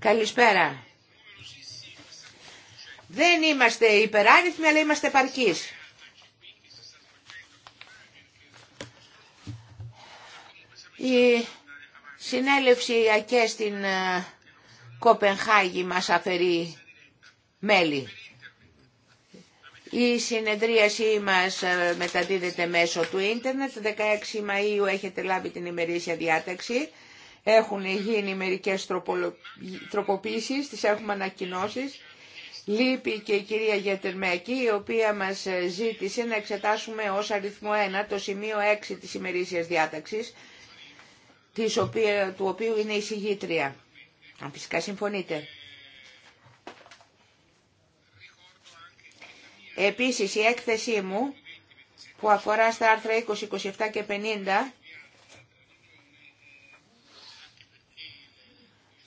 Καλησπέρα. Δεν είμαστε υπεράριθμοι, αλλά είμαστε παρκείς. Η συνέλευση και στην ε, Κοπενχάγη μας αφαιρεί μέλη. Η συνεδρίασή μας ε, μεταδίδεται μέσω του ίντερνετ. 16 Μαΐου έχετε λάβει την ημερήσια διάταξη. Έχουν γίνει μερικές τροποποίησεις, τις έχουμε ανακοινώσει. Λείπει και η κυρία Γιατερμέκη, η οποία μας ζήτησε να εξετάσουμε ως αριθμό 1 το σημείο 6 της ημερήσιας διάταξης, της οποία... του οποίου είναι η συγγήτρια. Αν φυσικά συμφωνείτε. Επίσης η έκθεσή μου που αφορά στα άρθρα 20, 27 και 50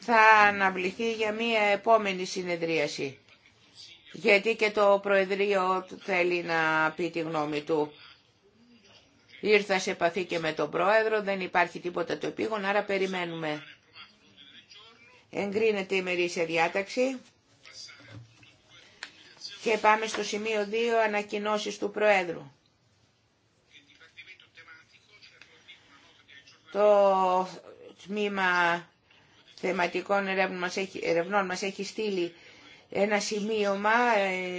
θα αναβληθεί για μία επόμενη συνεδρίαση. Γιατί και το Προεδρείο θέλει να πει τη γνώμη του. Ήρθα σε επαφή και με τον Πρόεδρο, δεν υπάρχει τίποτα το επίγον, άρα περιμένουμε. Εγκρίνεται η μερίσια διάταξη. Και πάμε στο σημείο 2, ανακοινώσεις του Προέδρου. Το τμήμα θεματικών ερευνών μας έχει, στείλει ένα σημείωμα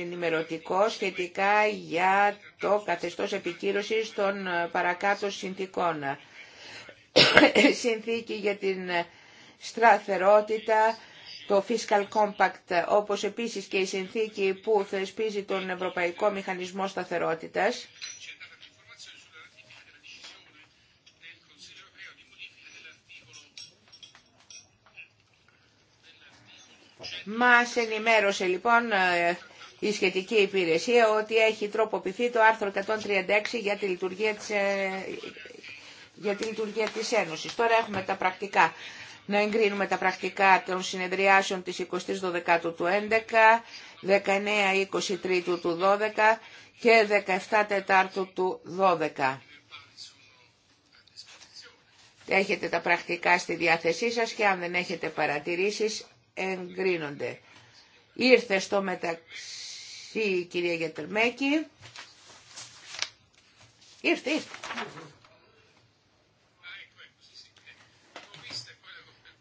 ενημερωτικό σχετικά για το καθεστώς επικύρωσης των ε, παρακάτω συνθήκων. Συνθήκη για την ε, στραθερότητα, το Fiscal Compact, όπως επίσης και η συνθήκη που θεσπίζει τον Ευρωπαϊκό Μηχανισμό Σταθερότητας. Μας ενημέρωσε λοιπόν ε, η σχετική υπηρεσία ότι έχει τροποποιηθεί το άρθρο 136 για τη λειτουργία της, ε, για τη λειτουργία της Ένωσης. Τώρα έχουμε τα πρακτικά. Να εγκρίνουμε τα πρακτικά των συνεδριάσεων της 20 12ου του 11, 19 23 του 12 και 17 Τετάρτου του 12. Έχετε τα πρακτικά στη διάθεσή σας και αν δεν έχετε παρατηρήσεις εγκρίνονται. Ήρθε στο μεταξύ η κυρία Γετερμέκη. Ήρθε,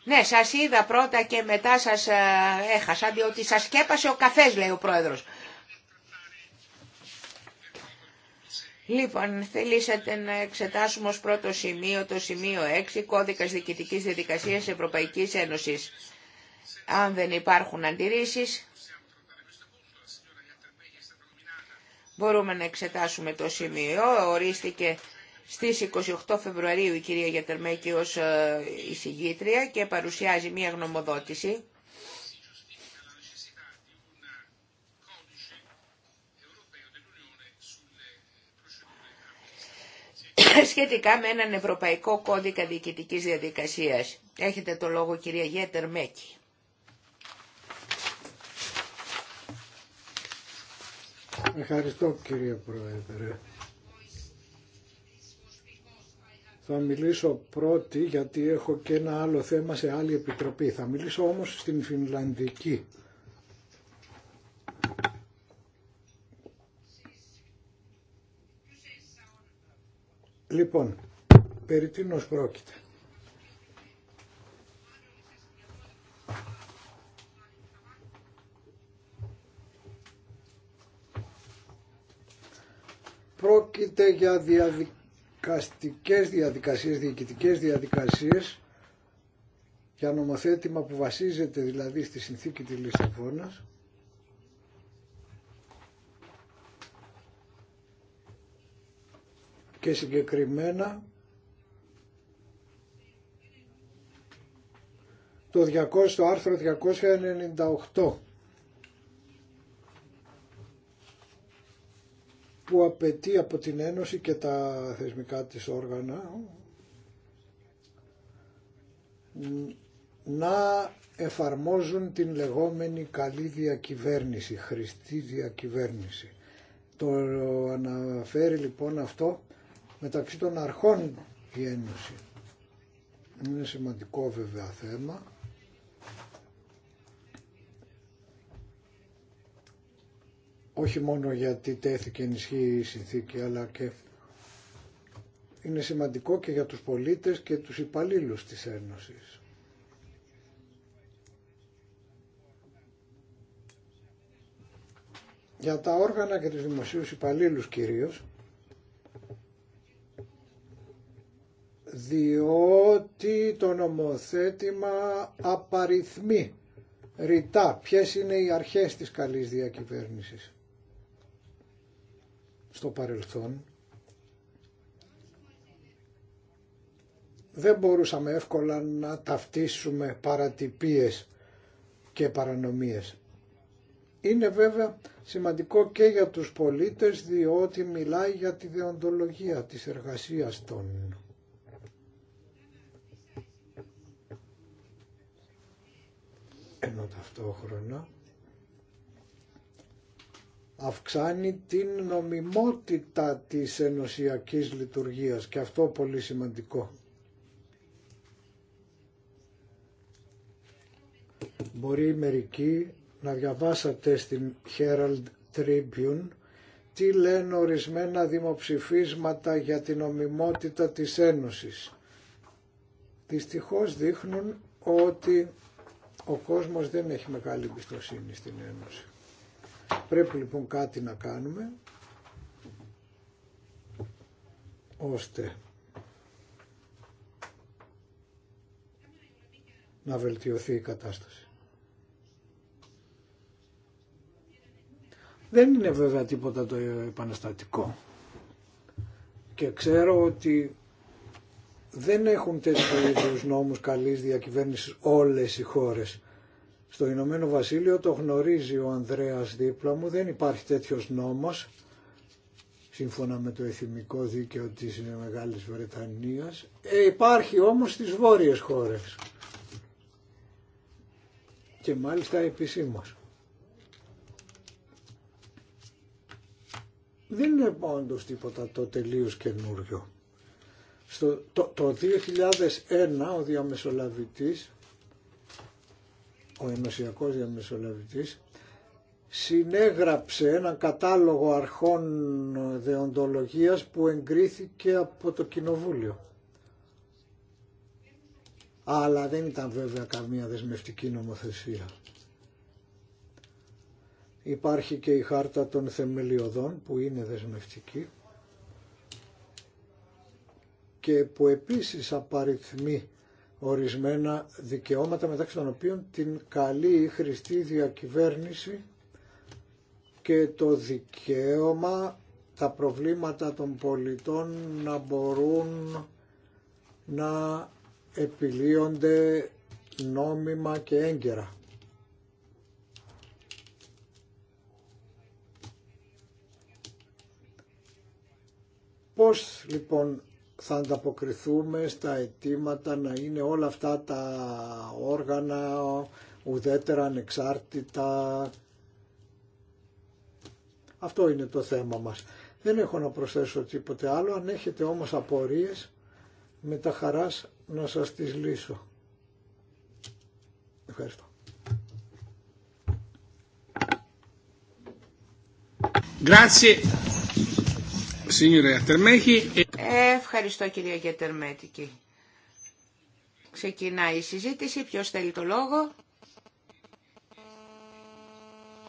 Ναι, σας είδα πρώτα και μετά σας ε, έχασα, διότι σας σκέπασε ο καφές, λέει ο πρόεδρος. Λοιπόν, θελήσατε να εξετάσουμε ως πρώτο σημείο το σημείο 6, κώδικας διοικητικής διαδικασίας Ευρωπαϊκής Ένωσης. Αν δεν υπάρχουν αντιρρήσεις, μπορούμε να εξετάσουμε το σημείο. Ορίστηκε στις 28 Φεβρουαρίου η κυρία Γιατερμέκη ως ε, εισηγήτρια και παρουσιάζει μία γνωμοδότηση. σχετικά με έναν Ευρωπαϊκό Κώδικα Διοικητικής Διαδικασίας. Έχετε το λόγο κυρία Γιατερμέκη. Ευχαριστώ κύριε Πρόεδρε. Θα μιλήσω πρώτη γιατί έχω και ένα άλλο θέμα σε άλλη επιτροπή. Θα μιλήσω όμως στην Φινλανδική. Λοιπόν, περί τίνος πρόκειται. Πρόκειται για διαδικαστικές διαδικασίες, διοικητικές διαδικασίες για νομοθέτημα που βασίζεται δηλαδή στη συνθήκη της Λισαβόνας και συγκεκριμένα το, 200, το άρθρο 298 που απαιτεί από την Ένωση και τα θεσμικά της όργανα να εφαρμόζουν την λεγόμενη καλή διακυβέρνηση, χρηστή διακυβέρνηση. Το αναφέρει λοιπόν αυτό μεταξύ των αρχών η Ένωση. Είναι σημαντικό βέβαια θέμα όχι μόνο γιατί τέθηκε ενισχύ η συνθήκη αλλά και είναι σημαντικό και για τους πολίτες και τους υπαλλήλους της Ένωσης. Για τα όργανα και τους δημοσίους υπαλλήλους κυρίως, διότι το νομοθέτημα απαριθμεί ρητά ποιες είναι οι αρχές της καλής διακυβέρνησης στο παρελθόν δεν μπορούσαμε εύκολα να ταυτίσουμε παρατυπίες και παρανομίες. Είναι βέβαια σημαντικό και για τους πολίτες διότι μιλάει για τη διοντολογία της εργασίας των. Ενώ ταυτόχρονα αυξάνει την νομιμότητα της ενωσιακής λειτουργίας και αυτό πολύ σημαντικό. Μπορεί μερικοί να διαβάσατε στην Herald Tribune τι λένε ορισμένα δημοψηφίσματα για την νομιμότητα της Ένωσης. Δυστυχώς δείχνουν ότι ο κόσμος δεν έχει μεγάλη εμπιστοσύνη στην Ένωση. Πρέπει λοιπόν κάτι να κάνουμε ώστε να βελτιωθεί η κατάσταση. Δεν είναι βέβαια τίποτα το επαναστατικό και ξέρω ότι δεν έχουν τέτοιου είδου νόμους καλής διακυβέρνησης όλες οι χώρες στο Ηνωμένο Βασίλειο το γνωρίζει ο Ανδρέας δίπλα μου, δεν υπάρχει τέτοιος νόμος σύμφωνα με το εθιμικό δίκαιο της Μεγάλης Βρετανίας. Ε, υπάρχει όμως στις βόρειες χώρες και μάλιστα επισήμως. Δεν είναι όντω τίποτα το τελείως καινούριο. Στο, το, το 2001 ο διαμεσολαβητής ο ενωσιακός διαμεσολαβητής, συνέγραψε έναν κατάλογο αρχών δεοντολογίας που εγκρίθηκε από το Κοινοβούλιο. Αλλά δεν ήταν βέβαια καμία δεσμευτική νομοθεσία. Υπάρχει και η χάρτα των θεμελιωδών που είναι δεσμευτική και που επίσης απαριθμεί ορισμένα δικαιώματα μεταξύ των οποίων την καλή ή χρηστή διακυβέρνηση και το δικαίωμα τα προβλήματα των πολιτών να μπορούν να επιλύονται νόμιμα και έγκαιρα. Πώς λοιπόν θα ανταποκριθούμε στα αιτήματα να είναι όλα αυτά τα όργανα ουδέτερα ανεξάρτητα. Αυτό είναι το θέμα μας. Δεν έχω να προσθέσω τίποτε άλλο. Αν έχετε όμως απορίες, με τα χαράς να σας τις λύσω. Ευχαριστώ. Grazie. Ευχαριστώ κυρία Γετερμέτικη. Ξεκινάει η συζήτηση. Ποιος θέλει το λόγο.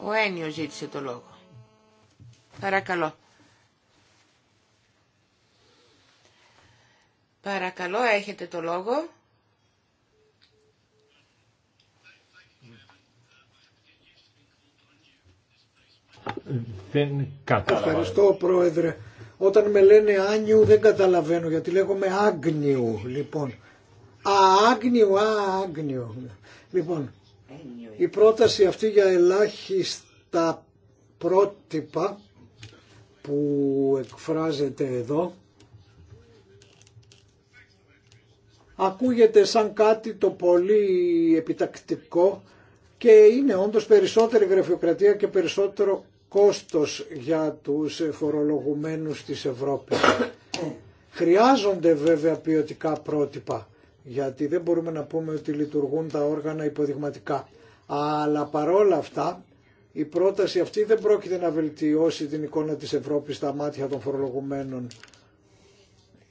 Ο Ένιος ζήτησε το λόγο. Παρακαλώ. Παρακαλώ, έχετε το λόγο. Δεν Ευχαριστώ, Πρόεδρε. Όταν με λένε άνιου δεν καταλαβαίνω γιατί λέγομαι άγνιου λοιπόν. Α, άγνιου, α, άγνιου. Λοιπόν, η πρόταση αυτή για ελάχιστα πρότυπα που εκφράζεται εδώ ακούγεται σαν κάτι το πολύ επιτακτικό και είναι όντως περισσότερη γραφειοκρατία και περισσότερο κόστος για τους φορολογουμένους της Ευρώπης. Χρειάζονται βέβαια ποιοτικά πρότυπα, γιατί δεν μπορούμε να πούμε ότι λειτουργούν τα όργανα υποδειγματικά. Αλλά παρόλα αυτά, η πρόταση αυτή δεν πρόκειται να βελτιώσει την εικόνα της Ευρώπης στα μάτια των φορολογουμένων,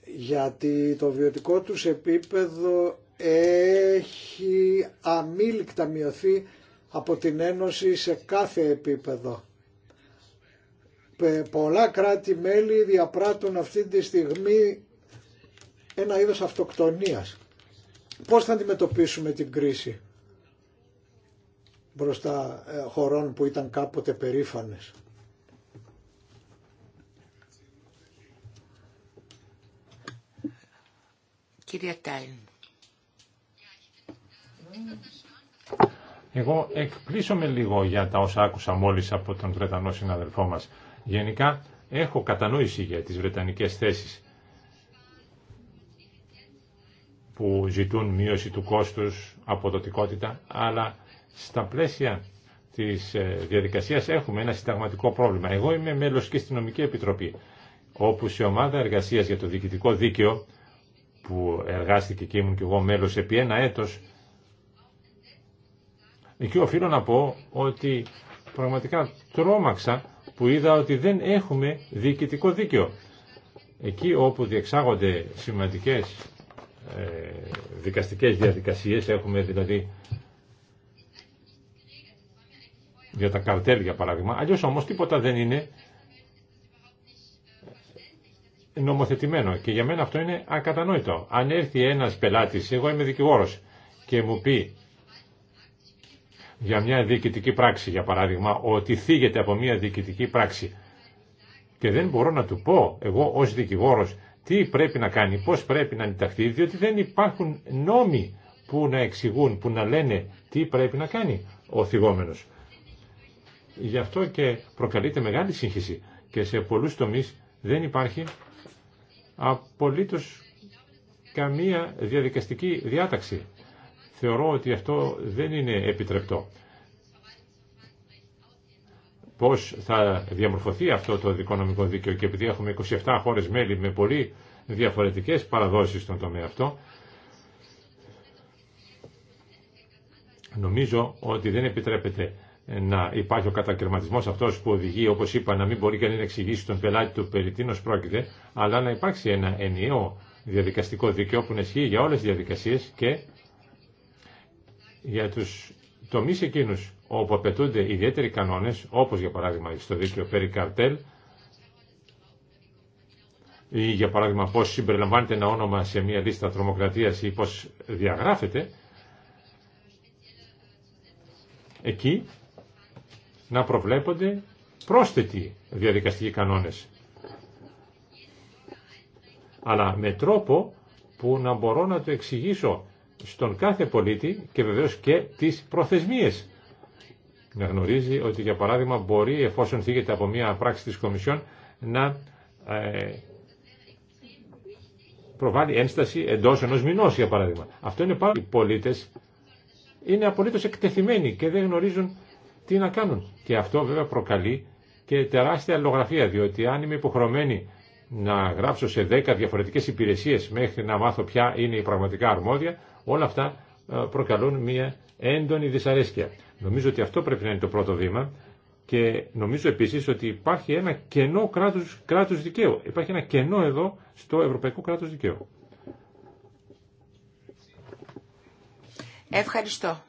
γιατί το βιωτικό τους επίπεδο έχει αμήλικτα μειωθεί από την Ένωση σε κάθε επίπεδο πολλά κράτη-μέλη διαπράττουν αυτή τη στιγμή ένα είδος αυτοκτονίας. Πώς θα αντιμετωπίσουμε την κρίση μπροστά ε, χωρών που ήταν κάποτε περήφανες. Κυρία Τάιν. Εγώ εκπλήσωμαι λίγο για τα όσα άκουσα μόλις από τον Βρετανό συναδελφό μας. Γενικά έχω κατανόηση για τις βρετανικές θέσεις που ζητούν μείωση του κόστους, αποδοτικότητα, αλλά στα πλαίσια της ε, διαδικασίας έχουμε ένα συνταγματικό πρόβλημα. Εγώ είμαι μέλος και στην Νομική Επιτροπή, όπου σε ομάδα εργασίας για το διοικητικό δίκαιο, που εργάστηκε και ήμουν και εγώ μέλος επί ένα έτος, εκεί οφείλω να πω ότι πραγματικά τρόμαξα που είδα ότι δεν έχουμε διοικητικό δίκαιο. Εκεί όπου διεξάγονται σημαντικές ε, δικαστικές διαδικασίες, έχουμε δηλαδή για τα καρτέλ για παράδειγμα, αλλιώς όμως τίποτα δεν είναι νομοθετημένο και για μένα αυτό είναι ακατανόητο. Αν έρθει ένας πελάτης, εγώ είμαι δικηγόρος και μου πει για μια διοικητική πράξη, για παράδειγμα, ότι θίγεται από μια διοικητική πράξη και δεν μπορώ να του πω εγώ ως δικηγόρος τι πρέπει να κάνει, πώς πρέπει να αντιταχθεί, διότι δεν υπάρχουν νόμοι που να εξηγούν, που να λένε τι πρέπει να κάνει ο θυγόμενος. Γι' αυτό και προκαλείται μεγάλη σύγχυση και σε πολλούς τομείς δεν υπάρχει απολύτως καμία διαδικαστική διάταξη θεωρώ ότι αυτό δεν είναι επιτρεπτό. Πώς θα διαμορφωθεί αυτό το δικονομικό δίκαιο και επειδή έχουμε 27 χώρες μέλη με πολύ διαφορετικές παραδόσεις στον τομέα αυτό, νομίζω ότι δεν επιτρέπεται να υπάρχει ο κατακαιρματισμός αυτός που οδηγεί, όπως είπα, να μην μπορεί κανεί να εξηγήσει τον πελάτη του περί τίνο πρόκειται, αλλά να υπάρξει ένα ενιαίο διαδικαστικό δίκαιο που να ισχύει για όλες τις διαδικασίες και για τους τομείς εκείνους όπου απαιτούνται ιδιαίτεροι κανόνες, όπως για παράδειγμα στο δίκαιο περί καρτέλ, ή για παράδειγμα πώς συμπεριλαμβάνεται ένα όνομα σε μια λίστα τρομοκρατίας ή πώς διαγράφεται, εκεί να προβλέπονται πρόσθετοι διαδικαστικοί κανόνες. Αλλά με τρόπο που να μπορώ να το εξηγήσω στον κάθε πολίτη και βεβαίως και τις προθεσμίες. Να γνωρίζει ότι για παράδειγμα μπορεί εφόσον θίγεται από μια πράξη της Κομισιόν να ε, προβάλλει ένσταση εντός ενός μηνός για παράδειγμα. Αυτό είναι πάρα οι πολίτες είναι απολύτως εκτεθειμένοι και δεν γνωρίζουν τι να κάνουν. Και αυτό βέβαια προκαλεί και τεράστια αλληλογραφία, διότι αν είμαι υποχρεωμένη να γράψω σε 10 διαφορετικές υπηρεσίες μέχρι να μάθω ποια είναι η πραγματικά αρμόδια, Όλα αυτά ε, προκαλούν μια έντονη δυσαρέσκεια. Νομίζω ότι αυτό πρέπει να είναι το πρώτο βήμα και νομίζω επίσης ότι υπάρχει ένα κενό κράτους, δικαίου. Υπάρχει ένα κενό εδώ στο ευρωπαϊκό κράτος δικαίου. Ευχαριστώ.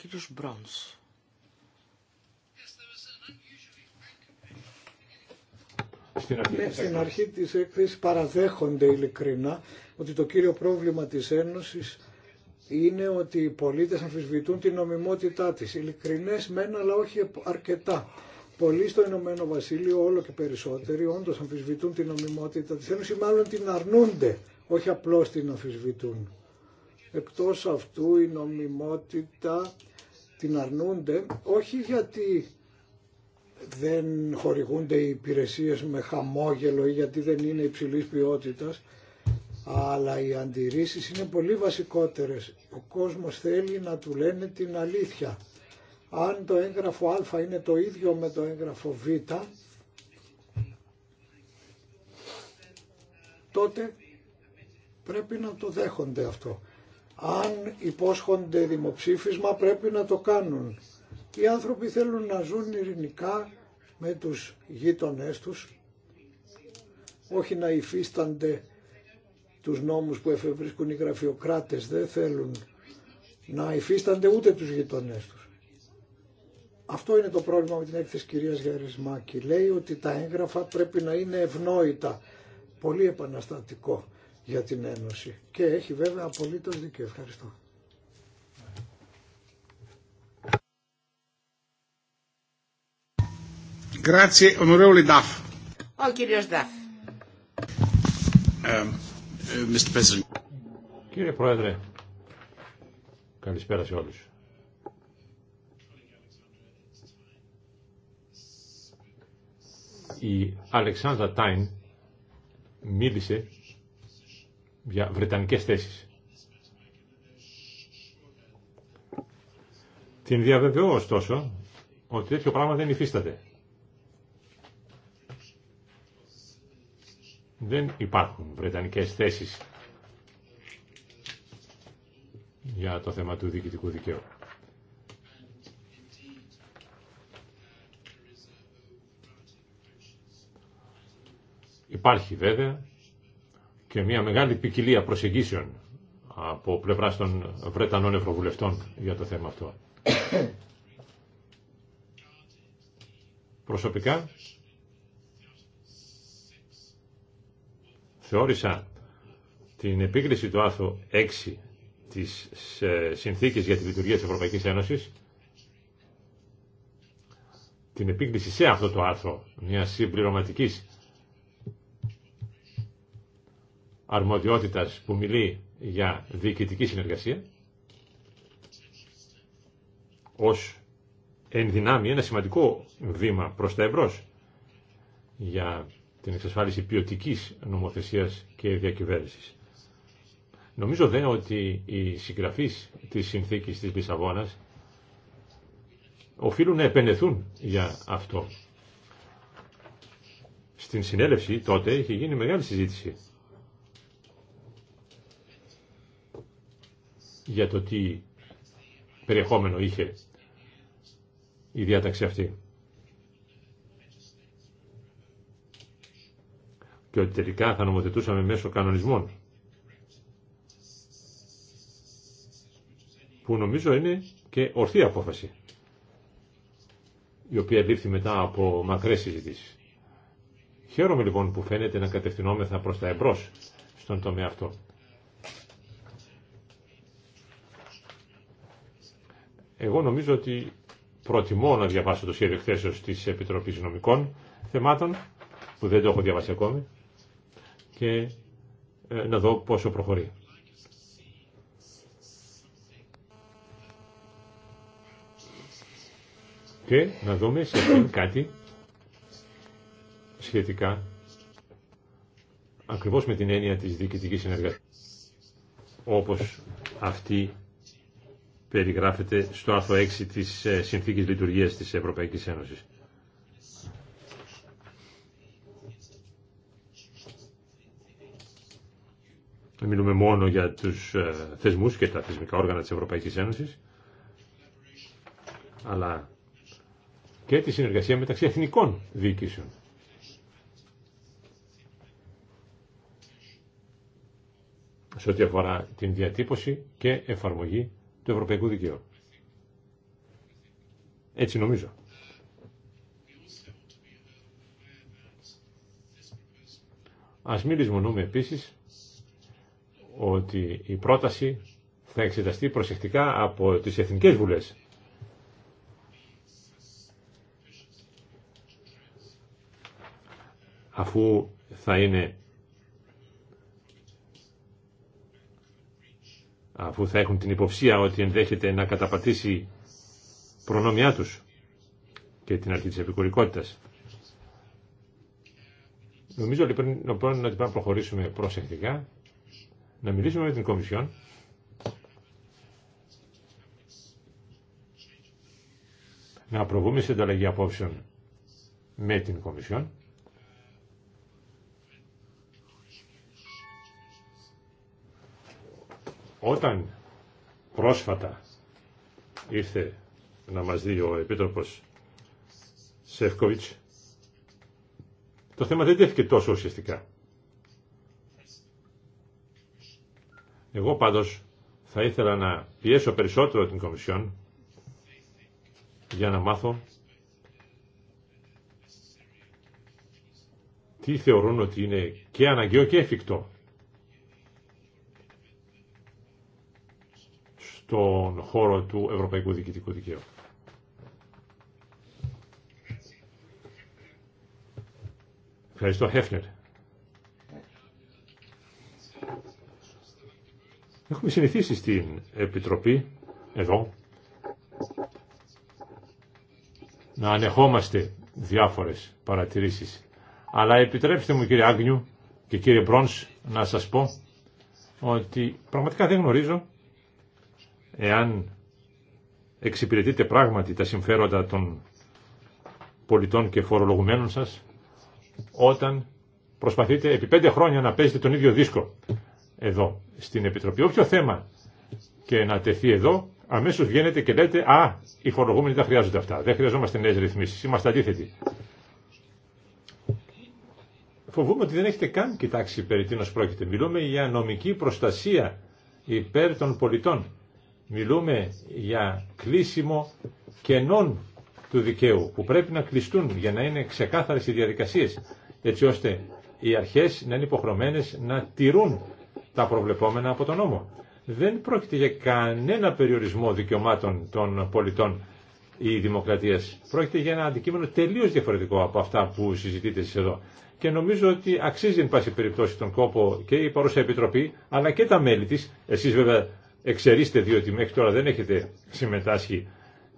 κύριος Μπρόνς. Στην αρχή, ναι, Στην αρχή της έκθεσης παραδέχονται ειλικρινά ότι το κύριο πρόβλημα της Ένωσης είναι ότι οι πολίτες αμφισβητούν την νομιμότητά της. Ειλικρινές μεν, αλλά όχι αρκετά. Πολλοί στο Ηνωμένο Βασίλειο, όλο και περισσότεροι, όντως αμφισβητούν την νομιμότητα της Ένωσης, μάλλον την αρνούνται, όχι απλώς την αμφισβητούν. Εκτός αυτού η νομιμότητα την αρνούνται, όχι γιατί δεν χορηγούνται οι υπηρεσίες με χαμόγελο ή γιατί δεν είναι υψηλής ποιότητας, αλλά οι αντιρρήσεις είναι πολύ βασικότερες. Ο κόσμος θέλει να του λένε την αλήθεια. Αν το έγγραφο α είναι το ίδιο με το έγγραφο β, τότε πρέπει να το δέχονται αυτό. Αν υπόσχονται δημοψήφισμα πρέπει να το κάνουν. Οι άνθρωποι θέλουν να ζουν ειρηνικά με τους γείτονές τους, όχι να υφίστανται τους νόμους που εφευρίσκουν οι γραφειοκράτες, δεν θέλουν να υφίστανται ούτε τους γειτονές τους. Αυτό είναι το πρόβλημα με την έκθεση κυρίας Γερισμάκη. Λέει ότι τα έγγραφα πρέπει να είναι ευνόητα, πολύ επαναστατικό για την Ένωση. Και έχει βέβαια απολύτως δίκιο. Ευχαριστώ. Daff. Ε, Mr. President. Κύριε Πρόεδρε, καλησπέρα σε όλους. Η Αλεξάνδρα Τάιν μίλησε για βρετανικές θέσεις. Την διαβεβαιώ ωστόσο ότι τέτοιο πράγμα δεν υφίσταται. δεν υπάρχουν βρετανικές θέσεις για το θέμα του διοικητικού δικαίου. Υπάρχει βέβαια και μια μεγάλη ποικιλία προσεγγίσεων από πλευρά των Βρετανών Ευρωβουλευτών για το θέμα αυτό. Προσωπικά θεώρησα την επίκριση του άρθρου 6 της ε, Συνθήκης για τη Λειτουργία της Ευρωπαϊκής Ένωσης την επίκριση σε αυτό το άρθρο μια συμπληρωματική αρμοδιότητας που μιλεί για διοικητική συνεργασία ως ενδυνάμει ένα σημαντικό βήμα προς τα εμπρός για την εξασφάλιση ποιοτική νομοθεσίας και διακυβέρνηση. Νομίζω δε ότι οι συγγραφείς της συνθήκη της Λισαβόνα οφείλουν να επενεθούν για αυτό. Στην συνέλευση τότε είχε γίνει μεγάλη συζήτηση για το τι περιεχόμενο είχε η διάταξη αυτή. και ότι τελικά θα νομοθετούσαμε μέσω κανονισμών. Που νομίζω είναι και ορθή απόφαση, η οποία λήφθη μετά από μακρές συζητήσεις. Χαίρομαι λοιπόν που φαίνεται να κατευθυνόμεθα προς τα εμπρός στον τομέα αυτό. Εγώ νομίζω ότι προτιμώ να διαβάσω το σχέδιο στις της Επιτροπής Νομικών Θεμάτων, που δεν το έχω διαβάσει ακόμη, και ε, να δω πόσο προχωρεί. Και να δούμε σε αυτήν κάτι σχετικά ακριβώς με την έννοια της διοικητικής συνεργασίας όπως αυτή περιγράφεται στο άρθρο 6 της ε, Συνθήκης Λειτουργίας της Ευρωπαϊκής Ένωσης. Δεν μιλούμε μόνο για τους ε, θεσμούς και τα θεσμικά όργανα της Ευρωπαϊκής Ένωσης, αλλά και τη συνεργασία μεταξύ εθνικών διοικήσεων. σε ό,τι αφορά την διατύπωση και εφαρμογή του ευρωπαϊκού δικαίου. Έτσι νομίζω. Ας μην λησμονούμε επίσης ότι η πρόταση θα εξεταστεί προσεκτικά από τις Εθνικές Βουλές. Αφού θα είναι αφού θα έχουν την υποψία ότι ενδέχεται να καταπατήσει προνόμια τους και την αρχή της επικουρικότητας. Νομίζω λοιπόν να λοιπόν πρέπει να προχωρήσουμε προσεκτικά να μιλήσουμε με την Κομισιόν να προβούμε σε ανταλλαγή απόψεων με την Κομισιόν όταν πρόσφατα ήρθε να μας δει ο Επίτροπος Σεύκοβιτς το θέμα δεν τέθηκε τόσο ουσιαστικά. Εγώ πάντως θα ήθελα να πιέσω περισσότερο την Κομισιόν για να μάθω τι θεωρούν ότι είναι και αναγκαίο και εφικτό στον χώρο του Ευρωπαϊκού Διοικητικού Δικαίου. Ευχαριστώ, Χέφνερ. Έχουμε συνηθίσει στην Επιτροπή εδώ να ανεχόμαστε διάφορες παρατηρήσεις. Αλλά επιτρέψτε μου κύριε Άγνιου και κύριε Μπρόνς να σας πω ότι πραγματικά δεν γνωρίζω εάν εξυπηρετείτε πράγματι τα συμφέροντα των πολιτών και φορολογουμένων σας όταν προσπαθείτε επί πέντε χρόνια να παίζετε τον ίδιο δίσκο εδώ στην Επιτροπή. Όποιο θέμα και να τεθεί εδώ, αμέσω βγαίνετε και λέτε Α, οι φορολογούμενοι δεν χρειάζονται αυτά. Δεν χρειαζόμαστε νέε ρυθμίσει. Είμαστε αντίθετοι. Φοβούμαι ότι δεν έχετε καν κοιτάξει περί τίνο πρόκειται. Μιλούμε για νομική προστασία υπέρ των πολιτών. Μιλούμε για κλείσιμο κενών του δικαίου που πρέπει να κλειστούν για να είναι ξεκάθαρε οι διαδικασίε έτσι ώστε οι αρχές να είναι υποχρεωμένες να τηρούν τα προβλεπόμενα από τον νόμο. Δεν πρόκειται για κανένα περιορισμό δικαιωμάτων των πολιτών ή δημοκρατία. Πρόκειται για ένα αντικείμενο τελείω διαφορετικό από αυτά που συζητείτε εσεί εδώ. Και νομίζω ότι αξίζει, εν πάση περιπτώσει, τον κόπο και η παρούσα επιτροπή, αλλά και τα μέλη τη. Εσεί, βέβαια, εξαιρείστε, διότι μέχρι τώρα δεν έχετε συμμετάσχει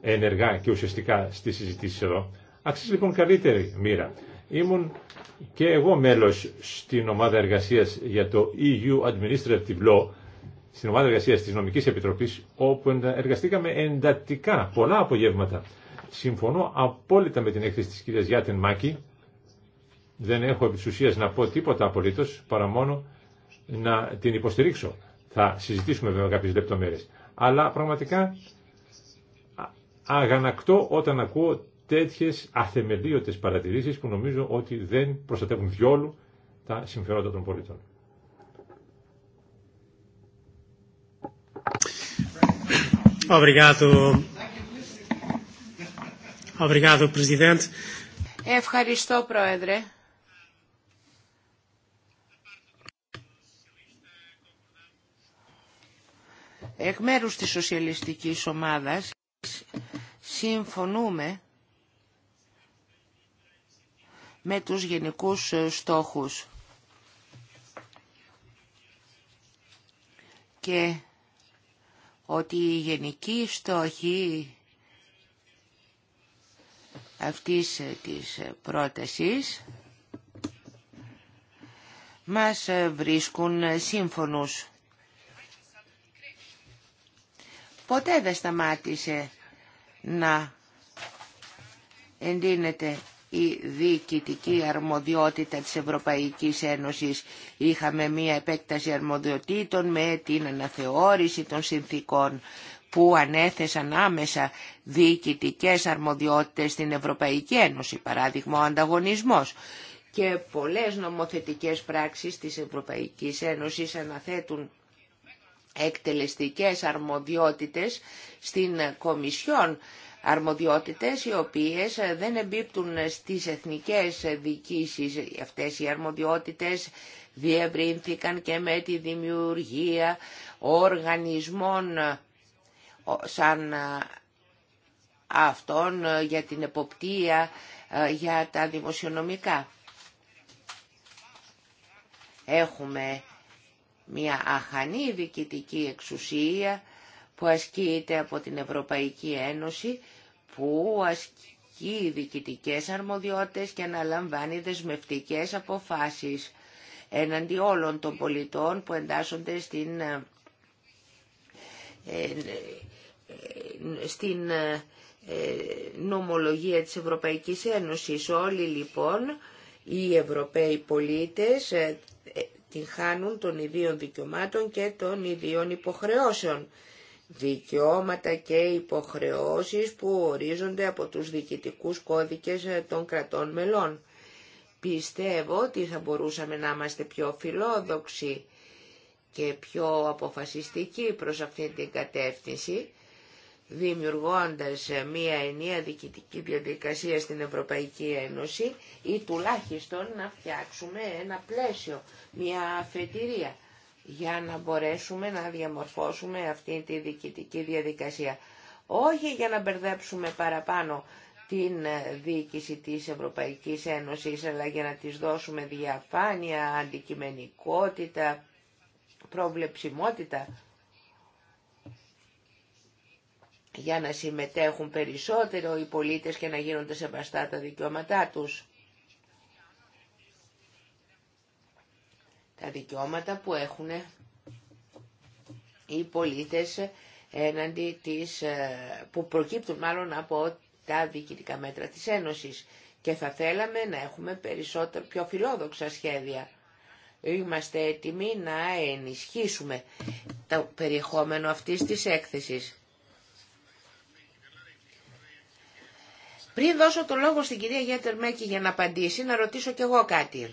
ενεργά και ουσιαστικά στι συζητήσει εδώ. Αξίζει λοιπόν καλύτερη μοίρα. Ήμουν και εγώ μέλος στην ομάδα εργασίας για το EU Administrative Law, στην ομάδα εργασίας της Νομικής Επιτροπής, όπου εργαστήκαμε εντατικά πολλά απογεύματα. Συμφωνώ απόλυτα με την έκθεση της κυρίας Γιάτεν Μάκη. Δεν έχω επί να πω τίποτα απολύτως, παρά μόνο να την υποστηρίξω. Θα συζητήσουμε βέβαια κάποιες λεπτομέρειες. Αλλά πραγματικά αγανακτώ όταν ακούω τέτοιες αθεμελίωτες παρατηρήσεις που νομίζω ότι δεν προστατεύουν διόλου τα συμφέροντα των πολιτών. Ευχαριστώ, Πρόεδρε. Εκ μέρους της σοσιαλιστικής ομάδας συμφωνούμε με τους γενικούς ε, στόχους. Και ότι οι γενικοί στόχοι αυτής ε, της ε, πρότασης μας βρίσκουν σύμφωνους. Ποτέ δεν σταμάτησε να εντείνεται η διοικητική αρμοδιότητα της Ευρωπαϊκής Ένωσης. Είχαμε μία επέκταση αρμοδιοτήτων με την αναθεώρηση των συνθήκων που ανέθεσαν άμεσα διοικητικές αρμοδιότητες στην Ευρωπαϊκή Ένωση, παράδειγμα ο ανταγωνισμός. Και πολλές νομοθετικές πράξεις της Ευρωπαϊκής Ένωσης αναθέτουν εκτελεστικές αρμοδιότητες στην Κομισιόν αρμοδιότητες οι οποίες ε, δεν εμπίπτουν στις εθνικές διοικήσεις. Αυτές οι αρμοδιότητες διευρύνθηκαν και με τη δημιουργία οργανισμών ε, σαν ε, αυτών για την εποπτεία για τα δημοσιονομικά. Έχουμε μια αχανή διοικητική εξουσία που ασκείται από την Ευρωπαϊκή Ένωση που ασκεί διοικητικέ αρμοδιότητες και αναλαμβάνει δεσμευτικές αποφάσεις εναντί όλων των πολιτών που εντάσσονται στην, ε, ε, ε, στην νομολογία της Ευρωπαϊκής Ένωσης. Όλοι λοιπόν οι Ευρωπαίοι πολίτες την χάνουν των ιδίων δικαιωμάτων και των ιδίων υποχρεώσεων δικαιώματα και υποχρεώσεις που ορίζονται από τους διοικητικούς κώδικες ε, των κρατών μελών. Πιστεύω ότι θα μπορούσαμε να είμαστε πιο φιλόδοξοι και πιο αποφασιστικοί προς αυτή την κατεύθυνση, δημιουργώντας ε, μία ενια διοικητική διαδικασία στην Ευρωπαϊκή Ένωση ή τουλάχιστον να φτιάξουμε ένα πλαίσιο, μία αφετηρία για να μπορέσουμε να διαμορφώσουμε αυτή τη διοικητική διαδικασία. Όχι για να μπερδέψουμε παραπάνω την ε, διοίκηση της Ευρωπαϊκής Ένωσης, αλλά για να της δώσουμε διαφάνεια, αντικειμενικότητα, προβλεψιμότητα, για να συμμετέχουν περισσότερο οι πολίτες και να γίνονται σεβαστά τα δικαιώματά τους. τα δικαιώματα που έχουν οι πολίτες έναντι της, ε, που προκύπτουν μάλλον από τα διοικητικά μέτρα της Ένωσης και θα θέλαμε να έχουμε περισσότερο πιο φιλόδοξα σχέδια. Είμαστε έτοιμοι να ενισχύσουμε το περιεχόμενο αυτής της έκθεσης. Πριν δώσω το λόγο στην κυρία Γέτερ Μέκη για να απαντήσει, να ρωτήσω κι εγώ κάτι.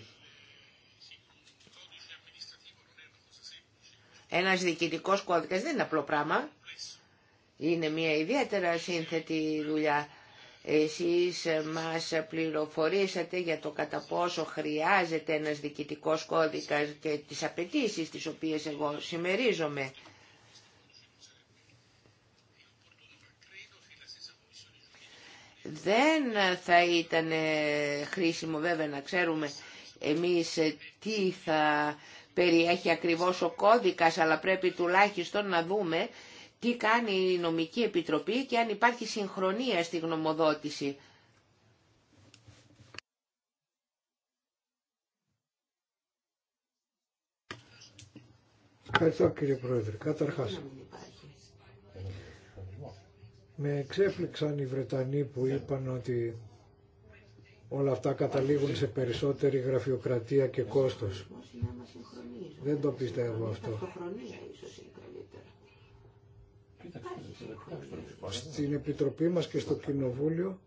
Ένας διοικητικό κώδικας δεν είναι απλό πράγμα. Είναι μια ιδιαίτερα σύνθετη δουλειά. Εσείς μας πληροφορήσατε για το κατά πόσο χρειάζεται ένας διοικητικός κώδικας και τις απαιτήσει τις οποίες εγώ συμμερίζομαι. Δεν θα ήταν χρήσιμο βέβαια να ξέρουμε εμείς τι θα περιέχει ακριβώς ο κώδικας, αλλά πρέπει τουλάχιστον να δούμε τι κάνει η νομική επιτροπή και αν υπάρχει συγχρονία στη γνωμοδότηση. Ευχαριστώ κύριε Πρόεδρε. Καταρχάς, με εξέπληξαν οι Βρετανοί που είπαν ότι όλα αυτά καταλήγουν σε περισσότερη γραφειοκρατία και κόστος. Δεν το πιστεύω αυτό. Στην Επιτροπή μας και στο Κοινοβούλιο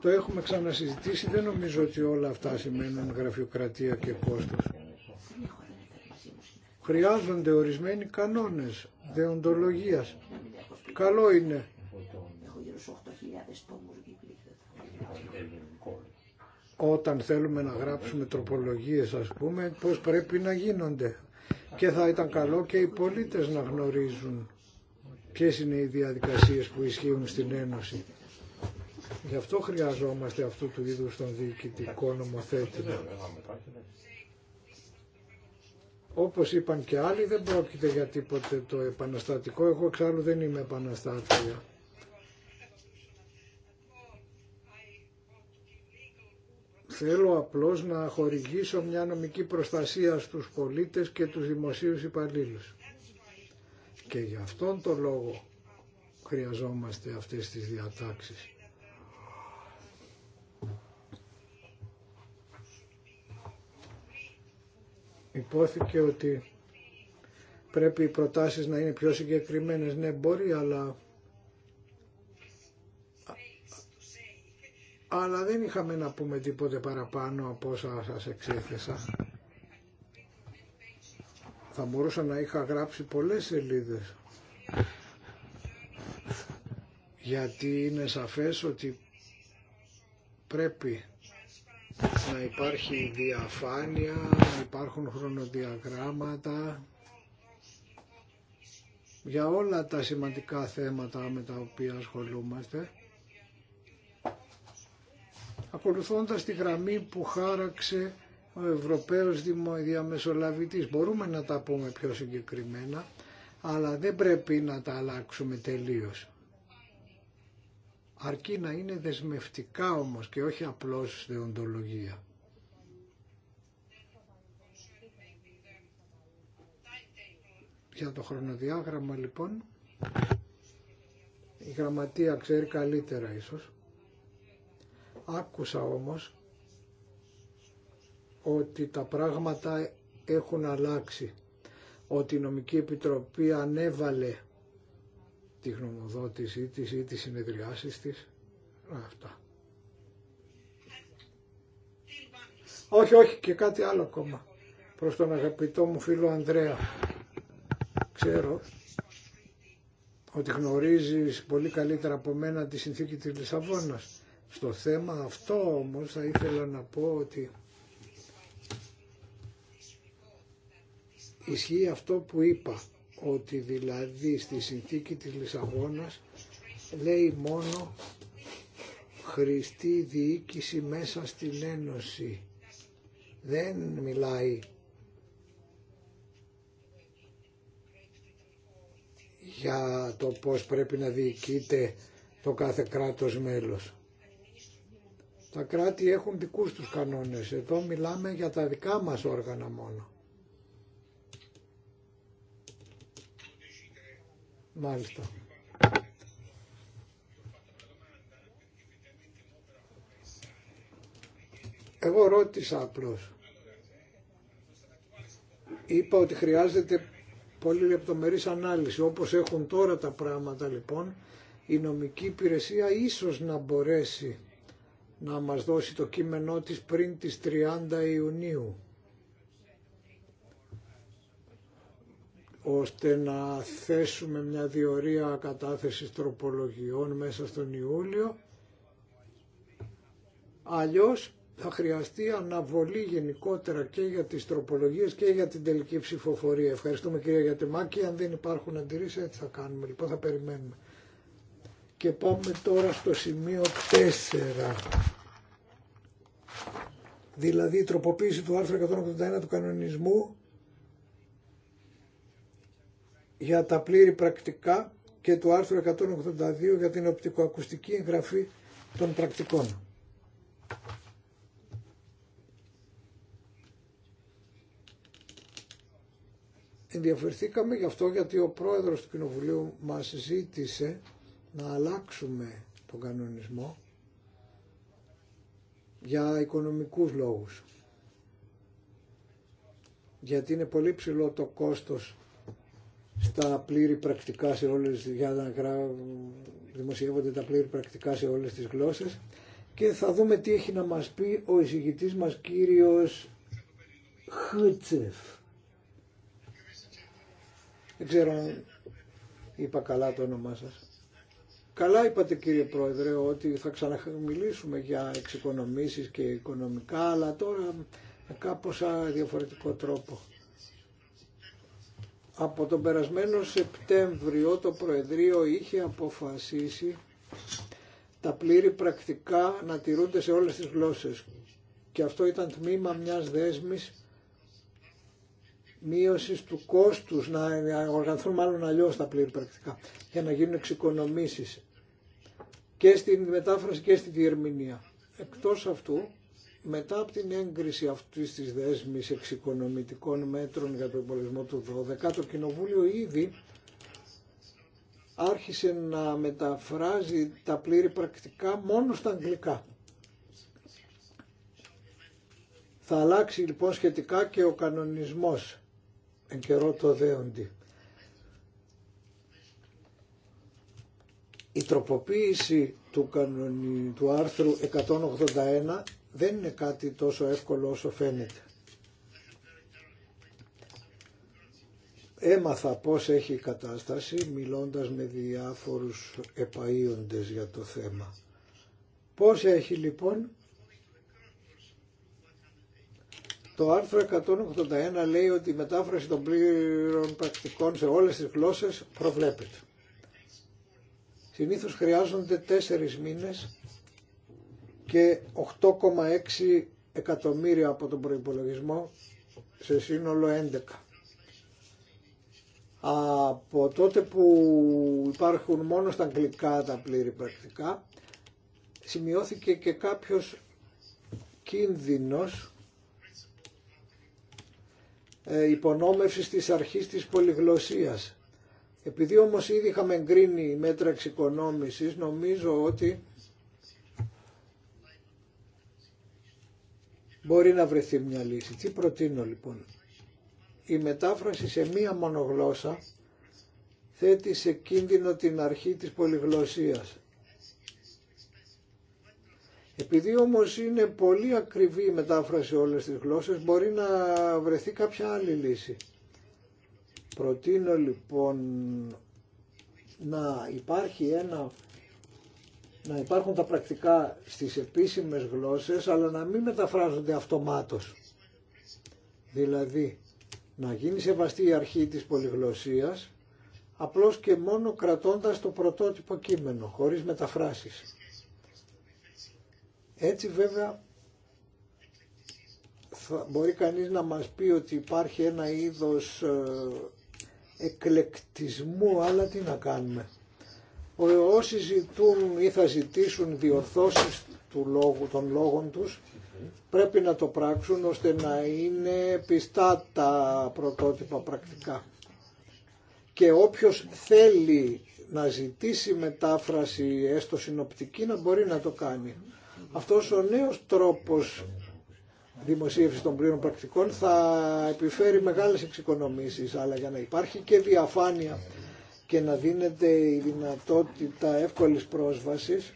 το έχουμε ξανασυζητήσει. Δεν νομίζω ότι όλα αυτά σημαίνουν γραφειοκρατία και κόστος. Χρειάζονται ορισμένοι κανόνες δεοντολογίας. Καλό είναι. Έχω γύρω 8.000 όταν θέλουμε να γράψουμε τροπολογίες ας πούμε πως πρέπει να γίνονται και θα ήταν καλό και οι πολίτες να γνωρίζουν ποιες είναι οι διαδικασίες που ισχύουν στην Ένωση. Γι' αυτό χρειαζόμαστε αυτού του είδους τον διοικητικό νομοθέτημα. Όπως είπαν και άλλοι δεν πρόκειται για τίποτε το επαναστατικό, εγώ εξάλλου δεν είμαι επαναστάτρια. Θέλω απλώς να χορηγήσω μια νομική προστασία στους πολίτες και τους δημοσίους υπαλλήλους. Και γι' αυτόν τον λόγο χρειαζόμαστε αυτές τις διατάξεις. Υπόθηκε ότι πρέπει οι προτάσεις να είναι πιο συγκεκριμένες. Ναι, μπορεί, αλλά αλλά δεν είχαμε να πούμε τίποτε παραπάνω από όσα σας εξέθεσα. Θα μπορούσα να είχα γράψει πολλές σελίδες. Γιατί είναι σαφές ότι πρέπει να υπάρχει διαφάνεια, να υπάρχουν χρονοδιαγράμματα για όλα τα σημαντικά θέματα με τα οποία ασχολούμαστε ακολουθώντας τη γραμμή που χάραξε ο Ευρωπαίος Διαμεσολαβητής. Μπορούμε να τα πούμε πιο συγκεκριμένα, αλλά δεν πρέπει να τα αλλάξουμε τελείως. Αρκεί να είναι δεσμευτικά όμως και όχι απλώς δεοντολογία. Για το χρονοδιάγραμμα λοιπόν, η γραμματεία ξέρει καλύτερα ίσως. Άκουσα όμως ότι τα πράγματα έχουν αλλάξει, ότι η Νομική Επιτροπή ανέβαλε τη γνωμοδότησή της ή τις συνεδριάσεις της. Αυτά. Όχι, όχι και κάτι άλλο ακόμα προς τον αγαπητό μου φίλο Ανδρέα. Ξέρω ότι γνωρίζεις πολύ καλύτερα από μένα τη συνθήκη της Λισαβόνας στο θέμα αυτό όμως θα ήθελα να πω ότι ισχύει αυτό που είπα, ότι δηλαδή στη συνθήκη της Λισαβόνας λέει μόνο χρηστή διοίκηση μέσα στην Ένωση. Δεν μιλάει για το πώς πρέπει να διοικείται το κάθε κράτος μέλος. Τα κράτη έχουν δικούς τους κανόνες. Εδώ μιλάμε για τα δικά μας όργανα μόνο. Μάλιστα. Εγώ ρώτησα απλώς. Είπα ότι χρειάζεται πολύ λεπτομερής ανάλυση. Όπως έχουν τώρα τα πράγματα λοιπόν, η νομική υπηρεσία ίσως να μπορέσει να μας δώσει το κείμενό της πριν τις 30 Ιουνίου ώστε να θέσουμε μια διορία κατάθεσης τροπολογιών μέσα στον Ιούλιο αλλιώς θα χρειαστεί αναβολή γενικότερα και για τις τροπολογίες και για την τελική ψηφοφορία. Ευχαριστούμε κυρία Γιατεμάκη. Αν δεν υπάρχουν αντιρρήσεις έτσι θα κάνουμε. Λοιπόν θα περιμένουμε. Και πάμε τώρα στο σημείο 4 δηλαδή η τροποποίηση του άρθρου 181 του κανονισμού για τα πλήρη πρακτικά και του άρθρου 182 για την οπτικοακουστική εγγραφή των πρακτικών. Ενδιαφερθήκαμε γι' αυτό γιατί ο πρόεδρος του Κοινοβουλίου μας ζήτησε να αλλάξουμε τον κανονισμό για οικονομικούς λόγους. Γιατί είναι πολύ ψηλό το κόστος στα πλήρη πρακτικά σε όλες, για να δημοσιεύονται τα πλήρη πρακτικά σε όλες τις γλώσσες και θα δούμε τι έχει να μας πει ο εισηγητής μας κύριος Χούτσεφ. Δεν ξέρω αν είπα καλά το όνομά σας. Καλά είπατε κύριε Πρόεδρε ότι θα ξαναμιλήσουμε για εξοικονομήσεις και οικονομικά, αλλά τώρα με κάπως διαφορετικό τρόπο. Από τον περασμένο Σεπτέμβριο το Προεδρείο είχε αποφασίσει τα πλήρη πρακτικά να τηρούνται σε όλες τις γλώσσες. Και αυτό ήταν τμήμα μιας δέσμης μείωση του κόστους, να οργανθούν μάλλον αλλιώ τα πλήρη πρακτικά, για να γίνουν εξοικονομήσει και στην μετάφραση και στη διερμηνία. Εκτός αυτού, μετά από την έγκριση αυτή της δέσμης εξοικονομητικών μέτρων για τον πολιτισμό του 12, το Κοινοβούλιο ήδη άρχισε να μεταφράζει τα πλήρη πρακτικά μόνο στα αγγλικά. Θα αλλάξει λοιπόν σχετικά και ο κανονισμός εν καιρό το δέοντι. Η τροποποίηση του, κανονι... του άρθρου 181 δεν είναι κάτι τόσο εύκολο όσο φαίνεται. Έμαθα πώς έχει η κατάσταση μιλώντας με διάφορους επαΐοντες για το θέμα. Πώς έχει λοιπόν Το άρθρο 181 λέει ότι η μετάφραση των πλήρων πρακτικών σε όλες τις γλώσσες προβλέπεται. Συνήθως χρειάζονται 4 μήνες και 8,6 εκατομμύρια από τον προϋπολογισμό σε σύνολο 11. Από τότε που υπάρχουν μόνο στα αγγλικά τα πλήρη πρακτικά, σημειώθηκε και κάποιος κίνδυνος ε, υπονόμευσης της αρχής της πολυγλωσσίας. Επειδή όμως ήδη είχαμε εγκρίνει μέτρα εξοικονόμησης, νομίζω ότι μπορεί να βρεθεί μια λύση. Τι προτείνω λοιπόν. Η μετάφραση σε μία μονογλώσσα θέτει σε κίνδυνο την αρχή της πολυγλωσσίας. Επειδή όμως είναι πολύ ακριβή η μετάφραση όλες τις γλώσσες, μπορεί να βρεθεί κάποια άλλη λύση. Προτείνω λοιπόν να υπάρχει ένα να υπάρχουν τα πρακτικά στις επίσημες γλώσσες, αλλά να μην μεταφράζονται αυτομάτως. Δηλαδή, να γίνει σεβαστή η αρχή της πολυγλωσσίας, απλώς και μόνο κρατώντας το πρωτότυπο κείμενο, χωρίς μεταφράσεις. Έτσι βέβαια θα μπορεί κανείς να μας πει ότι υπάρχει ένα είδος ε, εκλεκτισμού, αλλά τι να κάνουμε. Όσοι ζητούν ή θα ζητήσουν διορθώσεις του λόγου, των λόγων τους, πρέπει να το πράξουν ώστε να είναι πιστά τα πρωτότυπα πρακτικά. Και όποιος θέλει να ζητήσει μετάφραση έστω συνοπτική να μπορεί να το κάνει. Αυτός ο νέος τρόπος δημοσίευση των πλήρων πρακτικών θα επιφέρει μεγάλες εξοικονομήσεις, αλλά για να υπάρχει και διαφάνεια και να δίνεται η δυνατότητα εύκολης πρόσβασης,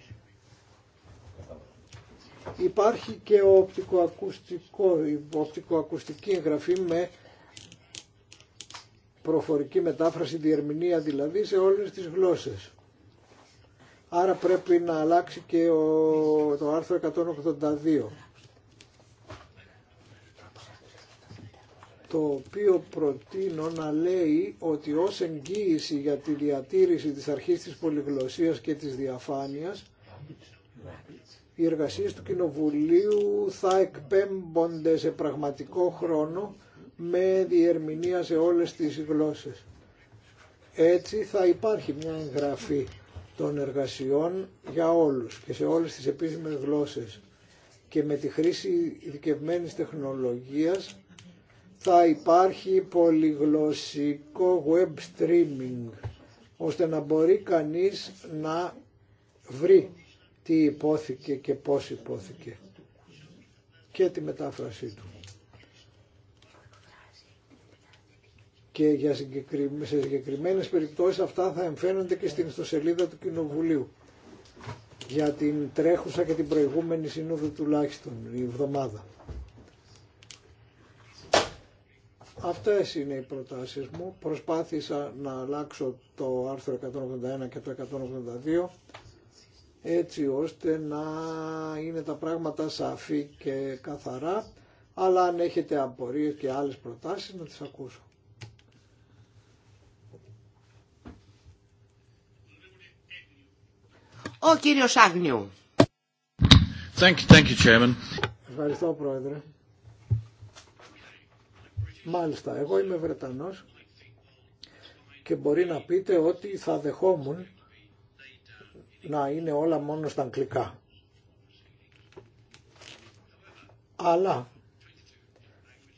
υπάρχει και η οπτικοακουστική εγγραφή με προφορική μετάφραση, διερμηνία δηλαδή σε όλες τις γλώσσες. Άρα πρέπει να αλλάξει και ο, το άρθρο 182. το οποίο προτείνω να λέει ότι ως εγγύηση για τη διατήρηση της αρχής της πολυγλωσσίας και της διαφάνειας οι εργασίες του Κοινοβουλίου θα εκπέμπονται σε πραγματικό χρόνο με διερμηνία σε όλες τις γλώσσες. Έτσι θα υπάρχει μια εγγραφή των εργασιών για όλους και σε όλες τις επίσημες γλώσσες και με τη χρήση ειδικευμένης τεχνολογίας θα υπάρχει πολυγλωσσικό web streaming ώστε να μπορεί κανείς να βρει τι υπόθηκε και πώς υπόθηκε και τη μετάφρασή του. και για σε συγκεκριμένες περιπτώσεις αυτά θα εμφαίνονται και στην ιστοσελίδα του Κοινοβουλίου για την τρέχουσα και την προηγούμενη συνόδου τουλάχιστον η εβδομάδα. Αυτές είναι οι προτάσεις μου. Προσπάθησα να αλλάξω το άρθρο 181 και το 182 έτσι ώστε να είναι τα πράγματα σαφή και καθαρά αλλά αν έχετε απορίες και άλλες προτάσεις να τις ακούσω. Ο κύριος Άγνιου. Thank you, thank you, Chairman. Ευχαριστώ, Πρόεδρε. Μάλιστα, εγώ είμαι Βρετανός και μπορεί να πείτε ότι θα δεχόμουν να είναι όλα μόνο στα αγγλικά. Αλλά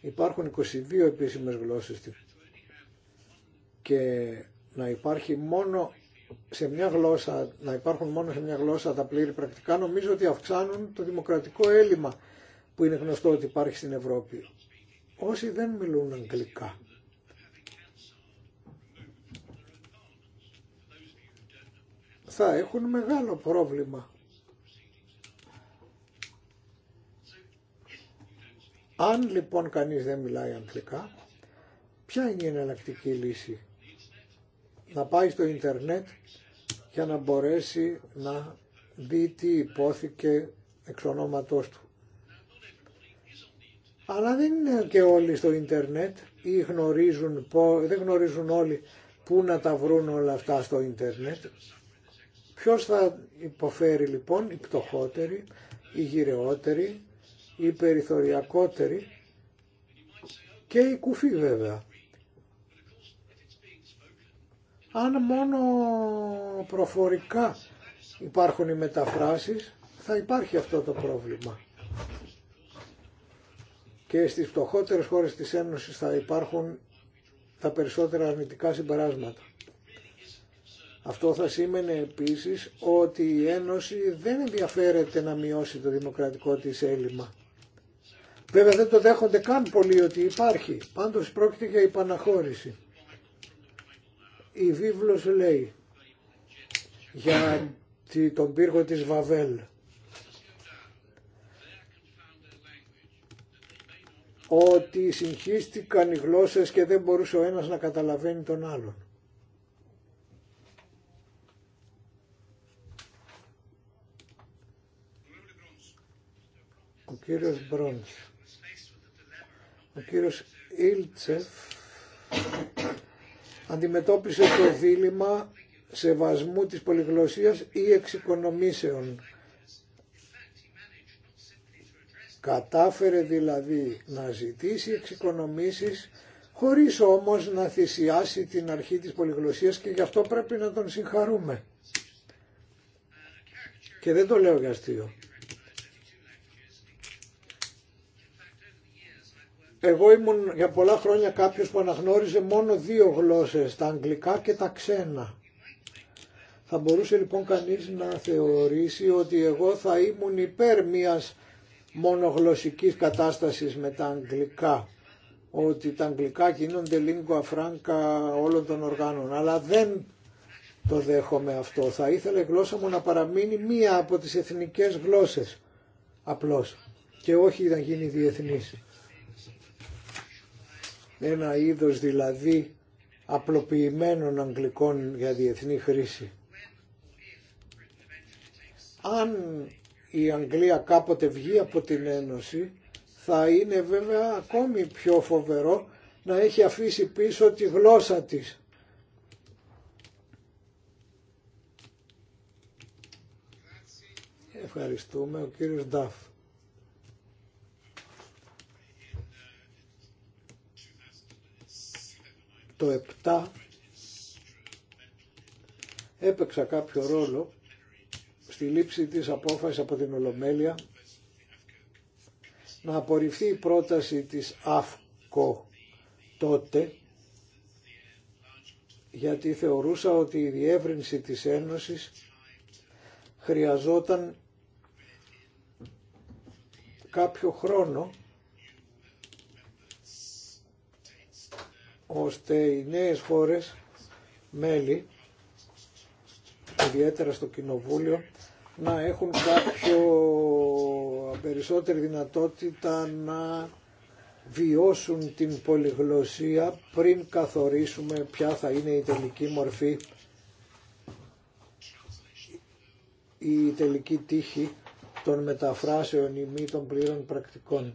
υπάρχουν 22 επίσημες γλώσσες και να υπάρχει μόνο σε μια γλώσσα, να υπάρχουν μόνο σε μια γλώσσα τα πλήρη πρακτικά, νομίζω ότι αυξάνουν το δημοκρατικό έλλειμμα που είναι γνωστό ότι υπάρχει στην Ευρώπη. Όσοι δεν μιλούν αγγλικά. Θα έχουν μεγάλο πρόβλημα. Αν λοιπόν κανείς δεν μιλάει αγγλικά, ποια είναι η εναλλακτική λύση να πάει στο ίντερνετ για να μπορέσει να δει τι υπόθηκε εξ ονόματός του. Αλλά δεν είναι και όλοι στο ίντερνετ ή γνωρίζουν, δεν γνωρίζουν όλοι πού να τα βρουν όλα αυτά στο ίντερνετ. Ποιος θα υποφέρει λοιπόν, οι πτωχότεροι, οι γυρεότεροι, οι περιθωριακότεροι και οι κουφοί βέβαια. Αν μόνο προφορικά υπάρχουν οι μεταφράσεις, θα υπάρχει αυτό το πρόβλημα. Και στις φτωχότερες χώρες της Ένωσης θα υπάρχουν τα περισσότερα αρνητικά συμπεράσματα. Αυτό θα σήμαινε επίσης ότι η Ένωση δεν ενδιαφέρεται να μειώσει το δημοκρατικό της έλλειμμα. Βέβαια δεν το δέχονται καν πολλοί ότι υπάρχει, πάντως πρόκειται για υπαναχώρηση. Η βίβλος λέει για τον πύργο της Βαβέλ. ότι συγχύστηκαν οι γλώσσες και δεν μπορούσε ο ένας να καταλαβαίνει τον άλλον. Ο κύριος Μπρόντς. Ο κύριος Ήλτσεφ αντιμετώπισε το δίλημα σεβασμού της πολυγλωσσίας ή εξοικονομήσεων. Κατάφερε δηλαδή να ζητήσει εξοικονομήσεις χωρίς όμως να θυσιάσει την αρχή της πολυγλωσσίας και γι' αυτό πρέπει να τον συγχαρούμε. Και δεν το λέω για αστείο. Εγώ ήμουν για πολλά χρόνια κάποιος που αναγνώριζε μόνο δύο γλώσσες, τα αγγλικά και τα ξένα. Θα μπορούσε λοιπόν κανείς να θεωρήσει ότι εγώ θα ήμουν υπέρ μιας μονογλωσσικής κατάστασης με τα αγγλικά. Ότι τα αγγλικά γίνονται lingua franca όλων των οργάνων. Αλλά δεν το δέχομαι αυτό. Θα ήθελα η γλώσσα μου να παραμείνει μία από τις εθνικές γλώσσες. Απλώς. Και όχι να γίνει διεθνής ένα είδος δηλαδή απλοποιημένων αγγλικών για διεθνή χρήση. Αν η Αγγλία κάποτε βγει από την Ένωση θα είναι βέβαια ακόμη πιο φοβερό να έχει αφήσει πίσω τη γλώσσα της. Ευχαριστούμε ο κύριος Ντάφ. το 7 έπαιξα κάποιο ρόλο στη λήψη της απόφασης από την Ολομέλεια να απορριφθεί η πρόταση της ΑΦΚΟ τότε γιατί θεωρούσα ότι η διεύρυνση της Ένωσης χρειαζόταν κάποιο χρόνο ώστε οι νέες χώρες μέλη, ιδιαίτερα στο Κοινοβούλιο, να έχουν κάποιο περισσότερη δυνατότητα να βιώσουν την πολυγλωσία πριν καθορίσουμε ποια θα είναι η τελική μορφή η τελική τύχη των μεταφράσεων ή μη των πλήρων πρακτικών.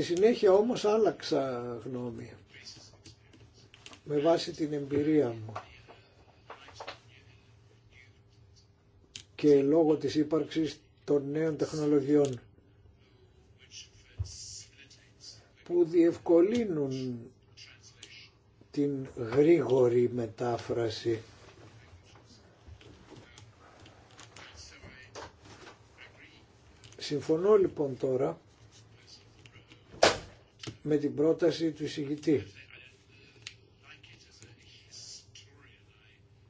Στη συνέχεια όμως άλλαξα γνώμη με βάση την εμπειρία μου και λόγω της ύπαρξης των νέων τεχνολογιών που διευκολύνουν την γρήγορη μετάφραση Συμφωνώ λοιπόν τώρα με την πρόταση του εισηγητή.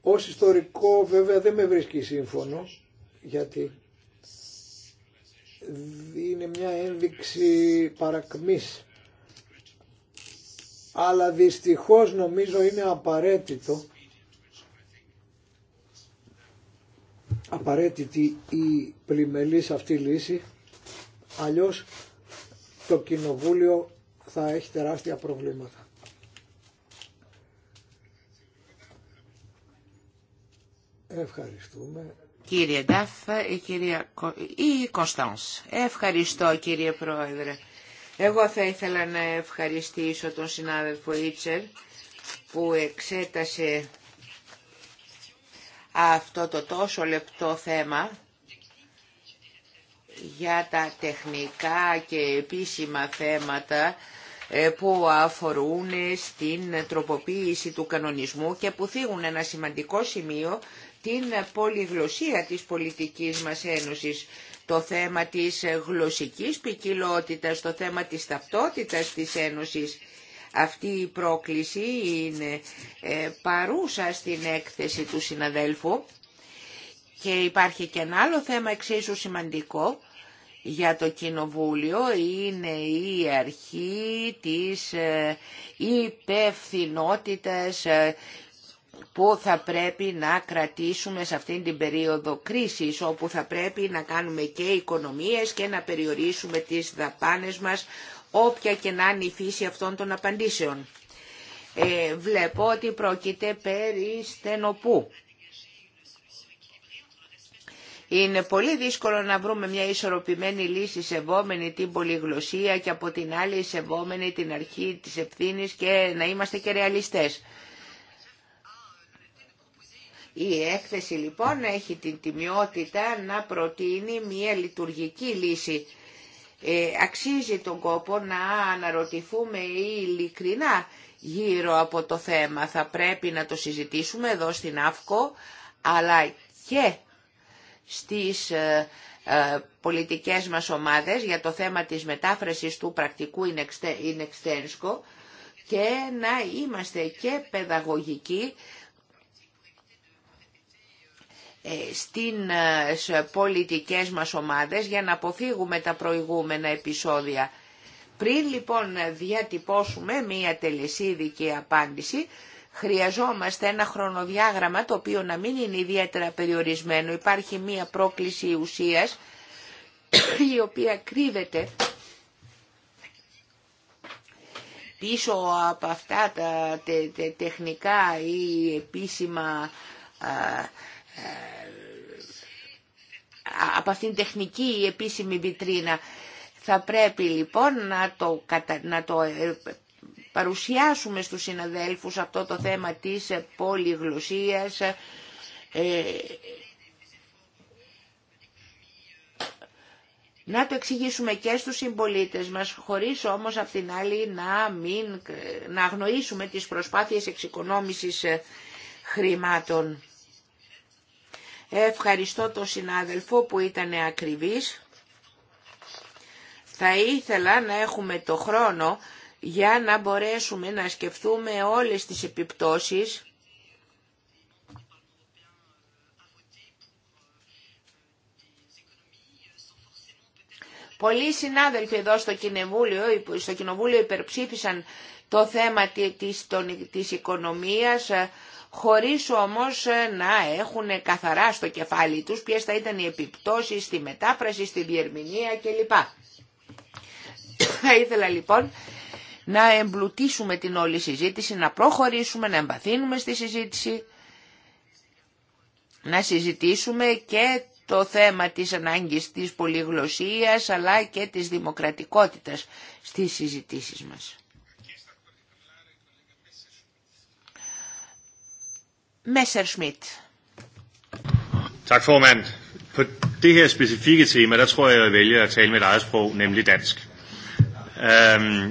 Ως ιστορικό βέβαια δεν με βρίσκει σύμφωνο γιατί είναι μια ένδειξη παρακμής αλλά δυστυχώς νομίζω είναι απαραίτητο απαραίτητη η πλημελής αυτή λύση αλλιώς το Κοινοβούλιο θα έχει τεράστια προβλήματα. Ευχαριστούμε. Κύριε Ντάφα η κυρία η Κωνστανς. Ευχαριστώ κύριε Πρόεδρε. Εγώ θα ήθελα να ευχαριστήσω τον συνάδελφο Ιτσερ που εξέτασε αυτό το τόσο λεπτό θέμα για τα τεχνικά και επίσημα θέματα ε, που αφορούν στην τροποποίηση του κανονισμού και που θίγουν ένα σημαντικό σημείο την πολυγλωσία της πολιτικής μας ένωσης το θέμα της γλωσσικής ποικιλότητα, το θέμα της ταυτότητας της Ένωσης. Αυτή η πρόκληση είναι ε, παρούσα στην έκθεση του συναδέλφου και υπάρχει και ένα άλλο θέμα εξίσου σημαντικό για το Κοινοβούλιο είναι η αρχή της ε, υπευθυνότητας ε, που θα πρέπει να κρατήσουμε σε αυτήν την περίοδο κρίσης, όπου θα πρέπει να κάνουμε και οικονομίες και να περιορίσουμε τις δαπάνες μας, όποια και να είναι η φύση αυτών των απαντήσεων. Ε, βλέπω ότι πρόκειται περί στενοπού. Είναι πολύ δύσκολο να βρούμε μια ισορροπημένη λύση σεβόμενη την πολυγλωσία και από την άλλη σεβόμενη την αρχή της ευθύνης και να είμαστε και ρεαλιστές. Η έκθεση λοιπόν έχει την τιμιότητα να προτείνει μια λειτουργική λύση. Ε, αξίζει τον κόπο να αναρωτηθούμε ειλικρινά γύρω από το θέμα. Θα πρέπει να το συζητήσουμε εδώ στην ΑΦΚΟ, αλλά και στις ε, ε, πολιτικές μας ομάδες για το θέμα της μετάφρασης του πρακτικού in extenso και να είμαστε και παιδαγωγικοί ε, στις πολιτικές μας ομάδες για να αποφύγουμε τα προηγούμενα επεισόδια. Πριν λοιπόν διατυπώσουμε μία τελεσίδικη απάντηση, Χρειαζόμαστε ένα χρονοδιάγραμμα το οποίο να μην είναι ιδιαίτερα περιορισμένο. Υπάρχει μία πρόκληση ουσίας η οποία κρύβεται πίσω από αυτά τα τεχνικά ή επίσημα α, από αυτήν την τεχνική ή επίσημη βιτρίνα. Θα πρέπει λοιπόν να το, να το ε, παρουσιάσουμε στους συναδέλφους αυτό το θέμα της πολυγλωσσίας, ε, να το εξηγήσουμε και στους συμπολίτε μας, χωρίς όμως απ' την άλλη να, μην, να αγνοήσουμε τις προσπάθειες εξοικονόμησης ε, χρημάτων. Ευχαριστώ τον συνάδελφο που ήταν ακριβής. Θα ήθελα να έχουμε το χρόνο για να μπορέσουμε να σκεφτούμε όλες τις επιπτώσεις Πολλοί συνάδελφοι εδώ στο Κοινοβούλιο, στο κοινοβούλιο υπερψήφισαν το θέμα της, της οικονομίας, ε, χωρίς όμως ε, να έχουν καθαρά στο κεφάλι τους ποιες θα ήταν οι επιπτώσεις στη μετάφραση, στη διερμηνία κλπ. Θα ήθελα λοιπόν να εμπλουτίσουμε την όλη συζήτηση, να προχωρήσουμε, να εμπαθύνουμε στη συζήτηση, να συζητήσουμε και το θέμα της ανάγκης της πολυγλωσσίας αλλά και της δημοκρατικότητας στις συζητήσεις μας. Μέσερ Σμιτ. Tak formand. På det her specifikke tema, der tror jeg, jeg vælger at tale mit eget sprog, nemlig dansk. Øhm,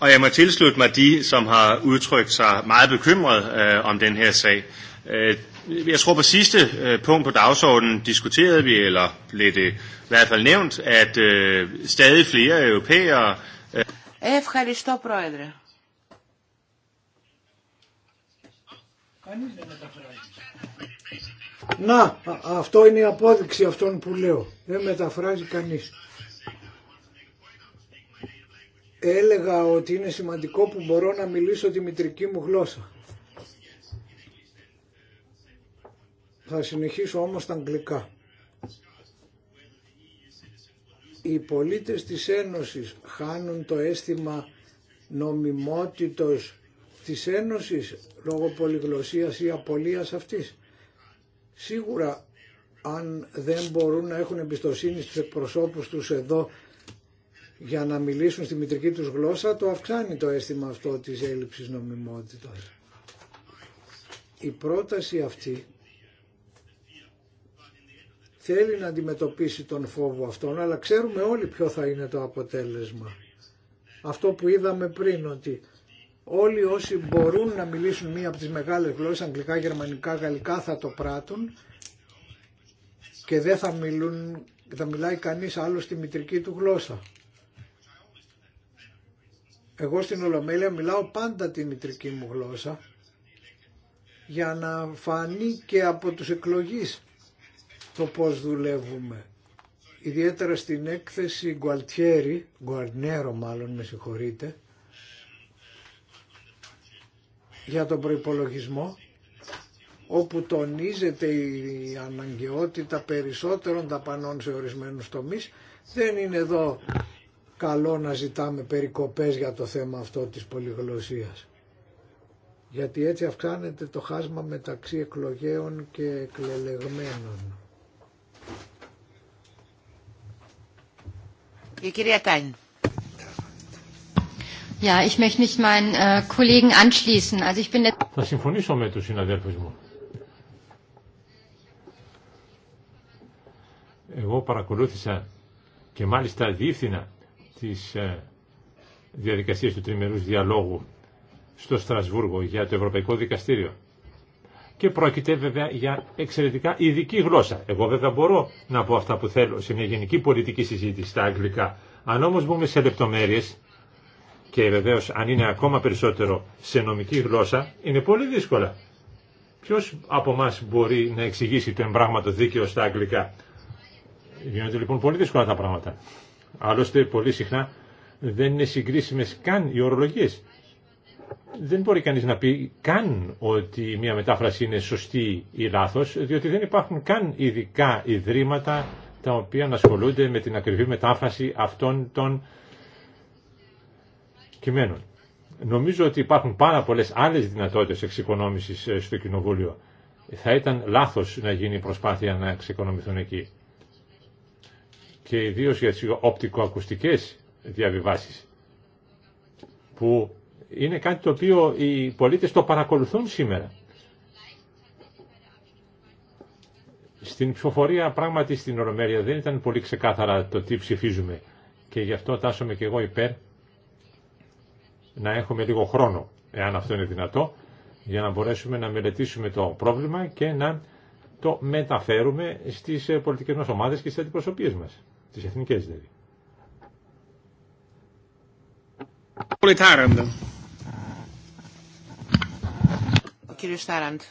Og jeg må tilslutte mig de, som har udtrykt sig meget bekymret øh, om den her sag. Øh, Jeg tror på sidste øh, punkt på dagsordenen diskuterede vi, eller blev det i hvert fald nævnt, at øh, stadig flere europæere... Ευχαριστώ, Πρόεδρε. Να, αυτό είναι η απόδειξη αυτών που λέω. Δεν μεταφράζει κανείς έλεγα ότι είναι σημαντικό που μπορώ να μιλήσω τη μητρική μου γλώσσα. Θα συνεχίσω όμως τα αγγλικά. Οι πολίτες της Ένωσης χάνουν το αίσθημα νομιμότητος της Ένωσης λόγω πολυγλωσσίας ή απολίας αυτής. Σίγουρα αν δεν μπορούν να έχουν εμπιστοσύνη στους εκπροσώπους τους εδώ για να μιλήσουν στη μητρική τους γλώσσα, το αυξάνει το αίσθημα αυτό της έλλειψης νομιμότητας. Η πρόταση αυτή θέλει να αντιμετωπίσει τον φόβο αυτόν, αλλά ξέρουμε όλοι ποιο θα είναι το αποτέλεσμα. Αυτό που είδαμε πριν, ότι όλοι όσοι μπορούν να μιλήσουν μία από τις μεγάλες γλώσσες, αγγλικά, γερμανικά, γαλλικά, θα το πράττουν και δεν θα, μιλούν, θα μιλάει κανείς άλλο στη μητρική του γλώσσα. Εγώ στην Ολομέλεια μιλάω πάντα τη μητρική μου γλώσσα για να φανεί και από τους εκλογείς το πώς δουλεύουμε. Ιδιαίτερα στην έκθεση Γκουαλτιέρη, Γκουαρνέρο μάλλον με συγχωρείτε, για τον προϋπολογισμό, όπου τονίζεται η αναγκαιότητα περισσότερων ταπανών σε ορισμένους τομείς. Δεν είναι εδώ καλό να ζητάμε περικοπές για το θέμα αυτό της πολυγλωσσίας. Γιατί έτσι αυξάνεται το χάσμα μεταξύ εκλογέων και εκλελεγμένων. Η κυρία Τάιν. Ja, ich möchte meinen äh, Kollegen anschließen. Also ich bin Θα συμφωνήσω με τους συναδέλφους μου. Εγώ παρακολούθησα και μάλιστα διεύθυνα στις ε, διαδικασίες του τριμερούς διαλόγου στο Στρασβούργο για το Ευρωπαϊκό Δικαστήριο. Και πρόκειται βέβαια για εξαιρετικά ειδική γλώσσα. Εγώ βέβαια μπορώ να πω αυτά που θέλω σε μια γενική πολιτική συζήτηση στα αγγλικά. Αν όμως μπούμε σε λεπτομέρειες και βεβαίως αν είναι ακόμα περισσότερο σε νομική γλώσσα είναι πολύ δύσκολα. Ποιο από εμά μπορεί να εξηγήσει το εμπράγματο δίκαιο στα αγγλικά. Γίνονται λοιπόν πολύ δύσκολα τα πράγματα. Άλλωστε πολύ συχνά δεν είναι συγκρίσιμες καν οι ορολογίες. Δεν μπορεί κανείς να πει καν ότι μια μετάφραση είναι σωστή ή λάθος, διότι δεν υπάρχουν καν ειδικά ιδρύματα τα οποία ασχολούνται με την ακριβή μετάφραση αυτών των κειμένων. Νομίζω ότι υπάρχουν πάρα πολλές άλλες δυνατότητες εξοικονόμησης ε, στο Κοινοβούλιο. Θα ήταν λάθος να γίνει η προσπάθεια να εξοικονομηθούν εκεί και ιδίως για τις οπτικοακουστικές διαβιβάσεις που είναι κάτι το οποίο οι πολίτες το παρακολουθούν σήμερα. Στην ψηφοφορία πράγματι στην Ολομέρεια δεν ήταν πολύ ξεκάθαρα το τι ψηφίζουμε και γι' αυτό τάσομαι και εγώ υπέρ να έχουμε λίγο χρόνο, εάν αυτό είναι δυνατό, για να μπορέσουμε να μελετήσουμε το πρόβλημα και να το μεταφέρουμε στις πολιτικές μας ομάδες και στις αντιπροσωπείες μας τις εθνικές δηλαδή. Ο Τάραντ.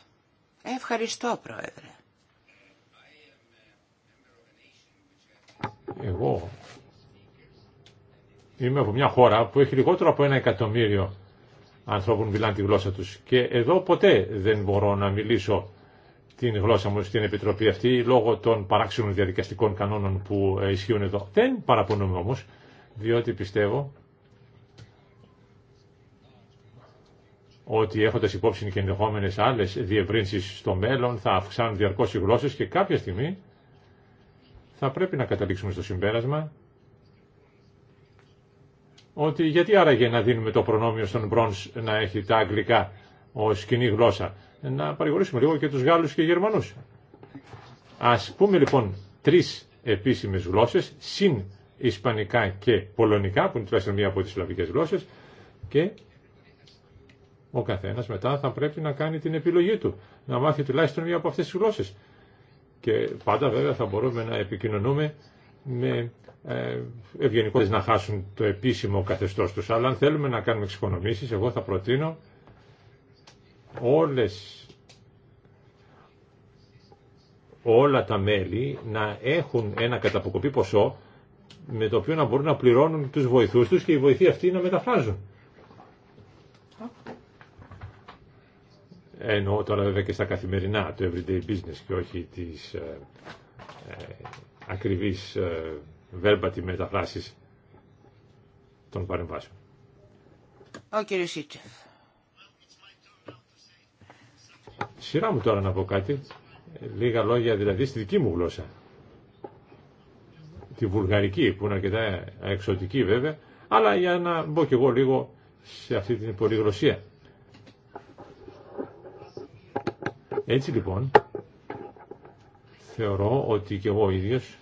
Ευχαριστώ, Πρόεδρε. Εγώ είμαι από μια χώρα που έχει λιγότερο από ένα εκατομμύριο ανθρώπων μιλάνε τη γλώσσα τους και εδώ ποτέ δεν μπορώ να μιλήσω την γλώσσα μου στην Επιτροπή αυτή λόγω των παράξενων διαδικαστικών κανόνων που ε, ισχύουν εδώ. Δεν παραπονούμε όμω, διότι πιστεύω ότι έχοντα υπόψη και ενδεχομένε άλλε διευρύνσει στο μέλλον θα αυξάνουν διαρκώ οι γλώσσες και κάποια στιγμή θα πρέπει να καταλήξουμε στο συμπέρασμα ότι γιατί άραγε να δίνουμε το προνόμιο στον Μπρόνς να έχει τα αγγλικά ως κοινή γλώσσα. Ε, να παρηγορήσουμε λίγο και τους Γάλλους και Γερμανούς. Ας πούμε λοιπόν τρεις επίσημες γλώσσες, συν Ισπανικά και Πολωνικά, που είναι τουλάχιστον μία από τις Σλαβικές γλώσσες, και ο καθένας μετά θα πρέπει να κάνει την επιλογή του, να μάθει τουλάχιστον μία από αυτές τις γλώσσες. Και πάντα βέβαια θα μπορούμε να επικοινωνούμε με ε, ευγενικότητες να χάσουν το επίσημο καθεστώς τους. Αλλά αν θέλουμε να κάνουμε εξοικονομήσεις, εγώ θα προτείνω όλες όλα τα μέλη να έχουν ένα καταποκοπή ποσό με το οποίο να μπορούν να πληρώνουν τους βοηθούς τους και οι βοηθοί αυτοί να μεταφράζουν. Εννοώ τώρα βέβαια και στα καθημερινά το everyday business και όχι τις ε, ε, ακριβείς ε, βέρμπατη μεταφράσεις των παρεμβάσεων. Ο κύριος Σειρά μου τώρα να πω κάτι. Λίγα λόγια δηλαδή στη δική μου γλώσσα. Τη βουλγαρική που είναι αρκετά εξωτική βέβαια. Αλλά για να μπω και εγώ λίγο σε αυτή την πολυγλωσία. Έτσι λοιπόν θεωρώ ότι και εγώ ίδιος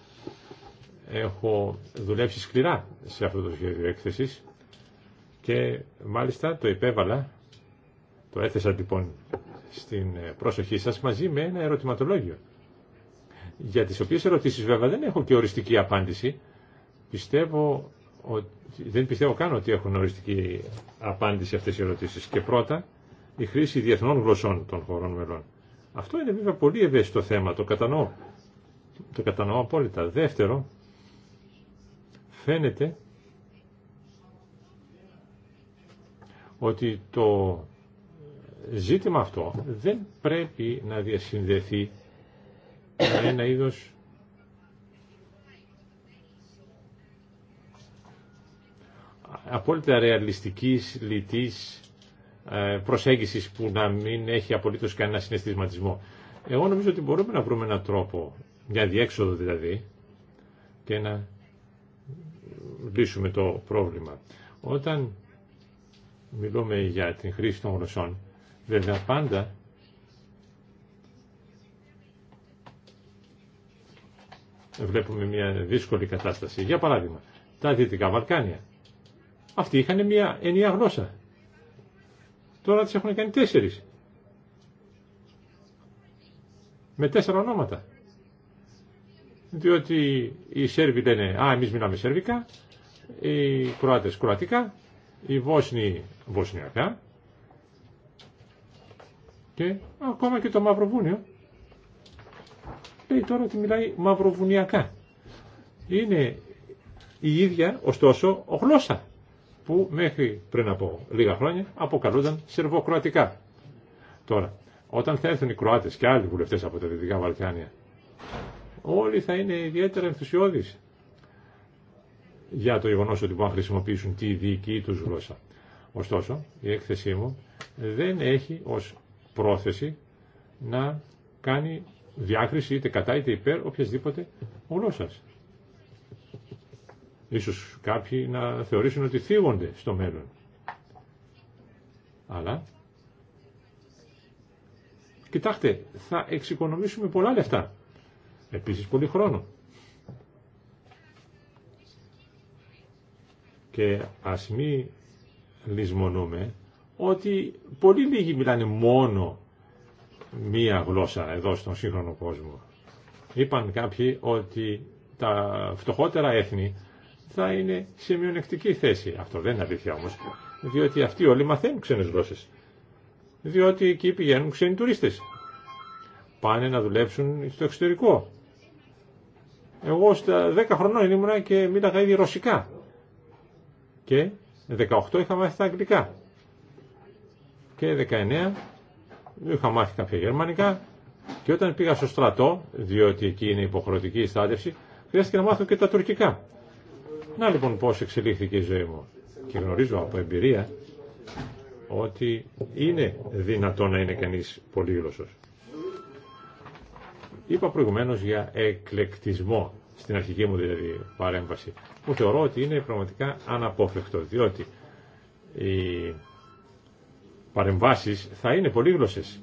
έχω δουλέψει σκληρά σε αυτό το σχέδιο έκθεσης και μάλιστα το υπέβαλα, το έθεσα λοιπόν στην ε, πρόσοχή σας μαζί με ένα ερωτηματολόγιο. Για τις οποίες ερωτήσεις βέβαια δεν έχω και οριστική απάντηση. Πιστεύω ότι, δεν πιστεύω καν ότι έχουν οριστική απάντηση αυτές οι ερωτήσεις. Και πρώτα, η χρήση διεθνών γλωσσών των χωρών μελών. Αυτό είναι βέβαια πολύ ευαίσθητο θέμα, το κατανοώ. Το κατανοώ απόλυτα. Δεύτερο, φαίνεται ότι το ζήτημα αυτό δεν πρέπει να διασυνδεθεί με ένα είδος απόλυτα ρεαλιστικής, λιτής ε, προσέγγισης που να μην έχει απολύτως κανένα συναισθηματισμό. Εγώ νομίζω ότι μπορούμε να βρούμε έναν τρόπο, μια διέξοδο δηλαδή, και να λύσουμε το πρόβλημα. Όταν μιλούμε για την χρήση των γλωσσών, Βέβαια πάντα βλέπουμε μια δύσκολη κατάσταση. Για παράδειγμα, τα Δυτικά Βαλκάνια. Αυτοί είχαν μια ενιαία γλώσσα. Τώρα τις έχουν κάνει τέσσερις. Με τέσσερα ονόματα. Διότι οι Σέρβοι λένε, α, εμείς μιλάμε Σερβικά, οι Κροάτες Κροατικά, οι Βόσνοι Βοσνιακά, και ακόμα και το Μαυροβούνιο λέει τώρα ότι μιλάει μαυροβουνιακά. Είναι η ίδια, ωστόσο, γλώσσα που μέχρι πριν από λίγα χρόνια αποκαλούνταν σερβοκροατικά. Τώρα, όταν θα έρθουν οι Κροάτες και άλλοι βουλευτές από τα Δυτικά Βαλκάνια, όλοι θα είναι ιδιαίτερα ενθουσιώδεις για το γεγονό ότι μπορούν να χρησιμοποιήσουν τη δική του γλώσσα. Ωστόσο, η έκθεσή μου δεν έχει ως πρόθεση να κάνει διάκριση είτε κατά είτε υπέρ οποιασδήποτε γλώσσας. Ίσως κάποιοι να θεωρήσουν ότι θίγονται στο μέλλον. Αλλά, κοιτάξτε, θα εξοικονομήσουμε πολλά λεφτά. Επίσης πολύ χρόνο. Και ας μην λησμονούμε ότι πολύ λίγοι μιλάνε μόνο μία γλώσσα εδώ στον σύγχρονο κόσμο. Είπαν κάποιοι ότι τα φτωχότερα έθνη θα είναι σε μειονεκτική θέση. Αυτό δεν είναι αλήθεια όμως, διότι αυτοί όλοι μαθαίνουν ξένες γλώσσες. Διότι εκεί πηγαίνουν ξένοι τουρίστες. Πάνε να δουλέψουν στο εξωτερικό. Εγώ στα 10 χρονών ήμουνα και μίλαγα ήδη ρωσικά. Και 18 είχα μάθει τα αγγλικά και 19 είχα μάθει κάποια γερμανικά και όταν πήγα στο στρατό, διότι εκεί είναι υποχρεωτική η στάτευση, χρειάστηκε να μάθω και τα τουρκικά. Να λοιπόν πώς εξελίχθηκε η ζωή μου. Και γνωρίζω από εμπειρία ότι είναι δυνατό να είναι κανείς πολύγλωσσος. Είπα προηγουμένως για εκλεκτισμό, στην αρχική μου δηλαδή παρέμβαση, που θεωρώ ότι είναι πραγματικά αναπόφευκτο, διότι η παρεμβάσεις θα είναι πολύγλωσσες.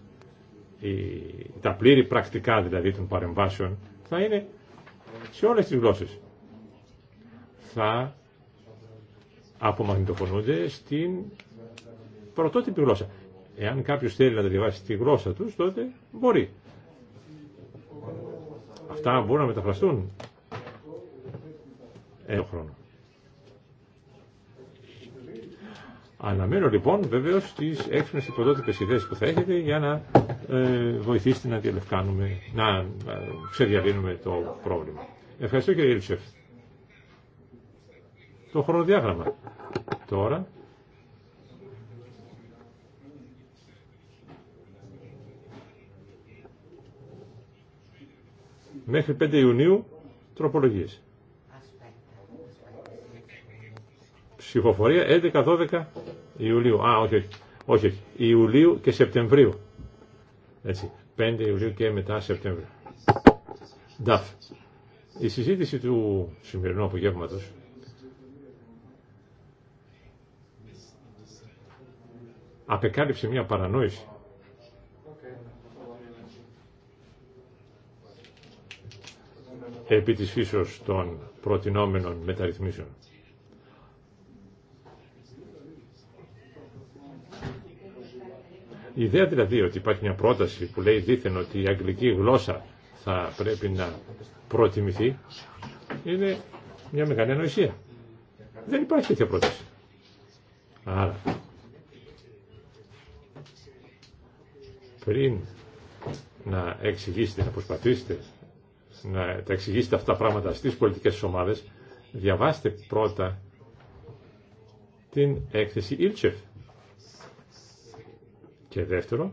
Τα πλήρη πρακτικά δηλαδή των παρεμβάσεων θα είναι σε όλες τις γλώσσες. Θα απομαγνητοφωνούνται στην πρωτότυπη γλώσσα. Εάν κάποιος θέλει να τα διαβάσει στη γλώσσα τους, τότε μπορεί. Αυτά μπορούν να μεταφραστούν ένα χρόνο. Αναμένω λοιπόν βεβαίω τι έξυπνε και πρωτότυπε ιδέε που θα έχετε για να ε, βοηθήσετε να διαλευκάνουμε, να ε, ξεδιαλύνουμε το πρόβλημα. Ευχαριστώ κύριε Ιλτσέφ. Το χρονοδιάγραμμα. Τώρα. Μέχρι 5 Ιουνίου τροπολογίες. ψηφοφορία 11-12 Ιουλίου. Α, όχι, όχι, Ιουλίου και Σεπτεμβρίου. Έτσι, 5 Ιουλίου και μετά Σεπτεμβρίου. Νταφ. Η συζήτηση του σημερινού απογεύματο απεκάλυψε μια παρανόηση. επί της φύσεως των προτινόμενων μεταρρυθμίσεων. Η ιδέα δηλαδή ότι υπάρχει μια πρόταση που λέει δήθεν ότι η αγγλική γλώσσα θα πρέπει να προτιμηθεί είναι μια μεγάλη ανοησία. Δεν υπάρχει τέτοια πρόταση. Άρα, πριν να εξηγήσετε, να προσπαθήσετε να τα εξηγήσετε αυτά τα πράγματα στις πολιτικές ομάδες, διαβάστε πρώτα την έκθεση Ήλτσεφ και δεύτερο,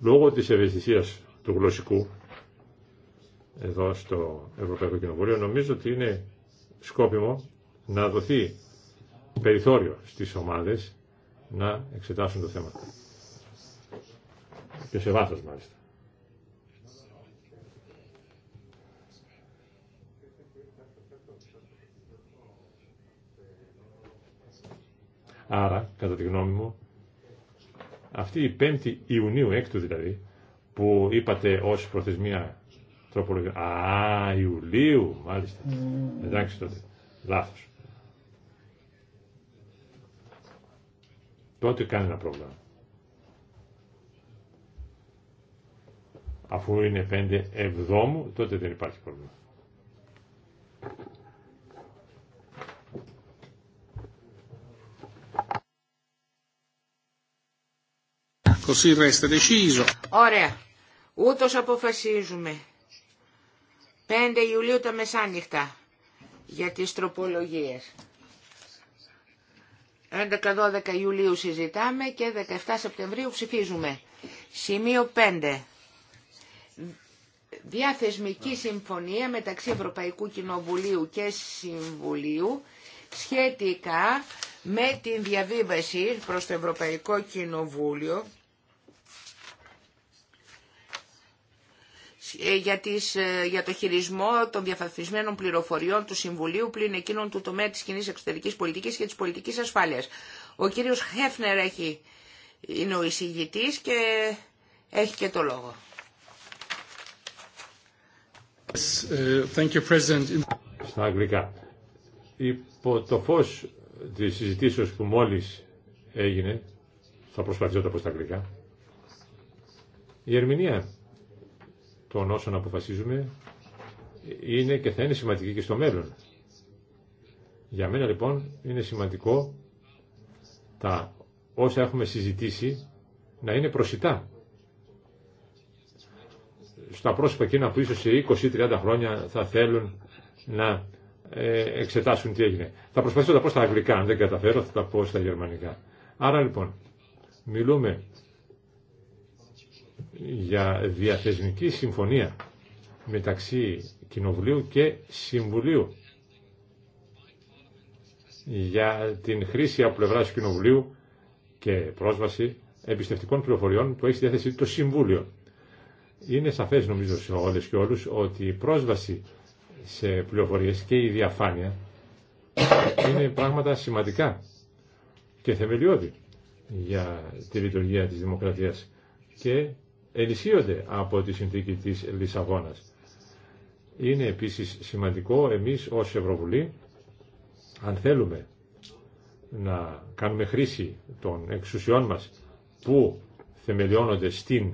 λόγω της ευαισθησίας του γλωσσικού εδώ στο Ευρωπαϊκό Κοινοβούλιο νομίζω ότι είναι σκόπιμο να δοθεί περιθώριο στις ομάδες να εξετάσουν το θέμα. Και σε βάθος μάλιστα. Άρα, κατά τη γνώμη μου, αυτή η 5η Ιουνίου, 6 δηλαδή, που είπατε ως προθεσμία τροπολογία. Α, Ιουλίου, μάλιστα. Mm. Εντάξει τότε. Λάθος. Τότε κάνει ένα πρόβλημα. Αφού είναι 5 η ιουνιου 6 η δηλαδη που ειπατε ω προθεσμια τροπολογια α ιουλιου μαλιστα mm τότε δεν υπάρχει πρόβλημα. Ωραία. Ούτω αποφασίζουμε. 5 Ιουλίου τα μεσάνυχτα για τις τροπολογίες. 11-12 Ιουλίου συζητάμε και 17 Σεπτεμβρίου ψηφίζουμε. Σημείο 5. Διαθεσμική συμφωνία μεταξύ Ευρωπαϊκού Κοινοβουλίου και Συμβουλίου σχετικά με την διαβίβαση προς το Ευρωπαϊκό Κοινοβούλιο Ε, για, τις, ε, για το χειρισμό των διαφαθμισμένων πληροφοριών του Συμβουλίου πλην εκείνων του τομέα της κοινή εξωτερικής πολιτικής και της πολιτικής ασφάλειας. Ο κύριος Χέφνερ έχει, είναι ο εισηγητής και έχει και το λόγο. Στα αγγλικά. Υπό το φως της συζητήσεως που μόλις έγινε, θα προσπαθήσω να τα πω στα αγγλικά, η ερμηνεία των όσων αποφασίζουμε είναι και θα είναι σημαντική και στο μέλλον. Για μένα λοιπόν είναι σημαντικό τα όσα έχουμε συζητήσει να είναι προσιτά στα πρόσωπα εκείνα που ίσως σε 20-30 χρόνια θα θέλουν να ε, εξετάσουν τι έγινε. Θα προσπαθήσω να τα πω στα αγγλικά, αν δεν καταφέρω θα τα πω στα γερμανικά. Άρα λοιπόν, μιλούμε για διαθεσμική συμφωνία μεταξύ Κοινοβουλίου και Συμβουλίου για την χρήση από πλευρά του Κοινοβουλίου και πρόσβαση εμπιστευτικών πληροφοριών που έχει στη διάθεση το Συμβούλιο. Είναι σαφές νομίζω σε όλες και όλους ότι η πρόσβαση σε πληροφορίες και η διαφάνεια είναι πράγματα σημαντικά και θεμελιώδη για τη λειτουργία της δημοκρατίας και ενισχύονται από τη συνθήκη της Λισαβόνας. Είναι επίσης σημαντικό εμείς ως Ευρωβουλή, αν θέλουμε να κάνουμε χρήση των εξουσιών μας που θεμελιώνονται στην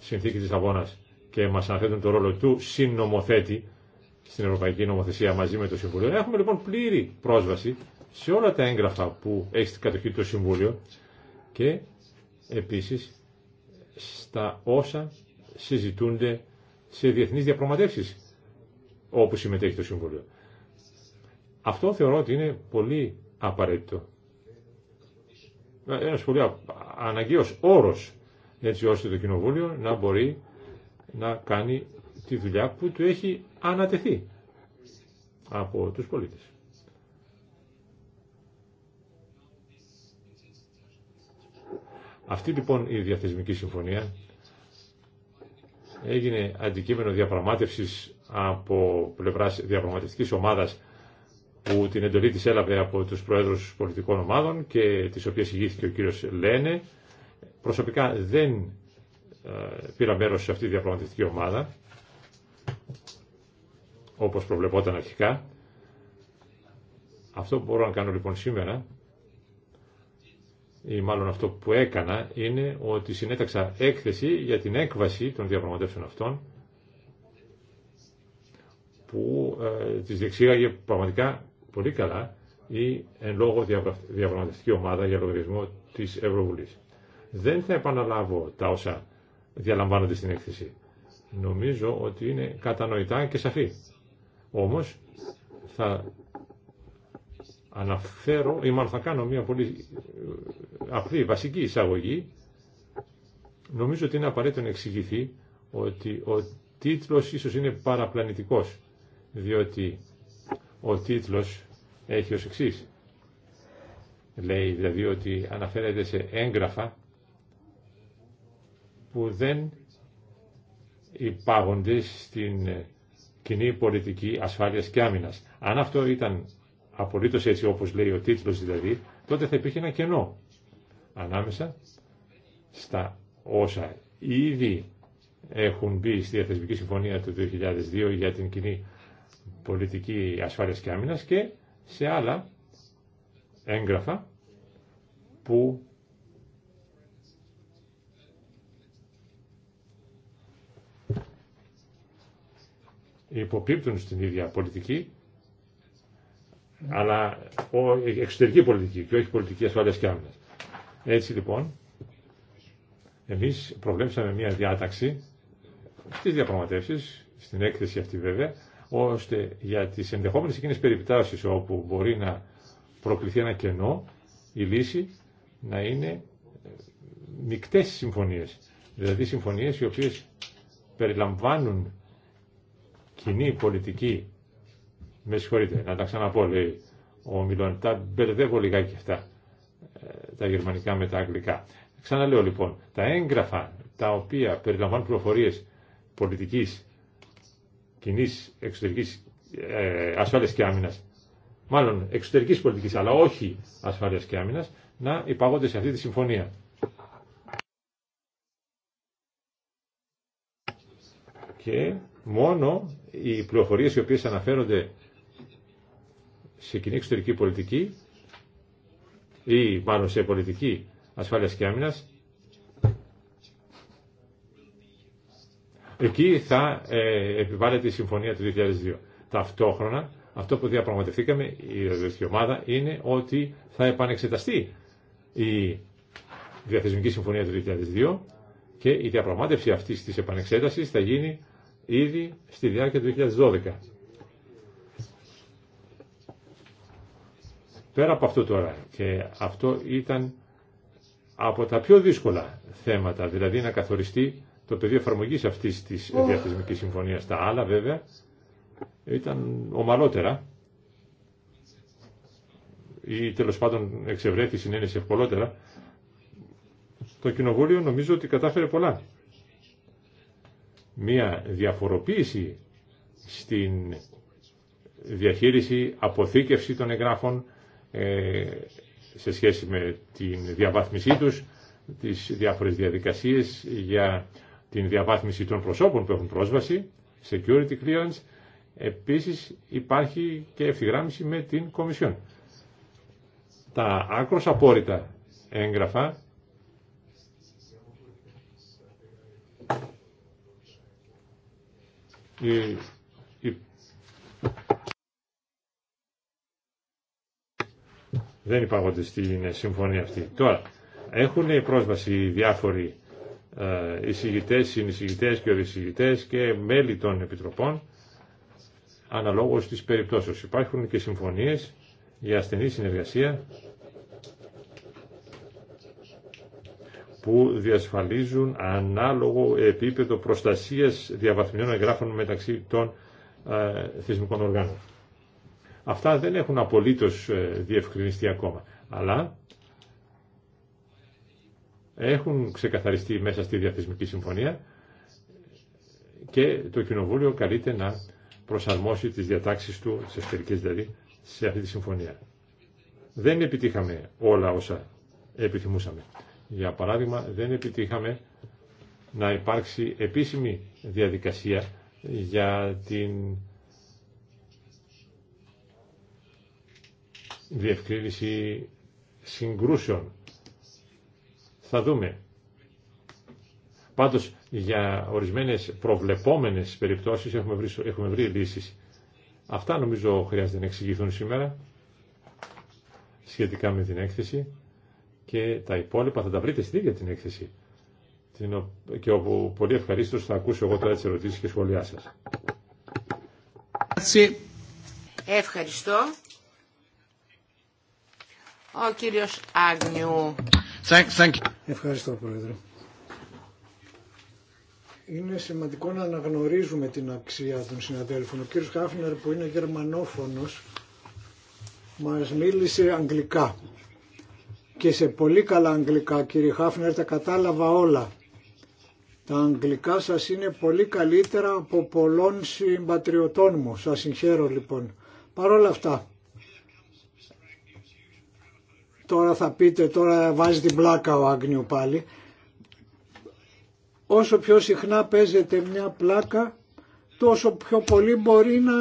συνθήκη της Λισαβόνας και μας αναθέτουν το ρόλο του συνομοθέτη στην Ευρωπαϊκή Νομοθεσία μαζί με το Συμβούλιο. Έχουμε λοιπόν πλήρη πρόσβαση σε όλα τα έγγραφα που έχει στην κατοχή το Συμβούλιο και επίσης στα όσα συζητούνται σε διεθνείς διαπραγματεύσεις όπου συμμετέχει το Συμβούλιο. Αυτό θεωρώ ότι είναι πολύ απαραίτητο. Ένας πολύ αναγκαίος όρος έτσι ώστε το Κοινοβούλιο να μπορεί να κάνει τη δουλειά που του έχει ανατεθεί από τους πολίτες. Αυτή λοιπόν η διαθεσμική συμφωνία έγινε αντικείμενο διαπραγμάτευσης από πλευράς διαπραγματευτικής ομάδας που την εντολή της έλαβε από τους Προέδρους Πολιτικών Ομάδων και τις οποίες ηγήθηκε ο κύριος Λένε. Προσωπικά δεν ε, πήρα μέρος σε αυτή τη διαπραγματευτική ομάδα, όπως προβλεπόταν αρχικά. Αυτό που μπορώ να κάνω λοιπόν σήμερα ή μάλλον αυτό που έκανα είναι ότι συνέταξα έκθεση για την έκβαση των διαπραγματεύσεων αυτών που ε, τις διεξήγαγε πραγματικά πολύ καλά ή εν λόγω διαπραγματευτική ομάδα για λογαριασμό της Ευρωβουλής. Δεν θα επαναλάβω τα όσα διαλαμβάνονται στην έκθεση. Νομίζω ότι είναι κατανοητά και σαφή. Όμως θα αναφέρω, ή μάλλον θα κάνω μια πολύ ε, απλή βασική εισαγωγή, νομίζω ότι είναι απαραίτητο να εξηγηθεί ότι ο τίτλος ίσως είναι παραπλανητικός, διότι ο τίτλος έχει ως εξή. Λέει δηλαδή ότι αναφέρεται σε έγγραφα που δεν υπάγονται στην κοινή πολιτική ασφάλειας και άμυνας. Αν αυτό ήταν απολύτως έτσι όπως λέει ο τίτλος δηλαδή, τότε θα υπήρχε ένα κενό ανάμεσα στα όσα ήδη έχουν μπει στη Διαθεσμική Συμφωνία του 2002 για την κοινή πολιτική ασφάλειας και άμυνας και σε άλλα έγγραφα που υποπίπτουν στην ίδια πολιτική αλλά εξωτερική πολιτική και όχι πολιτική ασφάλεια και άμυνα. Έτσι λοιπόν, εμεί προβλέψαμε μια διάταξη στι διαπραγματεύσει, στην έκθεση αυτή βέβαια, ώστε για τι ενδεχόμενε εκείνες περιπτώσει όπου μπορεί να προκληθεί ένα κενό, η λύση να είναι μικτές συμφωνίες. Δηλαδή συμφωνίες οι οποίες περιλαμβάνουν κοινή πολιτική με συγχωρείτε, να τα ξαναπώ, λέει ο Μιλόν. Τα μπερδεύω λιγάκι αυτά, ε, τα γερμανικά με τα αγγλικά. Ξαναλέω λοιπόν, τα έγγραφα τα οποία περιλαμβάνουν πληροφορίε πολιτική, κοινή εξωτερική ε, ασφάλεια και άμυνα, μάλλον εξωτερική πολιτική, αλλά όχι ασφάλεια και άμυνα, να υπάγονται σε αυτή τη συμφωνία. Και μόνο οι πληροφορίε οι οποίε αναφέρονται σε κοινή εξωτερική πολιτική ή μάλλον σε πολιτική ασφάλειας και άμυνας εκεί θα ε, επιβάλλεται η συμφωνία του 2002. Ταυτόχρονα αυτό που διαπραγματευτήκαμε η Ροδευτική Ομάδα είναι ότι θα επανεξεταστεί η Διαθεσμική Συμφωνία του 2002 και η διαπραγμάτευση αυτής της επανεξέτασης θα γίνει ήδη στη διάρκεια του 2012. Πέρα από αυτό τώρα, και αυτό ήταν από τα πιο δύσκολα θέματα, δηλαδή να καθοριστεί το πεδίο εφαρμογή αυτής της διαθεσμικής συμφωνίας. Τα άλλα βέβαια ήταν ομαλότερα ή τέλο πάντων εξευρέθη συνένεση ευκολότερα. Το Κοινοβούλιο νομίζω ότι κατάφερε πολλά. Μία διαφοροποίηση στην διαχείριση, αποθήκευση των εγγράφων, ε, σε σχέση με την διαβάθμισή τους, τις διάφορες διαδικασίες για την διαβάθμιση των προσώπων που έχουν πρόσβαση, security clearance, επίσης υπάρχει και ευθυγράμμιση με την Κομισιόν. Τα άκρος απόρριτα έγγραφα ε, δεν υπάρχονται στην ε, συμφωνία αυτή. Τώρα, έχουν πρόσβαση διάφοροι ε, εισηγητέ, συνεισηγητέ και οδησηγητέ και μέλη των επιτροπών αναλόγως της περιπτώσεως. Υπάρχουν και συμφωνίες για ασθενή συνεργασία που διασφαλίζουν ανάλογο επίπεδο προστασίας διαβαθμιών εγγράφων μεταξύ των ε, θεσμικών οργάνων. Αυτά δεν έχουν απολύτως ε, διευκρινιστεί ακόμα. Αλλά έχουν ξεκαθαριστεί μέσα στη Διαθεσμική Συμφωνία και το Κοινοβούλιο καλείται να προσαρμόσει τις διατάξεις του, τις εσωτερικές δηλαδή, σε αυτή τη συμφωνία. Δεν επιτύχαμε όλα όσα επιθυμούσαμε. Για παράδειγμα, δεν επιτύχαμε να υπάρξει επίσημη διαδικασία για την διευκρίνηση συγκρούσεων. Θα δούμε. Πάντως για ορισμένες προβλεπόμενες περιπτώσεις έχουμε βρει, έχουμε βρει λύσεις. Αυτά νομίζω χρειάζεται να εξηγηθούν σήμερα σχετικά με την έκθεση και τα υπόλοιπα θα τα βρείτε στην ίδια την έκθεση και όπου πολύ ευχαρίστως θα ακούσω εγώ τώρα τις ερωτήσεις και σχόλιά σας. Ευχαριστώ. Ο κύριος Άγνιου. Ευχαριστώ Πρόεδρε. Είναι σημαντικό να αναγνωρίζουμε την αξία των συναδέλφων. Ο κύριος Χάφνερ που είναι γερμανόφωνος μας μίλησε αγγλικά και σε πολύ καλά αγγλικά κύριε Χάφνερ τα κατάλαβα όλα. Τα αγγλικά σας είναι πολύ καλύτερα από πολλών συμπατριωτών μου. Σας συγχαίρω λοιπόν. Παρ' όλα αυτά Τώρα θα πείτε, τώρα βάζει την πλάκα ο Άγνιου πάλι. Όσο πιο συχνά παίζεται μια πλάκα, τόσο πιο πολύ μπορεί να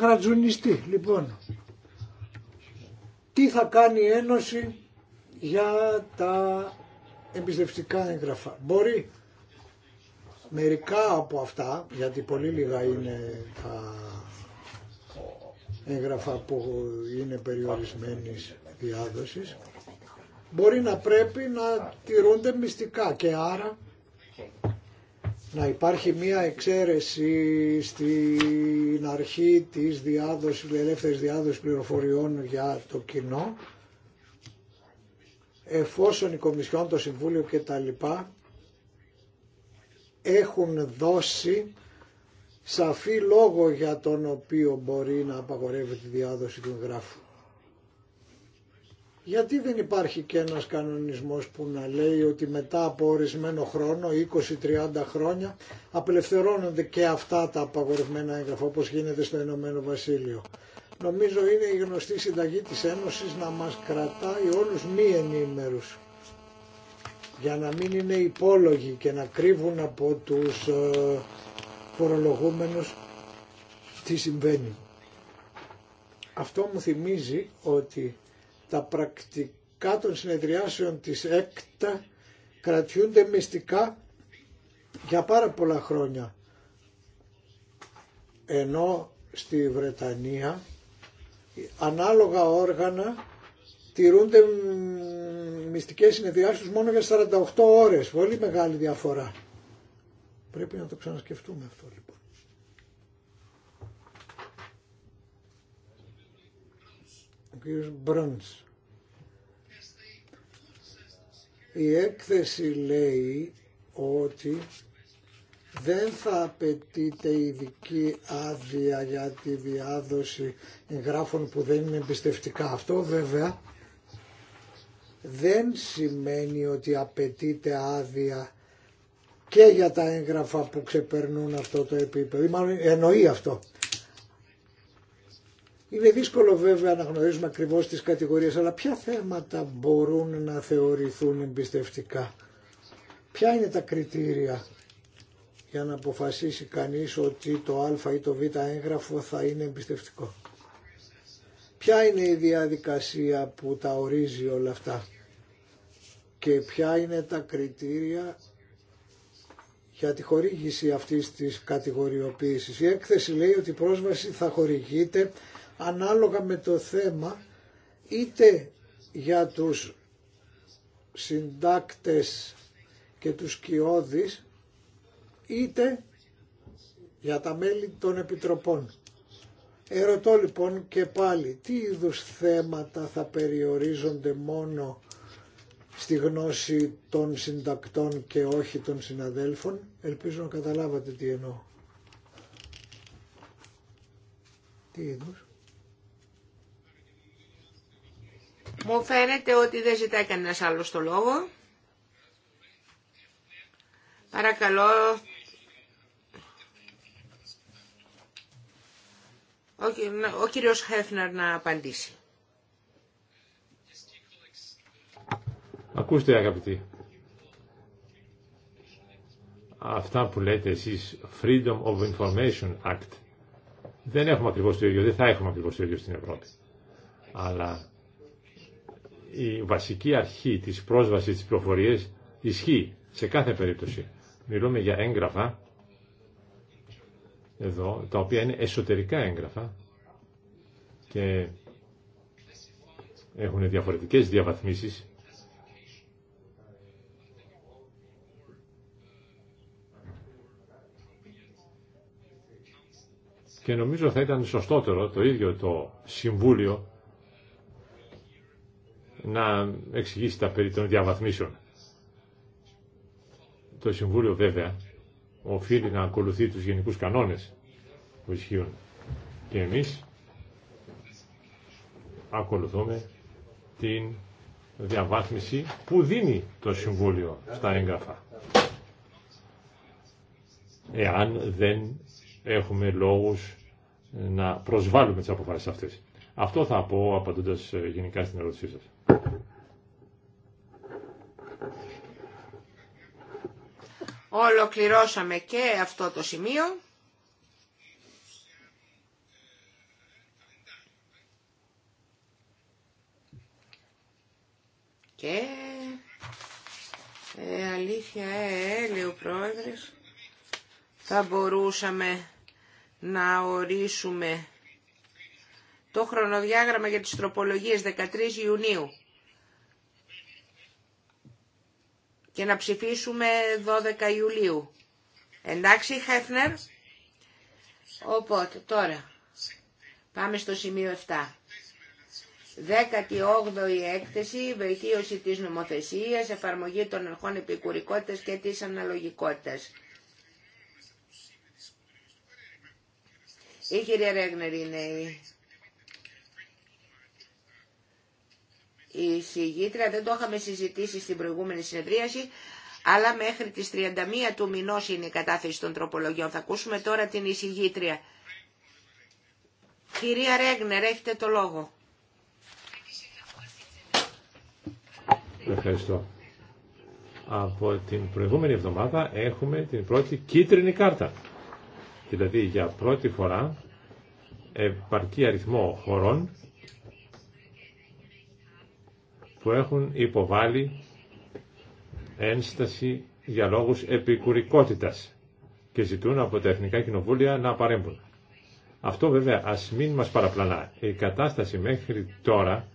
γρατζουνιστεί. Λοιπόν, τι θα κάνει η Ένωση για τα εμπιστευτικά έγγραφα. Μπορεί μερικά από αυτά, γιατί πολύ λίγα είναι τα έγγραφα που είναι περιορισμένης διάδοσης μπορεί να πρέπει να τηρούνται μυστικά και άρα να υπάρχει μία εξαίρεση στην αρχή της διάδοσης, ελεύθερης διάδοσης πληροφοριών για το κοινό εφόσον η Κομισιόν, το Συμβούλιο και τα λοιπά έχουν δώσει σαφή λόγο για τον οποίο μπορεί να απαγορεύει τη διάδοση του γράφου. Γιατί δεν υπάρχει και ένας κανονισμός που να λέει ότι μετά από ορισμένο χρόνο, 20-30 χρόνια, απελευθερώνονται και αυτά τα απαγορευμένα έγγραφα όπως γίνεται στο Ηνωμένο Βασίλειο. Νομίζω είναι η γνωστή συνταγή της Ένωσης να μας κρατάει όλους μη ενήμερους για να μην είναι υπόλογοι και να κρύβουν από τους ε, φορολογούμενους τι συμβαίνει. Αυτό μου θυμίζει ότι τα πρακτικά των συνεδριάσεων της ΕΚΤΑ κρατιούνται μυστικά για πάρα πολλά χρόνια. Ενώ στη Βρετανία ανάλογα όργανα τηρούνται μυστικές συνεδριάσεις μόνο για 48 ώρες. Πολύ μεγάλη διαφορά. Πρέπει να το ξανασκεφτούμε αυτό λοιπόν. Η έκθεση λέει ότι δεν θα απαιτείται ειδική άδεια για τη διάδοση εγγράφων που δεν είναι εμπιστευτικά. Αυτό βέβαια δεν σημαίνει ότι απαιτείται άδεια και για τα έγγραφα που ξεπερνούν αυτό το επίπεδο. εννοεί αυτό. Είναι δύσκολο βέβαια να γνωρίζουμε ακριβώς τις κατηγορίες, αλλά ποια θέματα μπορούν να θεωρηθούν εμπιστευτικά. Ποια είναι τα κριτήρια για να αποφασίσει κανείς ότι το α ή το β έγγραφο θα είναι εμπιστευτικό. Ποια είναι η διαδικασία που τα ορίζει όλα αυτά και ποια είναι τα κριτήρια για τη χορήγηση αυτής της κατηγοριοποίησης. Η έκθεση λέει ότι η πρόσβαση θα χορηγείται ανάλογα με το θέμα είτε για τους συντάκτες και τους κοιόδης είτε για τα μέλη των επιτροπών. Ερωτώ λοιπόν και πάλι τι είδους θέματα θα περιορίζονται μόνο στη γνώση των συντακτών και όχι των συναδέλφων. Ελπίζω να καταλάβατε τι εννοώ. Τι είδους. Μου φαίνεται ότι δεν ζητάει κανένας άλλο το λόγο. Παρακαλώ. Ο κύριος Χέφναρ να απαντήσει. Ακούστε αγαπητοί. Αυτά που λέτε εσείς Freedom of Information Act δεν έχουμε ακριβώς το ίδιο, δεν θα έχουμε ακριβώς το ίδιο στην Ευρώπη. Αλλά η βασική αρχή της πρόσβασης της πληροφορία ισχύει σε κάθε περίπτωση. Μιλούμε για έγγραφα εδώ, τα οποία είναι εσωτερικά έγγραφα και έχουν διαφορετικές διαβαθμίσεις και νομίζω θα ήταν σωστότερο το ίδιο το Συμβούλιο να εξηγήσει τα περί των διαβαθμίσεων. Το Συμβούλιο βέβαια οφείλει να ακολουθεί τους γενικούς κανόνες που ισχύουν και εμείς ακολουθούμε την διαβάθμιση που δίνει το Συμβούλιο στα έγγραφα. Εάν δεν έχουμε λόγους να προσβάλλουμε τις αποφάσεις αυτές. Αυτό θα πω απαντώντας ε, γενικά στην ερώτησή σας. Ολοκληρώσαμε και αυτό το σημείο. Και ε, αλήθεια, ε, ε ο πρόεδρος, θα μπορούσαμε να ορίσουμε το χρονοδιάγραμμα για τις τροπολογίες 13 Ιουνίου. και να ψηφίσουμε 12 Ιουλίου. Εντάξει, Χέφνερ. Οπότε, τώρα, πάμε στο σημείο 7. 18η έκθεση, βελτίωση της νομοθεσίας, εφαρμογή των αρχών επικουρικότητας και της αναλογικότητας. Η κυρία Ρέγνερ είναι η η συγγήτρια, δεν το είχαμε συζητήσει στην προηγούμενη συνεδρίαση, αλλά μέχρι τις 31 του μηνός είναι η κατάθεση των τροπολογιών. Θα ακούσουμε τώρα την εισηγήτρια. Κυρία Ρέγνερ, έχετε το λόγο. Ευχαριστώ. Από την προηγούμενη εβδομάδα έχουμε την πρώτη κίτρινη κάρτα. Δηλαδή για πρώτη φορά επαρκή αριθμό χωρών που έχουν υποβάλει ένσταση για λόγους επικουρικότητας και ζητούν από τα Εθνικά Κοινοβούλια να παρέμβουν. Αυτό βέβαια ας μην μας παραπλανά. Η κατάσταση μέχρι τώρα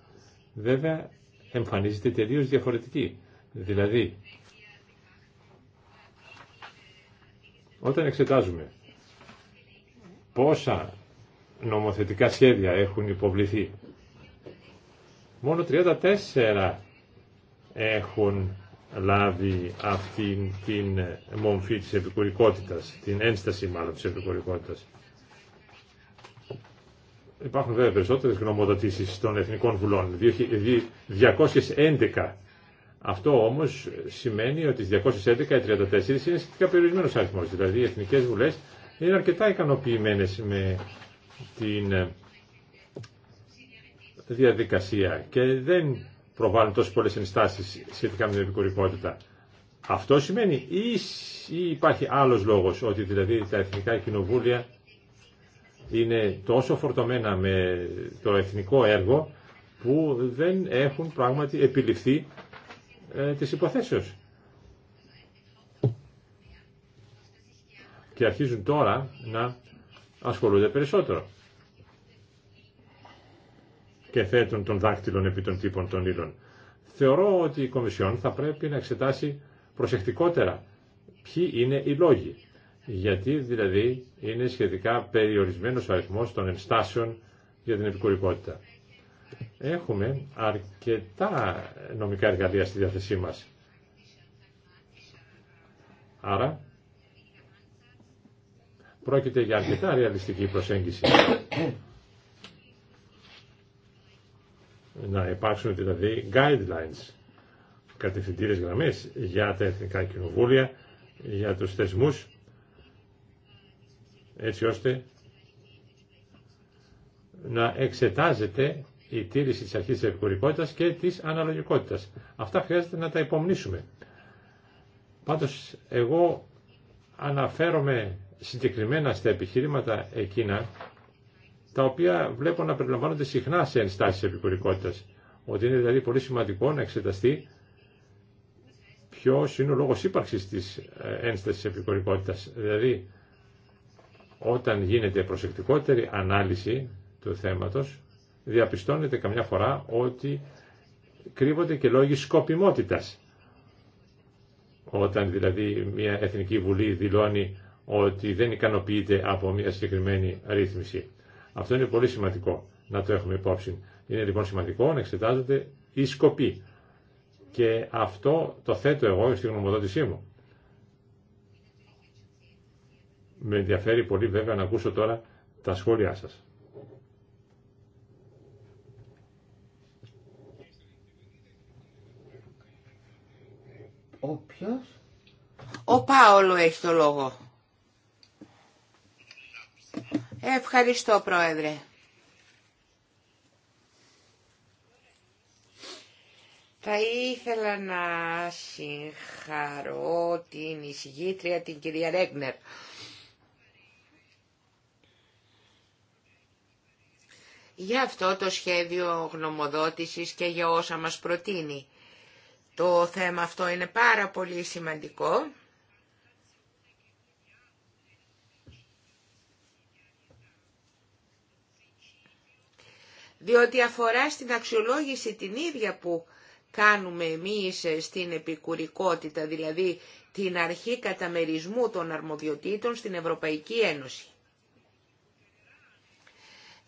βέβαια εμφανίζεται τελείως διαφορετική. Δηλαδή, όταν εξετάζουμε πόσα νομοθετικά σχέδια έχουν υποβληθεί μόνο 34 έχουν λάβει αυτήν την μομφή της επικουρικότητας, την ένσταση μάλλον της επικουρικότητας. Υπάρχουν βέβαια περισσότερες γνωμοδοτήσεις των Εθνικών Βουλών, 211. Αυτό όμως σημαίνει ότι 211 οι 34 είναι σχετικά περιορισμένος αριθμός, δηλαδή οι Εθνικές Βουλές είναι αρκετά ικανοποιημένες με την διαδικασία και δεν προβάλλουν τόσο πολλές ενστάσεις σχετικά με την επικουρικότητα. Αυτό σημαίνει ή υπάρχει άλλος λόγος ότι δηλαδή τα εθνικά κοινοβούλια είναι τόσο φορτωμένα με το εθνικό έργο που δεν έχουν πράγματι επιληφθεί ε, υποθέσεις Και αρχίζουν τώρα να ασχολούνται περισσότερο και θέτουν των δάχτυλων επί των τύπων των ύλων. Θεωρώ ότι η Κομισιόν θα πρέπει να εξετάσει προσεκτικότερα ποιοι είναι οι λόγοι. Γιατί δηλαδή είναι σχετικά περιορισμένος ο αριθμός των ενστάσεων για την επικουρικότητα. Έχουμε αρκετά νομικά εργαλεία στη διάθεσή μας. Άρα, πρόκειται για αρκετά ρεαλιστική προσέγγιση να υπάρξουν δηλαδή guidelines, κατευθυντήρες γραμμές για τα εθνικά κοινοβούλια, για τους θεσμούς, έτσι ώστε να εξετάζεται η τήρηση της αρχής της και της αναλογικότητας. Αυτά χρειάζεται να τα υπομνήσουμε. Πάντως εγώ αναφέρομαι συγκεκριμένα στα επιχειρήματα εκείνα τα οποία βλέπω να περιλαμβάνονται συχνά σε ενστάσεις επικουρικότητας. Ότι είναι δηλαδή πολύ σημαντικό να εξεταστεί ποιο είναι ο λόγος ύπαρξης της ε, ένστασης επικουρικότητας. Δηλαδή, όταν γίνεται προσεκτικότερη ανάλυση του θέματος, διαπιστώνεται καμιά φορά ότι κρύβονται και λόγοι σκοπιμότητας. Όταν δηλαδή μια Εθνική Βουλή δηλώνει ότι δεν ικανοποιείται από μια συγκεκριμένη ρύθμιση. Αυτό είναι πολύ σημαντικό να το έχουμε υπόψη. Είναι λοιπόν σημαντικό να εξετάζονται η σκοπή. Και αυτό το θέτω εγώ στη γνωμοδότησή μου. Με ενδιαφέρει πολύ βέβαια να ακούσω τώρα τα σχόλιά σας. Ο Ο Πάολο έχει το λόγο. Ευχαριστώ, Πρόεδρε. Θα ήθελα να συγχαρώ την εισηγήτρια, την κυρία Ρέγνερ. για αυτό το σχέδιο γνωμοδότησης και για όσα μας προτείνει. Το θέμα αυτό είναι πάρα πολύ σημαντικό. διότι αφορά στην αξιολόγηση την ίδια που κάνουμε εμείς στην επικουρικότητα, δηλαδή την αρχή καταμερισμού των αρμοδιοτήτων στην Ευρωπαϊκή Ένωση.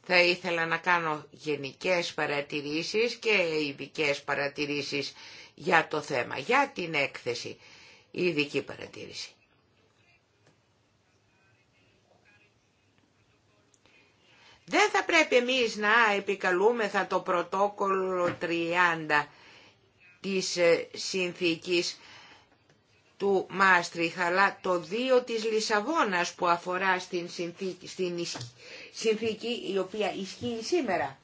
Θα ήθελα να κάνω γενικές παρατηρήσεις και ειδικέ παρατηρήσεις για το θέμα, για την έκθεση, ειδική παρατήρηση. Δεν θα πρέπει εμείς να επικαλούμεθα το πρωτόκολλο 30 της ε, συνθήκης του Μάστριχ, αλλά το 2 της Λισαβόνας που αφορά στην συνθήκη, στην συνθήκη η οποία ισχύει σήμερα.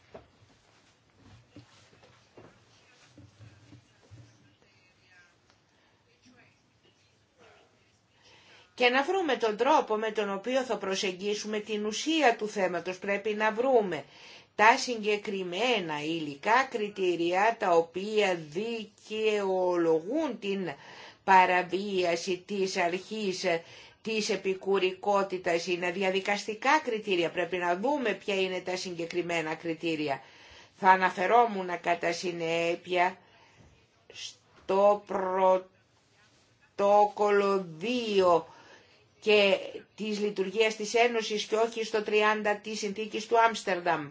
και να βρούμε τον τρόπο με τον οποίο θα προσεγγίσουμε την ουσία του θέματος. Πρέπει να βρούμε τα συγκεκριμένα υλικά κριτήρια τα οποία δικαιολογούν την παραβίαση της αρχής της επικουρικότητας. Είναι διαδικαστικά κριτήρια, πρέπει να δούμε ποια είναι τα συγκεκριμένα κριτήρια. Θα αναφερόμουν κατά συνέπεια στο πρωτόκολλο 2 και της λειτουργίας της Ένωσης και όχι στο 30 της συνθήκης του Άμστερνταμ.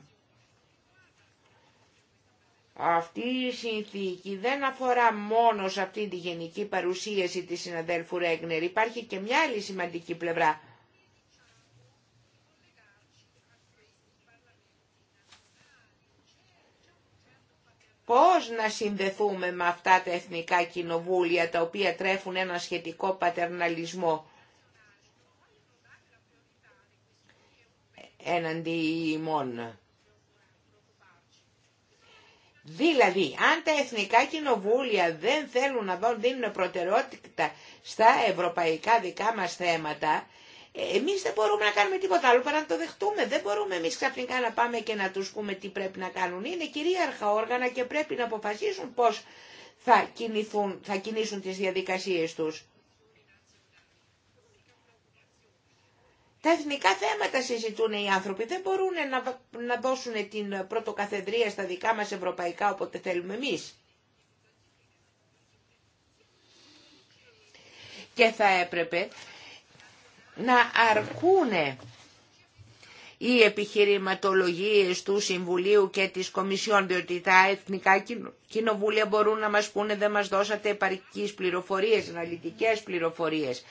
Αυτή η συνθήκη δεν αφορά μόνο σε αυτή τη γενική παρουσίαση της συναδέλφου Ρέγνερ. Υπάρχει και μια άλλη σημαντική πλευρά. Πώς να συνδεθούμε με αυτά τα εθνικά κοινοβούλια τα οποία τρέφουν ένα σχετικό πατερναλισμό. έναντι ημών. Δηλαδή, αν τα εθνικά κοινοβούλια δεν θέλουν να δίνουν προτεραιότητα στα ευρωπαϊκά δικά μας θέματα, εμείς δεν μπορούμε να κάνουμε τίποτα άλλο παρά να το δεχτούμε. Δεν μπορούμε εμείς ξαφνικά να πάμε και να τους πούμε τι πρέπει να κάνουν. Είναι κυρίαρχα όργανα και πρέπει να αποφασίσουν πώς θα, κινηθούν, θα κινήσουν τις διαδικασίες τους. Τα εθνικά θέματα συζητούν οι άνθρωποι. Δεν μπορούν να, να δώσουν την πρωτοκαθεδρία στα δικά μας ευρωπαϊκά όποτε θέλουμε εμείς. Και θα έπρεπε να αρκούν οι επιχειρηματολογίες του Συμβουλίου και της Κομισιόν, διότι τα εθνικά κοινοβούλια μπορούν να μας πούνε δεν μας δώσατε επαρκείς πληροφορίες, αναλυτικές πληροφορίες.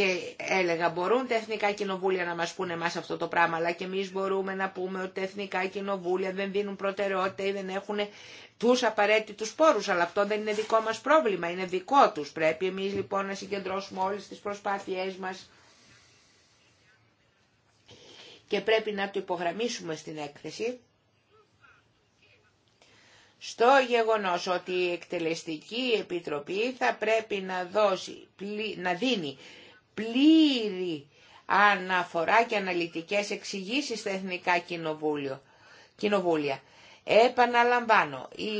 και έλεγα μπορούν τα εθνικά κοινοβούλια να μας πούνε εμάς αυτό το πράγμα αλλά και εμείς μπορούμε να πούμε ότι τα εθνικά κοινοβούλια δεν δίνουν προτεραιότητα ή δεν έχουν τους απαραίτητους πόρους αλλά αυτό δεν είναι δικό μας πρόβλημα, είναι δικό τους. Πρέπει εμείς λοιπόν να συγκεντρώσουμε όλες τις προσπάθειές μας και πρέπει να το υπογραμμίσουμε στην έκθεση στο γεγονός ότι η Εκτελεστική Επιτροπή θα πρέπει να, να δίνει πλήρη αναφορά και αναλυτικές εξηγήσει στα Εθνικά κοινοβούλιο, Κοινοβούλια. Επαναλαμβάνω, η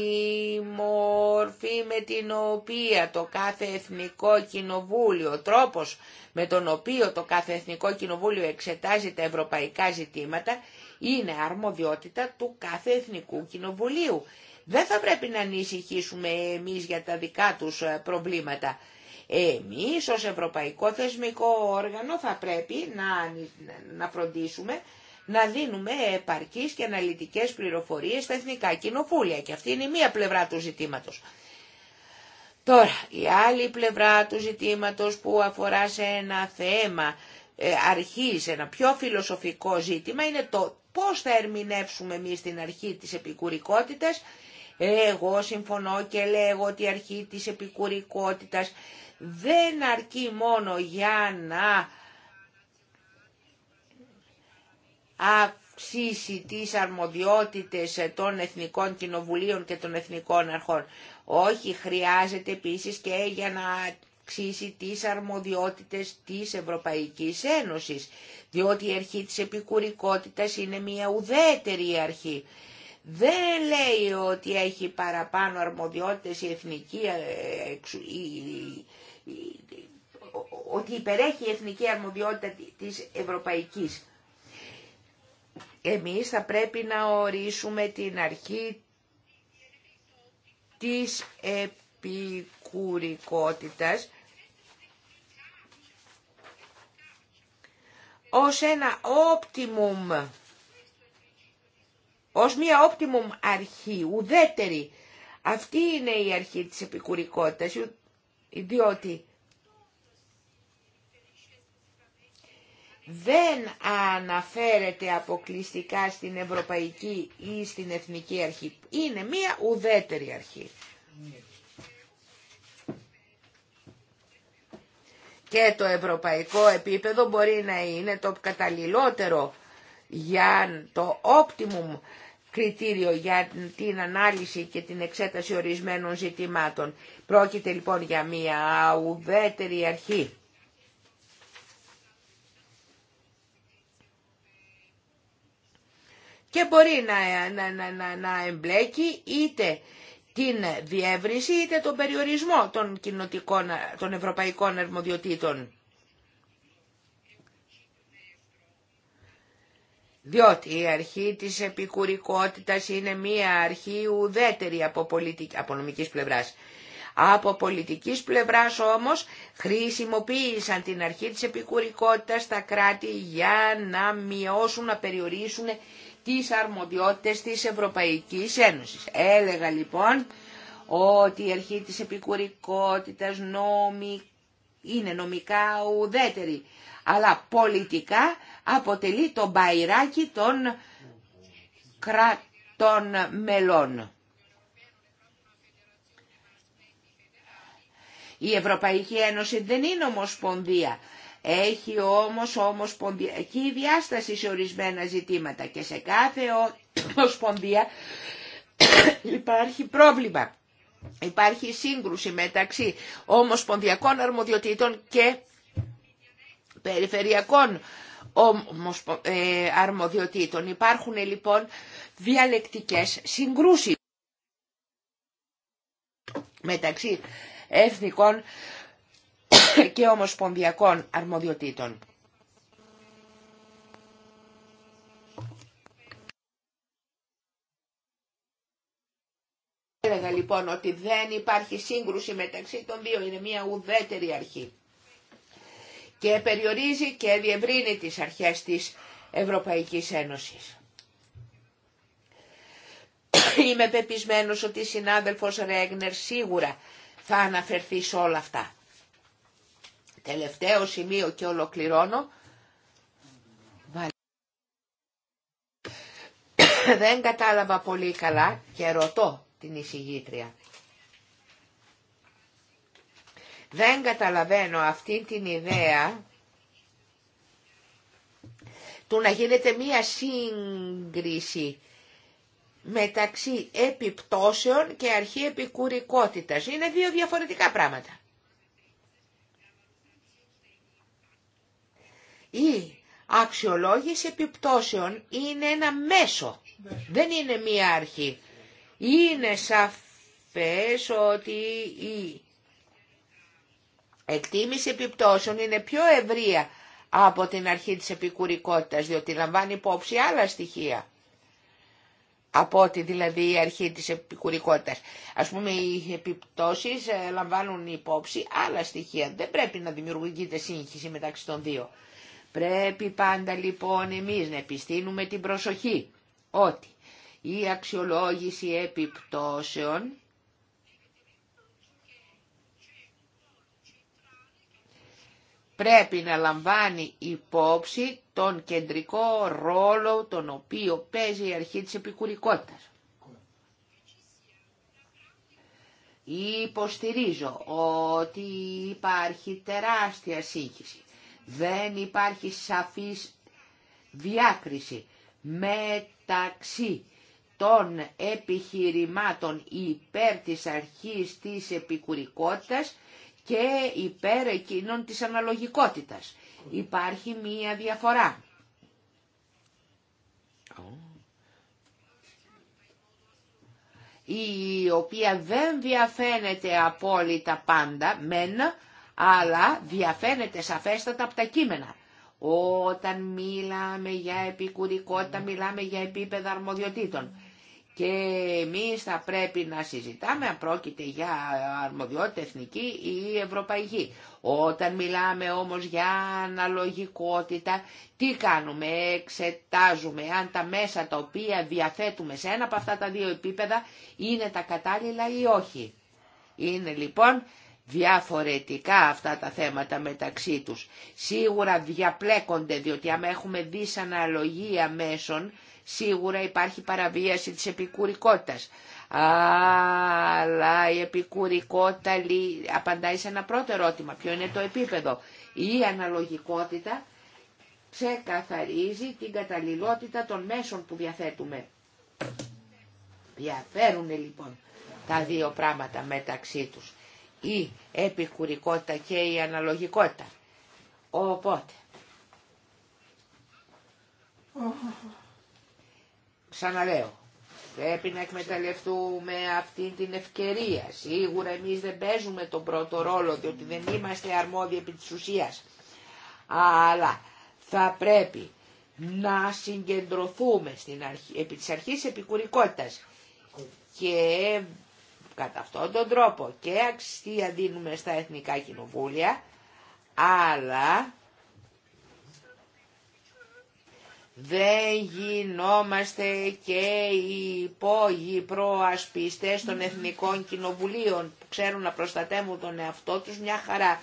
μορφή με την οποία το κάθε Εθνικό Κοινοβούλιο, ο τρόπος με τον οποίο το κάθε Εθνικό Κοινοβούλιο εξετάζει τα ευρωπαϊκά ζητήματα, είναι αρμοδιότητα του κάθε Εθνικού Κοινοβουλίου. Δεν θα πρέπει να ανησυχήσουμε εμείς για τα δικά τους ε, προβλήματα. Εμείς ως Ευρωπαϊκό Θεσμικό Όργανο θα πρέπει να, να φροντίσουμε να δίνουμε επαρκείς και αναλυτικές πληροφορίες στα εθνικά κοινοβούλια και αυτή είναι η μία πλευρά του ζητήματος. Τώρα, η άλλη πλευρά του ζητήματος που αφορά σε ένα θέμα ε, αρχή, ένα πιο φιλοσοφικό ζήτημα είναι το πώς θα ερμηνεύσουμε εμεί την αρχή της επικουρικότητας. Εγώ συμφωνώ και λέγω ότι η αρχή της επικουρικότητας δεν αρκεί μόνο για να αυξήσει τις αρμοδιότητες των Εθνικών Κοινοβουλίων και των Εθνικών Αρχών. Όχι, χρειάζεται επίσης και για να αυξήσει τις αρμοδιότητες της Ευρωπαϊκής Ένωσης, διότι η αρχή της επικουρικότητας είναι μια ουδέτερη αρχή. Δεν λέει ότι έχει παραπάνω αρμοδιότητες η Εθνική, ε, ότι υπερέχει η εθνική αρμοδιότητα της ευρωπαϊκής. Εμείς θα πρέπει να ορίσουμε την αρχή της επικουρικότητας ως ένα optimum, ως μια optimum αρχή, ουδέτερη. Αυτή είναι η αρχή της επικουρικότητας διότι δεν αναφέρεται αποκλειστικά στην Ευρωπαϊκή ή στην Εθνική Αρχή. Είναι μία ουδέτερη αρχή. Και το ευρωπαϊκό επίπεδο μπορεί να είναι το καταλληλότερο για το optimum κριτήριο για την ανάλυση και την εξέταση ορισμένων ζητημάτων. Πρόκειται λοιπόν για μια ουδέτερη αρχή. Και μπορεί να, να, εμπλέκει είτε την διεύρυνση είτε τον περιορισμό των, των ευρωπαϊκών Ερμοδιοτήτων. Διότι η αρχή της επικουρικότητας είναι μία αρχή ουδέτερη από, πολιτικ... από νομικής πλευράς. Από πολιτικής πλευράς όμως χρησιμοποίησαν την αρχή της επικουρικότητας τα κράτη για να μειώσουν, να περιορίσουν τις αρμοδιότητες της Ευρωπαϊκής Ένωσης. Έλεγα λοιπόν ότι η αρχή της επικουρικότητας νόμι... είναι νομικά ουδέτερη, αλλά πολιτικά αποτελεί το μπαϊράκι των κρατών μελών. Η Ευρωπαϊκή Ένωση δεν είναι ομοσπονδία. Έχει όμως ομοσπονδιακή διάσταση σε ορισμένα ζητήματα και σε κάθε ομοσπονδία υπάρχει πρόβλημα. Υπάρχει σύγκρουση μεταξύ ομοσπονδιακών αρμοδιοτήτων και περιφερειακών όμως ε, αρμοδιοτήτων. Υπάρχουν ε, λοιπόν διαλεκτικές συγκρούσεις μεταξύ εθνικών και ομοσπονδιακών αρμοδιοτήτων. Έλεγα λοιπόν ότι δεν υπάρχει σύγκρουση μεταξύ των δύο, είναι μια ουδέτερη αρχή και περιορίζει και διευρύνει τις αρχές της Ευρωπαϊκής Ένωσης. Είμαι πεπισμένος ότι η συνάδελφος Ρέγνερ σίγουρα θα αναφερθεί σε όλα αυτά. Τελευταίο σημείο και ολοκληρώνω. Δεν κατάλαβα πολύ καλά και ρωτώ την εισηγήτρια. Δεν καταλαβαίνω αυτή την ιδέα του να γίνεται μία σύγκριση μεταξύ επιπτώσεων και αρχή επικουρικότητας. Είναι δύο διαφορετικά πράγματα. Η αξιολόγηση επιπτώσεων είναι ένα μέσο, δεν είναι μία αρχή. Είναι σαφές ότι η εκτίμηση επιπτώσεων είναι πιο ευρεία από την αρχή της επικουρικότητας, διότι λαμβάνει υπόψη άλλα στοιχεία. Από ότι δηλαδή η αρχή της επικουρικότητας. Ας πούμε οι επιπτώσεις ε, λαμβάνουν υπόψη άλλα στοιχεία. Δεν πρέπει να δημιουργείται σύγχυση μεταξύ των δύο. Πρέπει πάντα λοιπόν εμείς να επιστήνουμε την προσοχή ότι η αξιολόγηση επιπτώσεων πρέπει να λαμβάνει υπόψη τον κεντρικό ρόλο τον οποίο παίζει η αρχή της επικουρικότητας. Υποστηρίζω ότι υπάρχει τεράστια σύγχυση. Δεν υπάρχει σαφής διάκριση μεταξύ των επιχειρημάτων υπέρ της αρχής της επικουρικότητας και υπέρ εκείνων της αναλογικότητας. Υπάρχει μία διαφορά. η οποία δεν διαφαίνεται απόλυτα πάντα, μεν, αλλά διαφαίνεται σαφέστατα από τα κείμενα. Όταν μιλάμε για επικουρικότητα, μιλάμε για επίπεδα αρμοδιοτήτων. Και εμείς θα πρέπει να συζητάμε αν πρόκειται για αρμοδιότητα εθνική ή ευρωπαϊκή. Όταν μιλάμε όμως για αναλογικότητα, τι κάνουμε, εξετάζουμε αν τα μέσα τα οποία διαθέτουμε σε ένα από αυτά τα δύο επίπεδα είναι τα κατάλληλα ή όχι. Είναι λοιπόν διαφορετικά αυτά τα θέματα μεταξύ τους. Σίγουρα διαπλέκονται διότι άμα έχουμε δυσαναλογία μέσων Σίγουρα υπάρχει παραβίαση της επικουρικότητας. Αλλά η επικουρικότητα απαντάει σε ένα πρώτο ερώτημα. Ποιο είναι το επίπεδο. Η αναλογικότητα ξεκαθαρίζει την καταλληλότητα των μέσων που διαθέτουμε. Διαφέρουν λοιπόν τα δύο πράγματα μεταξύ τους. Η επικουρικότητα και η αναλογικότητα. Οπότε. Ξαναλέω, πρέπει να εκμεταλλευτούμε αυτή την ευκαιρία. Σίγουρα εμείς δεν παίζουμε τον πρώτο ρόλο, διότι δεν είμαστε αρμόδιοι επί της ουσίας. Αλλά θα πρέπει να συγκεντρωθούμε στην αρχή, επί της αρχής επικουρικότητας και κατά αυτόν τον τρόπο και αξία δίνουμε στα εθνικά κοινοβούλια, αλλά δεν γινόμαστε και οι υπόγειοι προασπιστές των εθνικών κοινοβουλίων που ξέρουν να προστατεύουν τον εαυτό τους μια χαρά.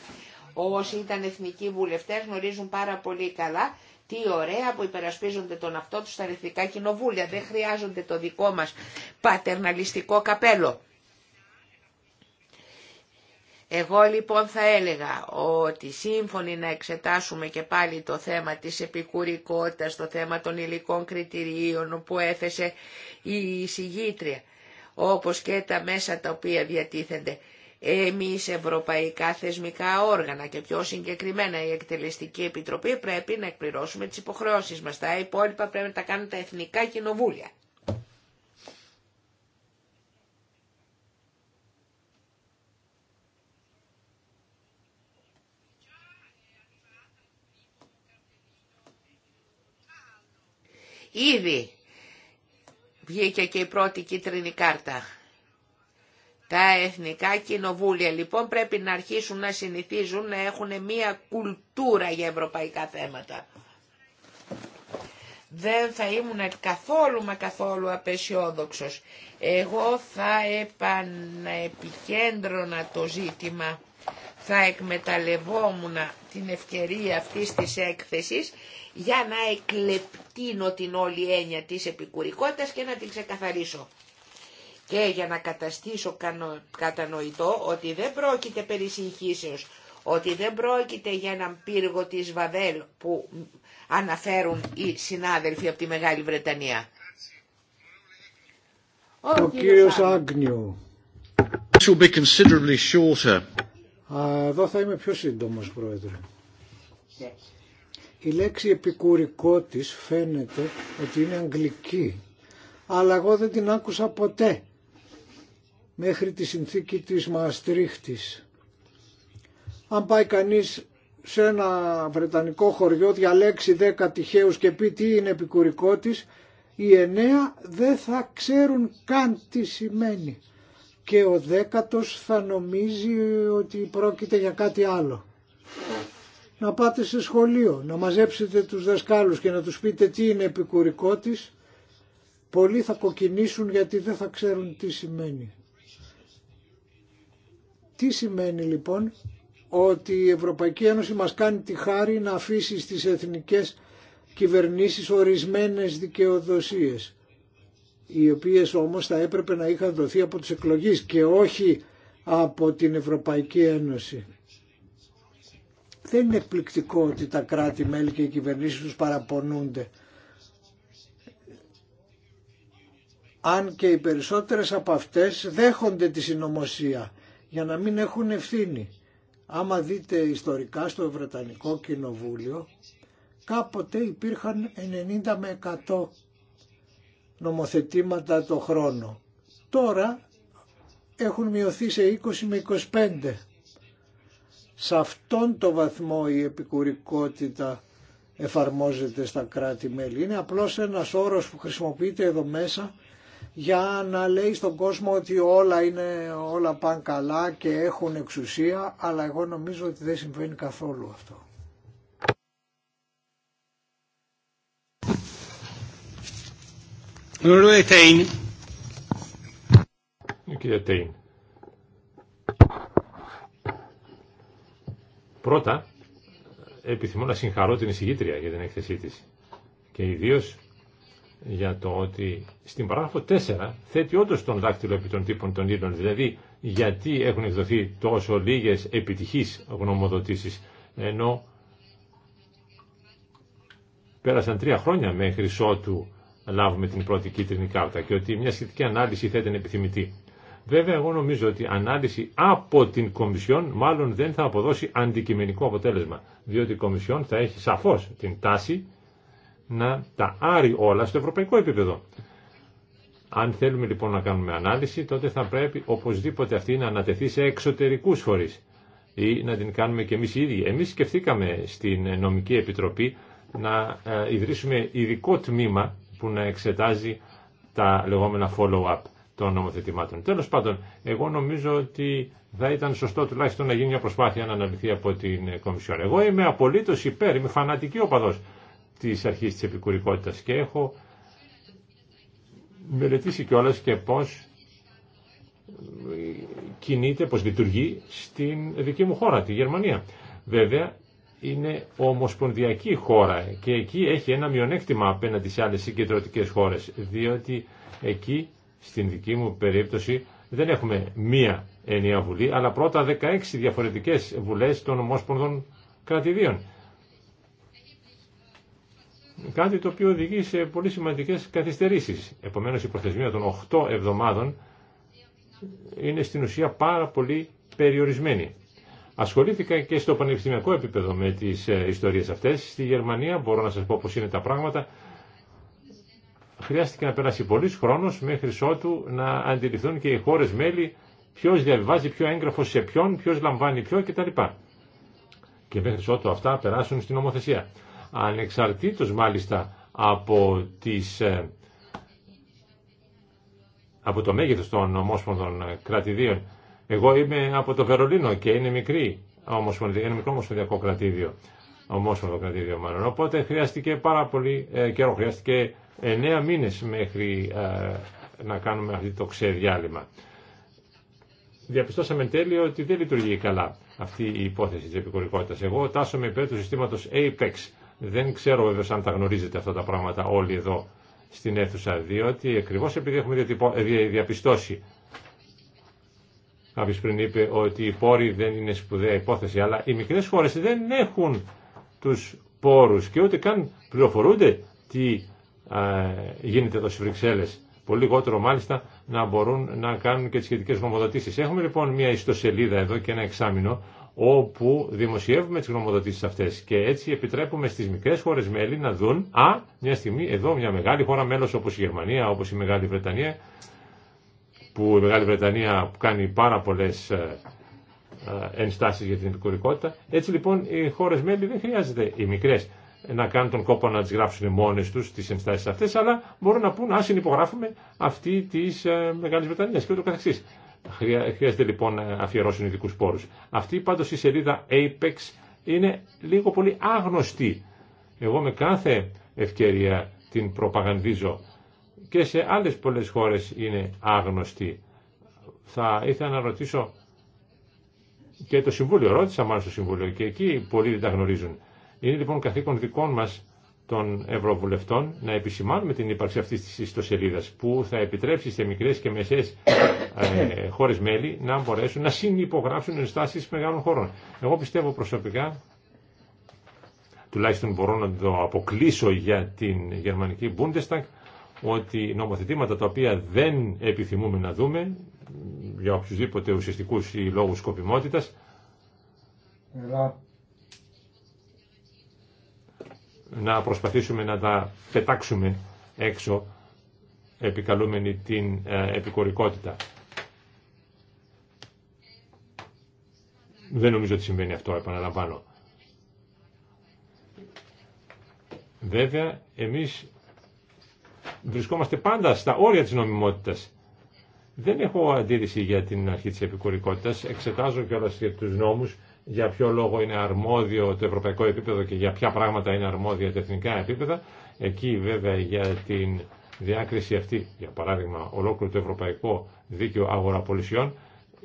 Όσοι ήταν εθνικοί βουλευτές γνωρίζουν πάρα πολύ καλά τι ωραία που υπερασπίζονται τον αυτό τους στα εθνικά κοινοβούλια. Δεν χρειάζονται το δικό μας πατερναλιστικό καπέλο. Εγώ λοιπόν θα έλεγα ότι σύμφωνοι να εξετάσουμε και πάλι το θέμα της επικουρικότητας, το θέμα των υλικών κριτηρίων που έθεσε η συγγήτρια, όπως και τα μέσα τα οποία διατίθενται εμείς ευρωπαϊκά θεσμικά όργανα και πιο συγκεκριμένα η Εκτελεστική Επιτροπή πρέπει να εκπληρώσουμε τις υποχρεώσεις μας. Τα υπόλοιπα πρέπει να τα κάνουν τα εθνικά κοινοβούλια. Ήδη βγήκε και η πρώτη κίτρινη κάρτα. Τα εθνικά κοινοβούλια λοιπόν πρέπει να αρχίσουν να συνηθίζουν να έχουν μία κουλτούρα για ευρωπαϊκά θέματα. Δεν θα ήμουν καθόλου μα καθόλου απεσιόδοξος. Εγώ θα επανεπικέντρωνα το ζήτημα θα εκμεταλλευόμουν την ευκαιρία αυτής της έκθεσης για να εκλεπτύνω την όλη έννοια της επικουρικότητας και να την ξεκαθαρίσω. Και για να καταστήσω κατανοητό ότι δεν πρόκειται περί συγχύσεως, ότι δεν πρόκειται για έναν πύργο της Βαβέλ που αναφέρουν οι συνάδελφοι από τη Μεγάλη Βρετανία. Ο, κύριος Άγνιο εδώ θα είμαι πιο σύντομος πρόεδρε. Η λέξη επικουρικότης φαίνεται ότι είναι αγγλική, αλλά εγώ δεν την άκουσα ποτέ μέχρι τη συνθήκη της Μαστρίχτης. Αν πάει κανείς σε ένα βρετανικό χωριό διαλέξει 10 τυχαίους και πει τι είναι επικουρικότης, οι εννέα δεν θα ξέρουν καν τι σημαίνει και ο δέκατος θα νομίζει ότι πρόκειται για κάτι άλλο. Να πάτε σε σχολείο, να μαζέψετε τους δασκάλους και να τους πείτε τι είναι επικουρικό της, πολλοί θα κοκκινήσουν γιατί δεν θα ξέρουν τι σημαίνει. Τι σημαίνει λοιπόν ότι η Ευρωπαϊκή Ένωση μας κάνει τη χάρη να αφήσει στις εθνικές κυβερνήσεις ορισμένες δικαιοδοσίες οι οποίες όμως θα έπρεπε να είχαν δοθεί από τις εκλογές και όχι από την Ευρωπαϊκή Ένωση. Δεν είναι εκπληκτικό ότι τα κράτη-μέλη και οι κυβερνήσεις τους παραπονούνται. Αν και οι περισσότερες από αυτές δέχονται τη συνωμοσία για να μην έχουν ευθύνη. Άμα δείτε ιστορικά στο Βρετανικό Κοινοβούλιο, κάποτε υπήρχαν 90 με 100 νομοθετήματα το χρόνο. Τώρα έχουν μειωθεί σε 20 με 25. Σε αυτόν το βαθμό η επικουρικότητα εφαρμόζεται στα κράτη-μέλη. Είναι απλώς ένας όρος που χρησιμοποιείται εδώ μέσα για να λέει στον κόσμο ότι όλα, είναι, όλα πάνε καλά και έχουν εξουσία, αλλά εγώ νομίζω ότι δεν συμβαίνει καθόλου αυτό. Κύριε Τέιν. Πρώτα, επιθυμώ να συγχαρώ την εισηγήτρια για την έκθεσή της και ιδίως για το ότι στην παράγραφο 4 θέτει όντω τον δάκτυλο επί των τύπων των ύλων, δηλαδή γιατί έχουν εκδοθεί τόσο λίγες επιτυχείς γνωμοδοτήσεις, ενώ πέρασαν τρία χρόνια μέχρι ότου λάβουμε την πρώτη κίτρινη κάρτα και ότι μια σχετική ανάλυση θα ήταν επιθυμητή. Βέβαια, εγώ νομίζω ότι ανάλυση από την Κομισιόν μάλλον δεν θα αποδώσει αντικειμενικό αποτέλεσμα, διότι η Κομισιόν θα έχει σαφώ την τάση να τα άρει όλα στο ευρωπαϊκό επίπεδο. Αν θέλουμε λοιπόν να κάνουμε ανάλυση, τότε θα πρέπει οπωσδήποτε αυτή να ανατεθεί σε εξωτερικού φορεί ή να την κάνουμε και εμεί οι ίδιοι. Εμεί σκεφτήκαμε στην Νομική Επιτροπή να ε, ιδρύσουμε ειδικό τμήμα που να εξετάζει τα λεγόμενα follow-up των νομοθετημάτων. Τέλος πάντων, εγώ νομίζω ότι θα ήταν σωστό τουλάχιστον να γίνει μια προσπάθεια να αναλυθεί από την Κομισιόν. Εγώ είμαι απολύτως υπέρ, είμαι φανατική οπαδός της αρχής της επικουρικότητας και έχω μελετήσει κιόλα και πώς κινείται, πώς λειτουργεί στην δική μου χώρα, τη Γερμανία. Βέβαια, είναι ομοσπονδιακή χώρα και εκεί έχει ένα μειονέκτημα απέναντι σε άλλες συγκεντρωτικές χώρες, διότι εκεί στην δική μου περίπτωση δεν έχουμε μία ενιαία βουλή, αλλά πρώτα 16 διαφορετικές βουλές των ομόσπονδων κρατηδίων. Κάτι το οποίο οδηγεί σε πολύ σημαντικές καθυστερήσεις. Επομένως η προθεσμία των 8 εβδομάδων είναι στην ουσία πάρα πολύ περιορισμένη. Ασχολήθηκα και στο πανεπιστημιακό επίπεδο με τις ε, ιστορίες αυτές. Στη Γερμανία μπορώ να σας πω πώς είναι τα πράγματα. Χρειάστηκε να περάσει πολλή χρόνος μέχρι ότου να αντιληφθούν και οι χώρες μέλη ποιο διαβιβάζει ποιο έγγραφο σε ποιον, ποιο λαμβάνει ποιο κτλ. Και μέχρι ότου αυτά περάσουν στην νομοθεσία. Ανεξαρτήτω μάλιστα από, τις, ε, από το μέγεθος των ομόσπονδων κρατηδίων εγώ είμαι από το Βερολίνο και είναι μικρή είναι μικρό ομοσπονδιακό κρατήδιο, Ομόσπονδιακό κρατήδιο μάλλον. Οπότε χρειάστηκε πάρα πολύ ε, καιρό, χρειάστηκε εννέα μήνες μέχρι ε, να κάνουμε αυτό το ξεδιάλειμμα. Διαπιστώσαμε εν τέλει ότι δεν λειτουργεί καλά αυτή η υπόθεση της επικουρικότητας. Εγώ με υπέρ του συστήματος APEX. Δεν ξέρω βέβαια αν τα γνωρίζετε αυτά τα πράγματα όλοι εδώ στην αίθουσα, διότι ακριβώς επειδή έχουμε διαπιστώσει Κάποιο πριν είπε ότι οι πόροι δεν είναι σπουδαία υπόθεση, αλλά οι μικρέ χώρε δεν έχουν του πόρου και ούτε καν πληροφορούνται τι γίνεται εδώ στι Βρυξέλλε. Πολύ λιγότερο μάλιστα να μπορούν να κάνουν και τι σχετικέ γνωμοδοτήσει. Έχουμε λοιπόν μια ιστοσελίδα εδώ και ένα εξάμεινο όπου δημοσιεύουμε τις γνωμοδοτήσεις αυτές και έτσι επιτρέπουμε στις μικρές χώρες μέλη να δουν «Α, μια στιγμή εδώ μια μεγάλη χώρα μέλος όπως η Γερμανία, όπως η Μεγάλη Βρετανία που η Μεγάλη Βρετανία κάνει πάρα πολλές ε, ε, ενστάσεις για την ειδικορικότητα, Έτσι λοιπόν οι χώρε μέλη δεν χρειάζεται οι μικρέ να κάνουν τον κόπο να τι γράψουν μόνε του τι ενστάσει αυτέ, αλλά μπορούν να πούν, α συνυπογράφουμε αυτή της ε, μεγάλη Βρετανία και ούτω καθεξής. Χρειάζεται λοιπόν να αφιερώσουν ειδικού πόρου. Αυτή πάντω η σελίδα Apex είναι λίγο πολύ άγνωστη. Εγώ με κάθε ευκαιρία την προπαγανδίζω και σε άλλες πολλές χώρες είναι άγνωστοι. Θα ήθελα να ρωτήσω και το Συμβούλιο, ρώτησα μάλλον στο Συμβούλιο και εκεί πολλοί δεν τα γνωρίζουν. Είναι λοιπόν καθήκον δικών μας των Ευρωβουλευτών να επισημάνουμε την ύπαρξη αυτής της ιστοσελίδας που θα επιτρέψει σε μικρές και μεσές ε, χώρες μέλη να μπορέσουν να συνυπογράψουν ενστάσεις μεγάλων χωρών. Εγώ πιστεύω προσωπικά, τουλάχιστον μπορώ να το αποκλείσω για την γερμανική Bundestag, ότι νομοθετήματα τα οποία δεν επιθυμούμε να δούμε για οποιουσδήποτε ουσιαστικού ή λόγου σκοπιμότητας να προσπαθήσουμε να τα πετάξουμε έξω επικαλούμενη την ε, επικορικότητα. Δεν νομίζω ότι συμβαίνει αυτό, επαναλαμβάνω. Βέβαια, εμείς βρισκόμαστε πάντα στα όρια της νομιμότητας. Δεν έχω αντίρρηση για την αρχή της επικουρικότητας. Εξετάζω κιόλας για τους νόμους για ποιο λόγο είναι αρμόδιο το ευρωπαϊκό επίπεδο και για ποια πράγματα είναι αρμόδια τα εθνικά επίπεδα. Εκεί βέβαια για την διάκριση αυτή, για παράδειγμα ολόκληρο το ευρωπαϊκό δίκαιο αγοραπολισιών,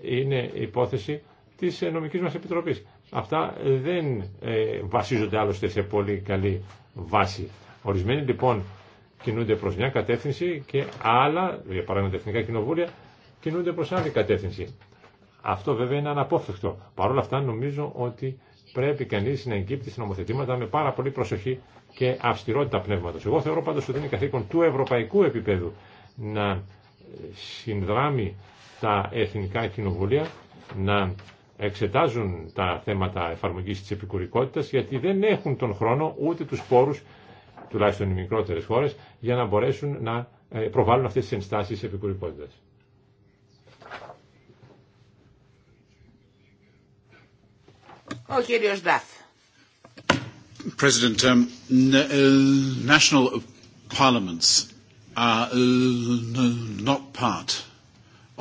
είναι υπόθεση της ε, νομικής μας επιτροπής. Αυτά δεν ε, βασίζονται άλλωστε σε πολύ καλή βάση. Ορισμένοι λοιπόν κινούνται προς μια κατεύθυνση και άλλα, για παράδειγμα τα εθνικά κοινοβούλια, κινούνται προς άλλη κατεύθυνση. Αυτό βέβαια είναι αναπόφευκτο. Παρ' όλα αυτά νομίζω ότι πρέπει κανείς να εγκύπτει νομοθετήματα με πάρα πολύ προσοχή και αυστηρότητα πνεύματος. Εγώ θεωρώ πάντως ότι είναι καθήκον του ευρωπαϊκού επίπεδου να συνδράμει τα εθνικά κοινοβούλια, να εξετάζουν τα θέματα εφαρμογής της επικουρικότητας, γιατί δεν έχουν τον χρόνο ούτε τους πόρους τουλάχιστον οι μικρότερες χώρες, για να μπορέσουν να ε, προβάλλουν αυτές τις ενστάσεις επικουρικότητα. Ο κύριος Ντάθ. President, um, ε, national parliaments are ε, not part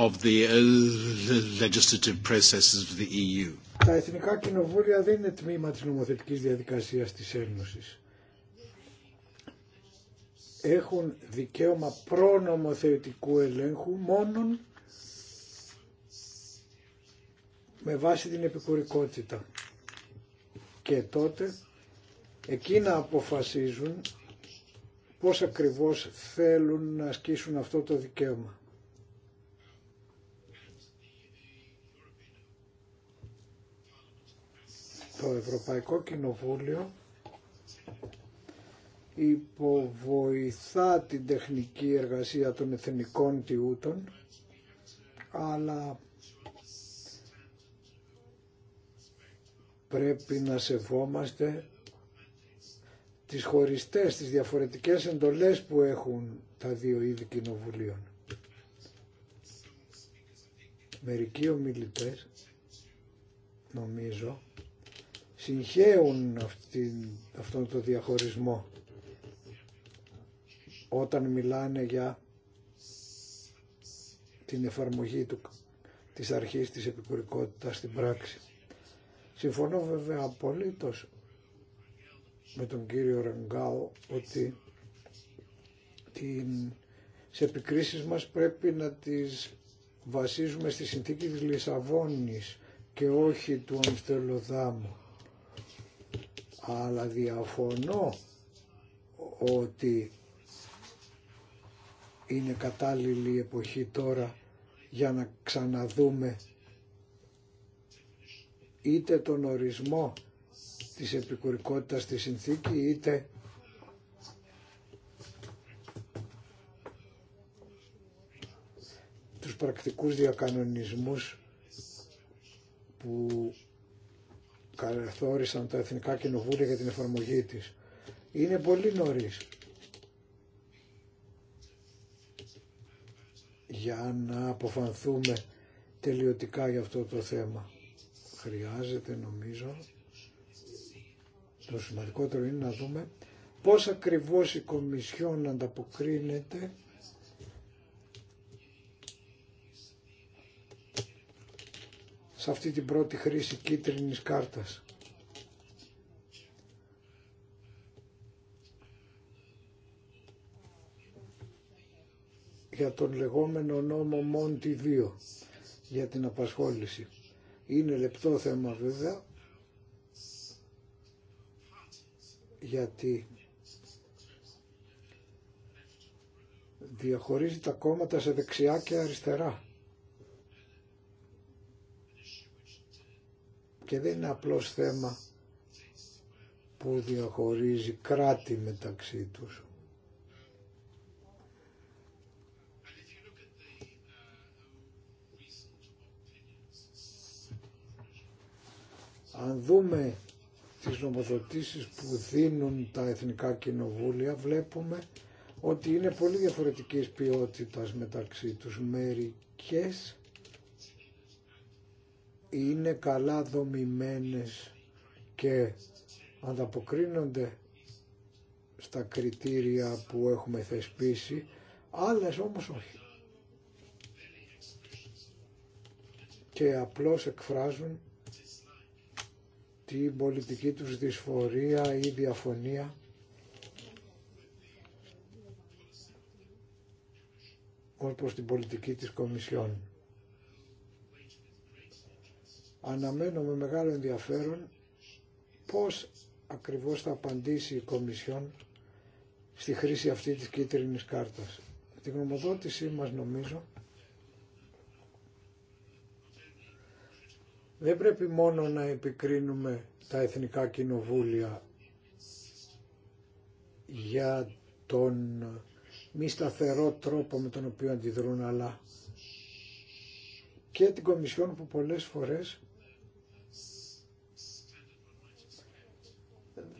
of the legislative processes of the EU. Τα εθνικά κοινοβούλια δεν είναι τμήμα της νομοθετικής διαδικασίας της Ένωσης έχουν δικαίωμα προνομοθετικού ελέγχου μόνον με βάση την επικουρικότητα. Και τότε εκείνα αποφασίζουν πώς ακριβώς θέλουν να ασκήσουν αυτό το δικαίωμα. Το Ευρωπαϊκό Κοινοβούλιο υποβοηθά την τεχνική εργασία των εθνικών τιούτων, αλλά πρέπει να σεβόμαστε τις χωριστές, τις διαφορετικές εντολές που έχουν τα δύο είδη κοινοβουλίων. Μερικοί ομιλητές, νομίζω, συγχαίουν αυτήν, αυτόν τον διαχωρισμό όταν μιλάνε για την εφαρμογή του, της αρχής της επικουρικότητας στην πράξη. Συμφωνώ βέβαια απολύτως με τον κύριο Ρενγκάο ότι την, σε επικρίσεις μας πρέπει να τις βασίζουμε στη συνθήκη της Λισαβόνης και όχι του Αμστελοδάμου. Αλλά διαφωνώ ότι είναι κατάλληλη εποχή τώρα για να ξαναδούμε είτε τον ορισμό της επικουρικότητας στη συνθήκη είτε τους πρακτικούς διακανονισμούς που καθόρισαν τα Εθνικά Κοινοβούλια για την εφαρμογή της. Είναι πολύ νωρίς. για να αποφανθούμε τελειωτικά για αυτό το θέμα. Χρειάζεται νομίζω, το σημαντικότερο είναι να δούμε πώς ακριβώς η Κομισιόν ανταποκρίνεται σε αυτή την πρώτη χρήση κίτρινης κάρτας. για τον λεγόμενο νόμο Μόντι 2 για την απασχόληση. Είναι λεπτό θέμα βέβαια γιατί διαχωρίζει τα κόμματα σε δεξιά και αριστερά. Και δεν είναι απλώς θέμα που διαχωρίζει κράτη μεταξύ τους. Αν δούμε τις νομοδοτήσεις που δίνουν τα εθνικά κοινοβούλια βλέπουμε ότι είναι πολύ διαφορετικής ποιότητας μεταξύ τους. Μερικές είναι καλά δομημένες και ανταποκρίνονται στα κριτήρια που έχουμε θεσπίσει, άλλες όμως όχι. Και απλώς εκφράζουν η πολιτική τους δυσφορία ή διαφωνία ως την πολιτική της Κομισιόν. Αναμένω με μεγάλο ενδιαφέρον πώς ακριβώς θα απαντήσει η Κομισιόν στη χρήση αυτή της κίτρινης κάρτας. Την γνωμοδότησή μας νομίζω δεν πρέπει μόνο να επικρίνουμε τα εθνικά κοινοβούλια για τον μη σταθερό τρόπο με τον οποίο αντιδρούν, αλλά και την Κομισιόν που πολλές φορές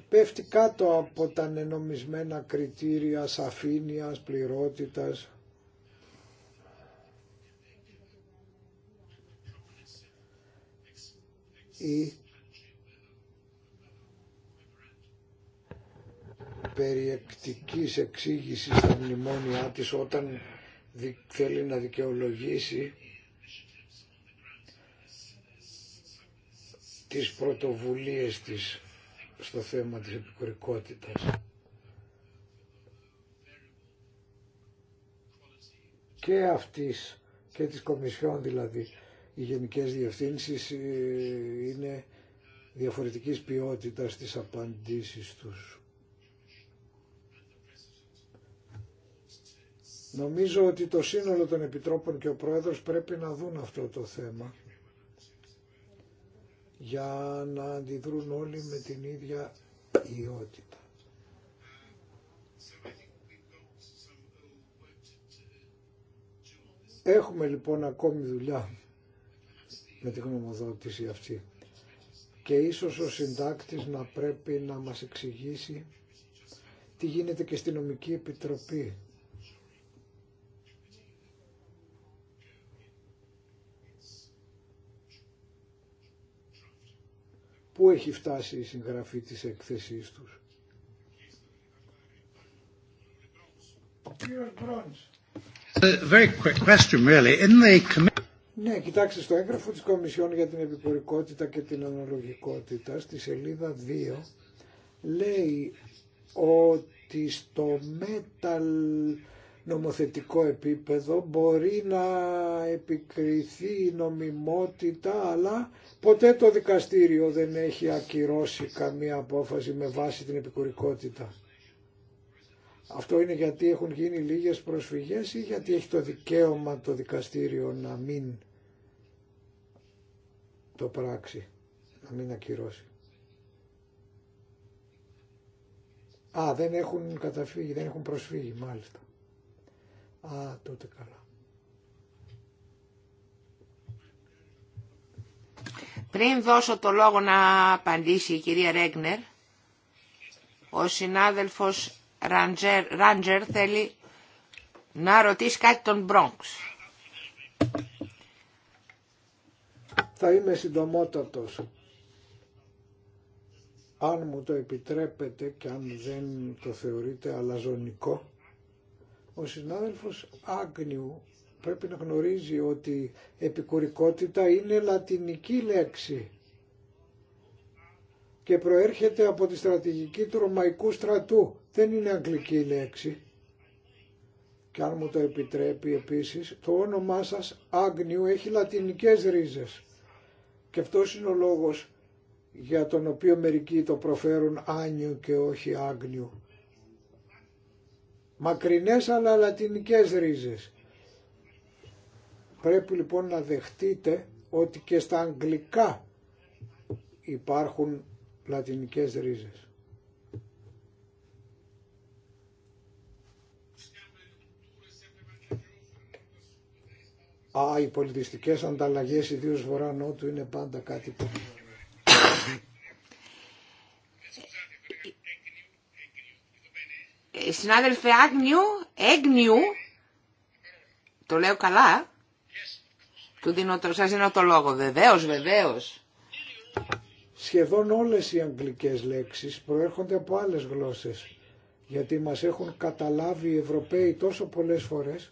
πέφτει κάτω από τα νενομισμένα κριτήρια σαφήνειας, πληρότητας ή περιεκτικής εξήγησης στα μνημόνια της όταν θέλει να δικαιολογήσει τις πρωτοβουλίες της στο θέμα της επικουρικότητας. Και αυτής και της Κομισιόν δηλαδή οι γενικές διευθύνσεις ε, είναι διαφορετικής ποιότητας στις απαντήσεις τους. Νομίζω ότι το σύνολο των Επιτρόπων και ο Πρόεδρος πρέπει να δουν αυτό το θέμα για να αντιδρούν όλοι με την ίδια ποιότητα. Έχουμε λοιπόν ακόμη δουλειά με τη γνωμοδότηση αυτή. Και ίσως ο συντάκτης να πρέπει να μας εξηγήσει τι γίνεται και στη νομική επιτροπή. Πού έχει φτάσει η συγγραφή της έκθεσής τους. Ναι, κοιτάξτε στο έγγραφο της Κομισιόν για την Επιπορικότητα και την Αναλογικότητα στη σελίδα 2 λέει ότι στο μέταλ νομοθετικό επίπεδο μπορεί να επικριθεί η νομιμότητα αλλά ποτέ το δικαστήριο δεν έχει ακυρώσει καμία απόφαση με βάση την επικουρικότητα. Αυτό είναι γιατί έχουν γίνει λίγες προσφυγές ή γιατί έχει το δικαίωμα το δικαστήριο να μην το πράξει, να μην ακυρώσει. Α, δεν έχουν καταφύγει, δεν έχουν προσφύγει, μάλιστα. Α, τότε καλά. Πριν δώσω το λόγο να απαντήσει η κυρία Ρέγνερ, ο συνάδελφος Ραντζερ, θέλει να ρωτήσει κάτι τον Μπρόγκς. Θα είμαι συντομότατος. Αν μου το επιτρέπετε και αν δεν το θεωρείτε αλαζονικό, ο συνάδελφος Άγνιου πρέπει να γνωρίζει ότι επικουρικότητα είναι λατινική λέξη και προέρχεται από τη στρατηγική του Ρωμαϊκού στρατού. Δεν είναι αγγλική λέξη. Και αν μου το επιτρέπει επίσης, το όνομά σας Άγνιου έχει λατινικές ρίζες. Και αυτός είναι ο λόγος για τον οποίο μερικοί το προφέρουν Άνιου και όχι Άγνιου. Μακρινές αλλά λατινικές ρίζες. Πρέπει λοιπόν να δεχτείτε ότι και στα αγγλικά υπάρχουν λατινικές ρίζες. Α, οι πολιτιστικές ανταλλαγές ιδίως βορρά νότου είναι πάντα κάτι που... Ε, συνάδελφε Άγνιου, Έγνιου, το λέω καλά, του δίνω, το λόγο, βεβαίως, βεβαίως. Σχεδόν όλες οι αγγλικές λέξεις προέρχονται από άλλες γλώσσες, γιατί μας έχουν καταλάβει οι Ευρωπαίοι τόσο πολλές φορές.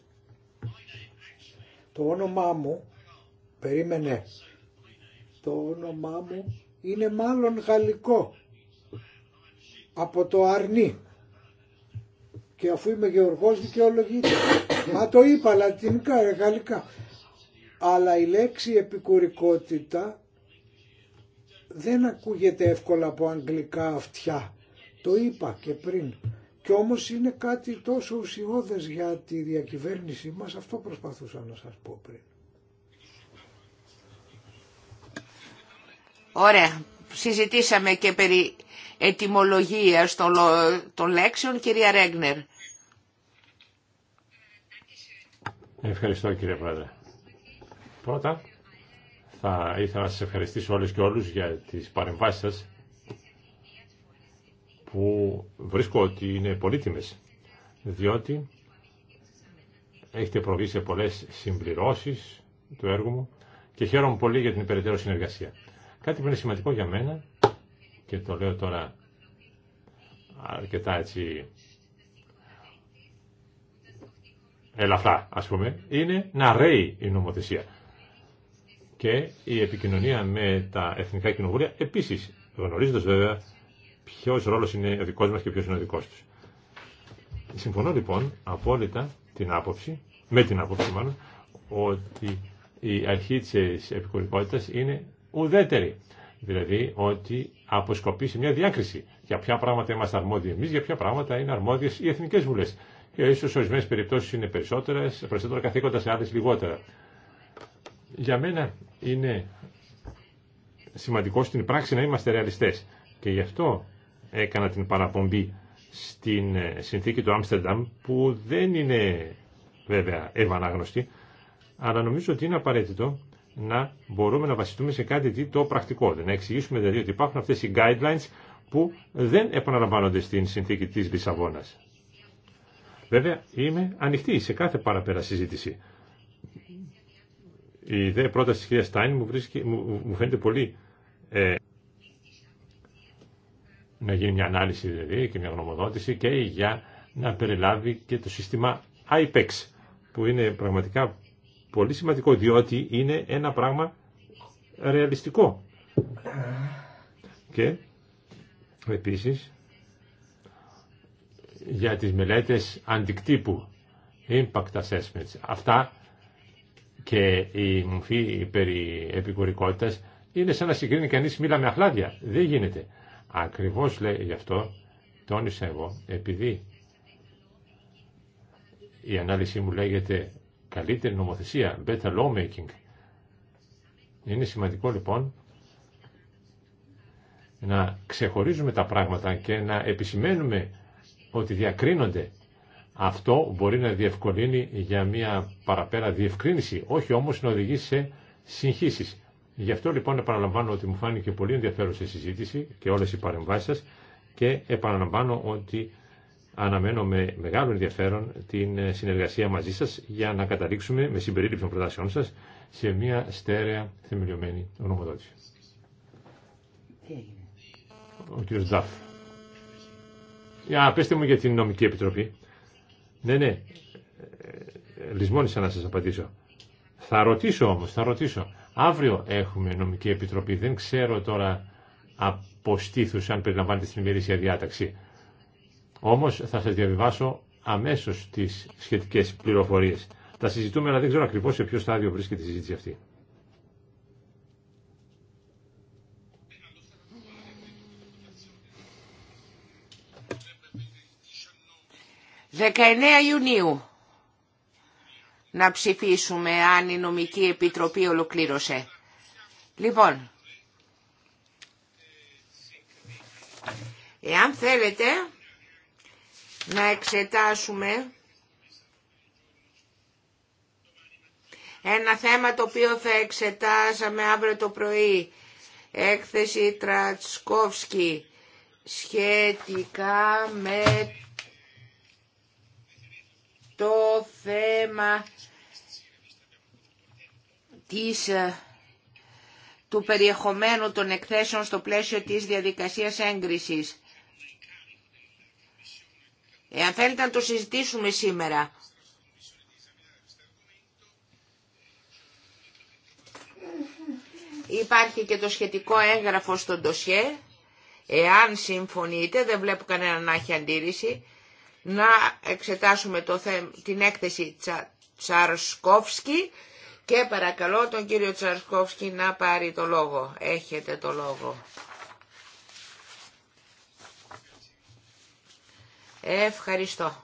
Το όνομά μου, περίμενε, το όνομά μου είναι μάλλον γαλλικό, από το αρνί. Και αφού είμαι γεωργός δικαιολογείται. Μα το είπα λατινικά, γαλλικά. Αλλά η λέξη επικουρικότητα δεν ακούγεται εύκολα από αγγλικά αυτιά. Το είπα και πριν. Κι όμως είναι κάτι τόσο ουσιώδες για τη διακυβέρνησή μας. Αυτό προσπαθούσα να σας πω πριν. Ωραία. Συζητήσαμε και περί ετοιμολογίας των, λέξεων, κυρία Ρέγνερ. Ευχαριστώ κύριε Πρόεδρε. Πρώτα, θα ήθελα να σας ευχαριστήσω όλους και όλους για τις παρεμβάσεις σας που βρίσκω ότι είναι πολύτιμες διότι έχετε προβεί σε πολλές συμπληρώσεις του έργου μου και χαίρομαι πολύ για την υπεραιτέρω συνεργασία. Κάτι που είναι σημαντικό για μένα και το λέω τώρα αρκετά έτσι ελαφρά ας πούμε είναι να ρέει η νομοθεσία και η επικοινωνία με τα εθνικά κοινοβούλια επίση γνωρίζοντα βέβαια ποιο ρόλο είναι ο δικό μα και ποιο είναι ο δικό του. Συμφωνώ λοιπόν απόλυτα την άποψη, με την άποψη μάλλον, ότι η αρχή τη επικουρικότητα είναι ουδέτερη. Δηλαδή ότι αποσκοπεί σε μια διάκριση. Για ποια πράγματα είμαστε αρμόδιοι εμεί, για ποια πράγματα είναι αρμόδιε οι εθνικέ βουλέ. Και ε, ίσω σε ορισμένε περιπτώσει είναι περισσότερα καθήκοντα, σε άλλε λιγότερα. Για μένα είναι σημαντικό στην πράξη να είμαστε ρεαλιστές. Και γι' αυτό έκανα την παραπομπή στην ε, συνθήκη του Άμστερνταμ που δεν είναι βέβαια ευανάγνωστη αλλά νομίζω ότι είναι απαραίτητο να μπορούμε να βασιστούμε σε κάτι το πρακτικό. Να εξηγήσουμε δηλαδή ότι υπάρχουν αυτές οι guidelines που δεν επαναλαμβάνονται στην συνθήκη της Λισαβόνας. Βέβαια είμαι ανοιχτή σε κάθε παραπέρα συζήτηση. Η ιδέα πρόταση της κυρίας Στάιν μου, βρίσκει, φαίνεται πολύ ε, να γίνει μια ανάλυση δηλαδή και μια γνωμοδότηση και για να περιλάβει και το σύστημα IPEX που είναι πραγματικά πολύ σημαντικό διότι είναι ένα πράγμα ρεαλιστικό. Και επίσης για τις μελέτες αντικτύπου, impact assessments. Αυτά και η μορφή περί επικουρικότητας είναι σαν να συγκρίνει κανείς μήλα με αχλάδια. Δεν γίνεται. Ακριβώς λέει γι' αυτό, τόνισα εγώ, επειδή η ανάλυση μου λέγεται καλύτερη νομοθεσία, better lawmaking. Είναι σημαντικό λοιπόν να ξεχωρίζουμε τα πράγματα και να επισημαίνουμε ότι διακρίνονται αυτό μπορεί να διευκολύνει για μια παραπέρα διευκρίνηση, όχι όμως να οδηγήσει σε συγχύσεις. Γι' αυτό λοιπόν επαναλαμβάνω ότι μου φάνηκε πολύ ενδιαφέρον σε συζήτηση και όλες οι παρεμβάσεις σας και επαναλαμβάνω ότι αναμένω με μεγάλο ενδιαφέρον την συνεργασία μαζί σας για να καταλήξουμε με συμπερίληψη των προτάσεών σας σε μια στέρεα θεμελιωμένη ονομοδότηση. Ο μου για την νομική επιτροπή. Ναι, ναι. Ε, ε, λυσμόνισα να σας απαντήσω. Θα ρωτήσω όμως, θα ρωτήσω. Αύριο έχουμε νομική επιτροπή. Δεν ξέρω τώρα από στήθους αν περιλαμβάνεται στην ημερήσια διάταξη. Όμως θα σας διαβιβάσω αμέσως τις σχετικές πληροφορίες. Τα συζητούμε, αλλά δεν ξέρω ακριβώς σε ποιο στάδιο βρίσκεται η συζήτηση αυτή. 19 Ιουνίου να ψηφίσουμε αν η νομική επιτροπή ολοκλήρωσε. Λοιπόν, εάν θέλετε να εξετάσουμε ένα θέμα το οποίο θα εξετάσαμε αύριο το πρωί, έκθεση Τρατσκόφσκι σχετικά με το θέμα της, ε, του περιεχομένου των εκθέσεων στο πλαίσιο της διαδικασίας έγκρισης. Εάν θέλετε να το συζητήσουμε σήμερα. Υπάρχει και το σχετικό έγγραφο στο ντοσιέ. Εάν συμφωνείτε, δεν βλέπω κανένα να έχει αντίρρηση, να εξετάσουμε το την έκθεση Τσα, Τσαρσκόφσκι και παρακαλώ τον κύριο Τσαρσκόφσκι να πάρει το λόγο. Έχετε το λόγο. Ευχαριστώ.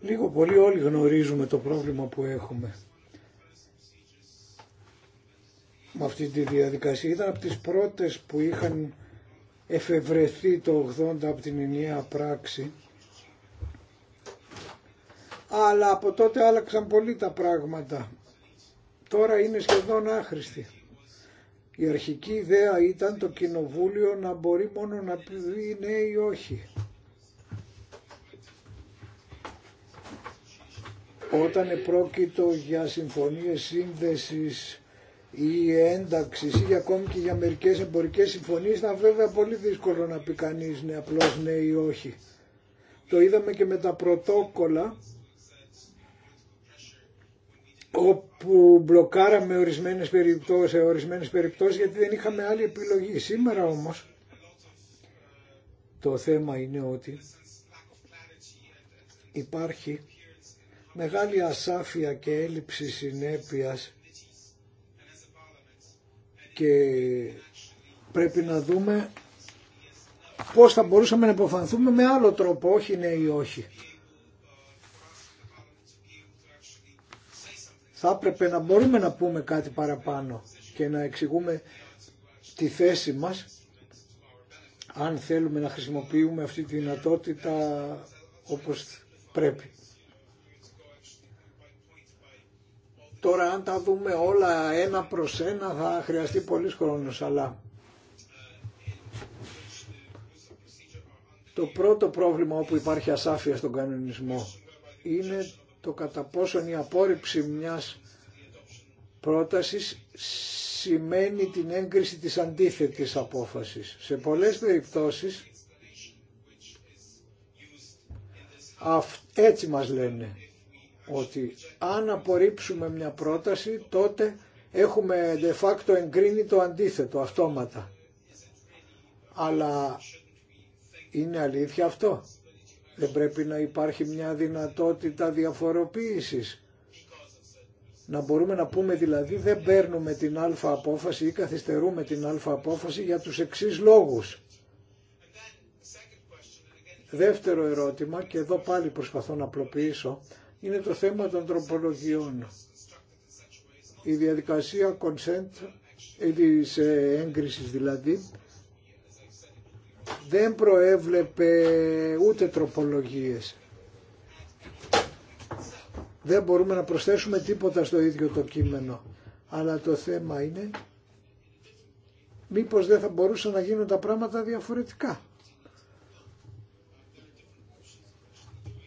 Λίγο πολύ όλοι γνωρίζουμε το πρόβλημα που έχουμε. με αυτή τη διαδικασία. Ήταν από τις πρώτες που είχαν εφευρεθεί το 80 από την ενιαία πράξη. Αλλά από τότε άλλαξαν πολύ τα πράγματα. Τώρα είναι σχεδόν άχρηστη. Η αρχική ιδέα ήταν το κοινοβούλιο να μπορεί μόνο να πει ναι ή όχι. Όταν επρόκειτο για συμφωνίες σύνδεσης ή ένταξη ή ακόμη και για μερικές εμπορικές συμφωνίες ήταν βέβαια πολύ δύσκολο να πει κανεί ναι, απλώς ναι ή όχι. Το είδαμε και με τα πρωτόκολλα όπου μπλοκάραμε ορισμένες περιπτώσεις, σε ορισμένες περιπτώσεις γιατί δεν είχαμε άλλη επιλογή. Σήμερα όμως το θέμα είναι ότι υπάρχει μεγάλη ασάφεια και έλλειψη συνέπειας και πρέπει να δούμε πώς θα μπορούσαμε να υποφανθούμε με άλλο τρόπο, όχι ναι ή όχι. Θα έπρεπε να μπορούμε να πούμε κάτι παραπάνω και να εξηγούμε τη θέση μας αν θέλουμε να χρησιμοποιούμε αυτή τη δυνατότητα όπως πρέπει. Τώρα αν τα δούμε όλα ένα προς ένα θα χρειαστεί πολύς χρόνος, αλλά το πρώτο πρόβλημα όπου υπάρχει ασάφεια στον κανονισμό είναι το κατά πόσον η απόρριψη μιας πρότασης σημαίνει την έγκριση της αντίθετης απόφασης. Σε πολλές περιπτώσεις έτσι μας λένε ότι αν απορρίψουμε μια πρόταση τότε έχουμε de facto εγκρίνει το αντίθετο αυτόματα. Αλλά είναι αλήθεια αυτό. Δεν πρέπει να υπάρχει μια δυνατότητα διαφοροποίησης. Να μπορούμε να πούμε δηλαδή δεν παίρνουμε την αλφα απόφαση ή καθυστερούμε την αλφα απόφαση για τους εξής λόγους. Δεύτερο ερώτημα και εδώ πάλι προσπαθώ να απλοποιήσω είναι το θέμα των τροπολογιών. Η διαδικασία consent, ε, της ε, έγκρισης δηλαδή, δεν προέβλεπε ούτε τροπολογίες. Δεν μπορούμε να προσθέσουμε τίποτα στο ίδιο το κείμενο. Αλλά το θέμα είναι μήπως δεν θα μπορούσαν να γίνουν τα πράγματα διαφορετικά.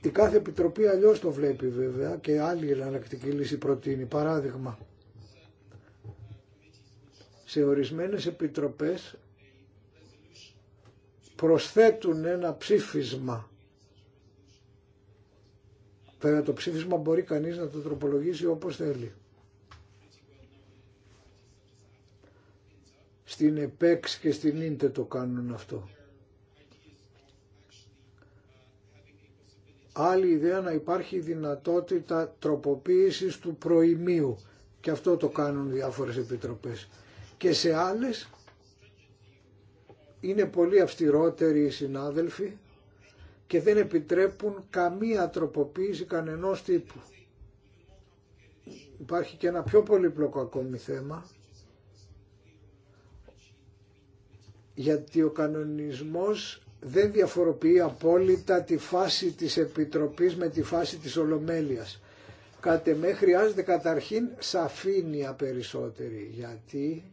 Η κάθε επιτροπή αλλιώς το βλέπει βέβαια και άλλη εναλλακτική λύση προτείνει. Παράδειγμα, σε ορισμένες επιτροπές προσθέτουν ένα ψήφισμα. Βέβαια το ψήφισμα μπορεί κανείς να το τροπολογήσει όπως θέλει. Στην ΕΠΕΞ και στην ίντε το κάνουν αυτό. άλλη ιδέα να υπάρχει δυνατότητα τροποποίησης του προημίου και αυτό το κάνουν διάφορες επιτροπές και σε άλλες είναι πολύ αυστηρότεροι οι συνάδελφοι και δεν επιτρέπουν καμία τροποποίηση κανενός τύπου. Υπάρχει και ένα πιο πολύπλοκο ακόμη θέμα γιατί ο κανονισμός δεν διαφοροποιεί απόλυτα τη φάση της Επιτροπής με τη φάση της Ολομέλειας. Κατ' εμέ χρειάζεται καταρχήν σαφήνεια περισσότερη, γιατί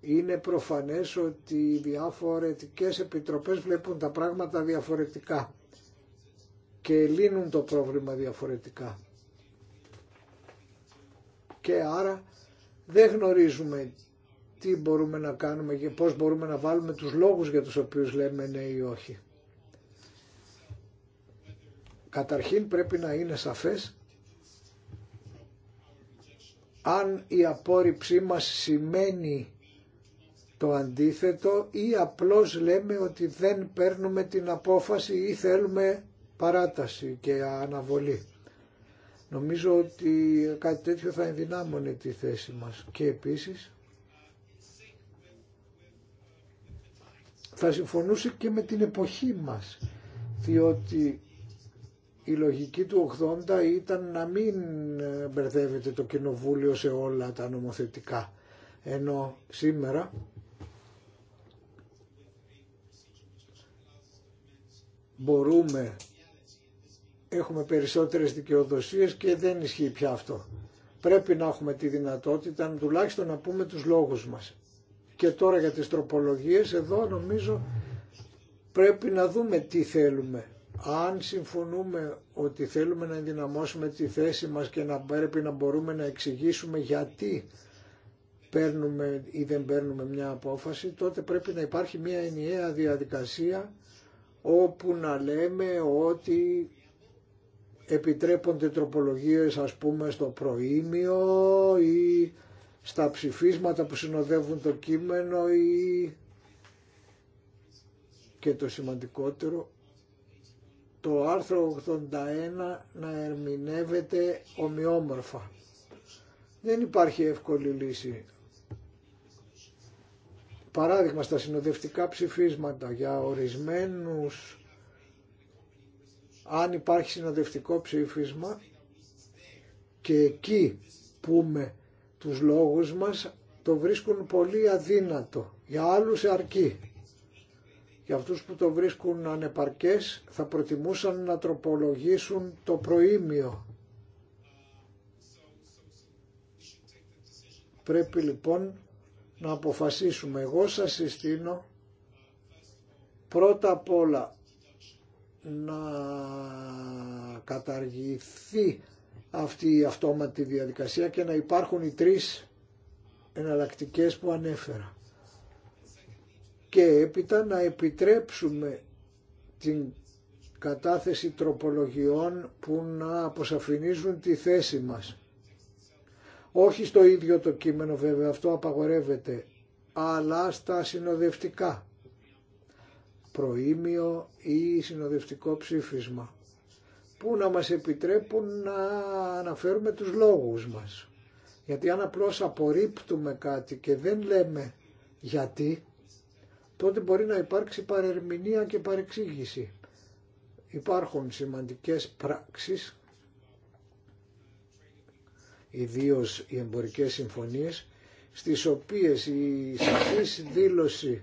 είναι προφανές ότι οι διαφορετικές επιτροπές βλέπουν τα πράγματα διαφορετικά και λύνουν το πρόβλημα διαφορετικά. Και άρα δεν γνωρίζουμε τι μπορούμε να κάνουμε και πώς μπορούμε να βάλουμε τους λόγους για τους οποίους λέμε ναι ή όχι. Καταρχήν πρέπει να είναι σαφές αν η απόρριψή μας σημαίνει το αντίθετο ή απλώς λέμε ότι δεν παίρνουμε την απόφαση ή θέλουμε παράταση και αναβολή. Νομίζω ότι κάτι τέτοιο θα ενδυνάμωνε τη θέση μας και επίσης θα συμφωνούσε και με την εποχή μας, διότι η λογική του 80 ήταν να μην ε, μπερδεύεται το κοινοβούλιο σε όλα τα νομοθετικά, ενώ σήμερα μπορούμε, έχουμε περισσότερες δικαιοδοσίες και δεν ισχύει πια αυτό. Πρέπει να έχουμε τη δυνατότητα τουλάχιστον να πούμε τους λόγους μας και τώρα για τις τροπολογίες εδώ νομίζω πρέπει να δούμε τι θέλουμε. Αν συμφωνούμε ότι θέλουμε να ενδυναμώσουμε τη θέση μας και να πρέπει να μπορούμε να εξηγήσουμε γιατί παίρνουμε ή δεν παίρνουμε μια απόφαση, τότε πρέπει να υπάρχει μια ενιαία διαδικασία όπου να λέμε ότι επιτρέπονται τροπολογίες ας πούμε στο προήμιο ή στα ψηφίσματα που συνοδεύουν το κείμενο ή και το σημαντικότερο το άρθρο 81 να ερμηνεύεται ομοιόμορφα. Δεν υπάρχει εύκολη λύση. Παράδειγμα στα συνοδευτικά ψηφίσματα για ορισμένους αν υπάρχει συνοδευτικό ψήφισμα και εκεί πούμε τους λόγους μας το βρίσκουν πολύ αδύνατο. Για άλλους αρκεί. Για αυτούς που το βρίσκουν ανεπαρκές θα προτιμούσαν να τροπολογήσουν το προήμιο. Πρέπει λοιπόν να αποφασίσουμε. Εγώ σας συστήνω πρώτα απ' όλα να καταργηθεί αυτή η αυτόματη διαδικασία και να υπάρχουν οι τρεις εναλλακτικέ που ανέφερα. Και έπειτα να επιτρέψουμε την κατάθεση τροπολογιών που να αποσαφηνίζουν τη θέση μας. Όχι στο ίδιο το κείμενο βέβαια, αυτό απαγορεύεται, αλλά στα συνοδευτικά. Προήμιο ή συνοδευτικό ψήφισμα που να μας επιτρέπουν να αναφέρουμε τους λόγους μας. Γιατί αν απλώς απορρίπτουμε κάτι και δεν λέμε γιατί, τότε μπορεί να υπάρξει παρερμηνία και παρεξήγηση. Υπάρχουν σημαντικές πράξεις, ιδίως οι εμπορικές συμφωνίες, στις οποίες η σαφής δήλωση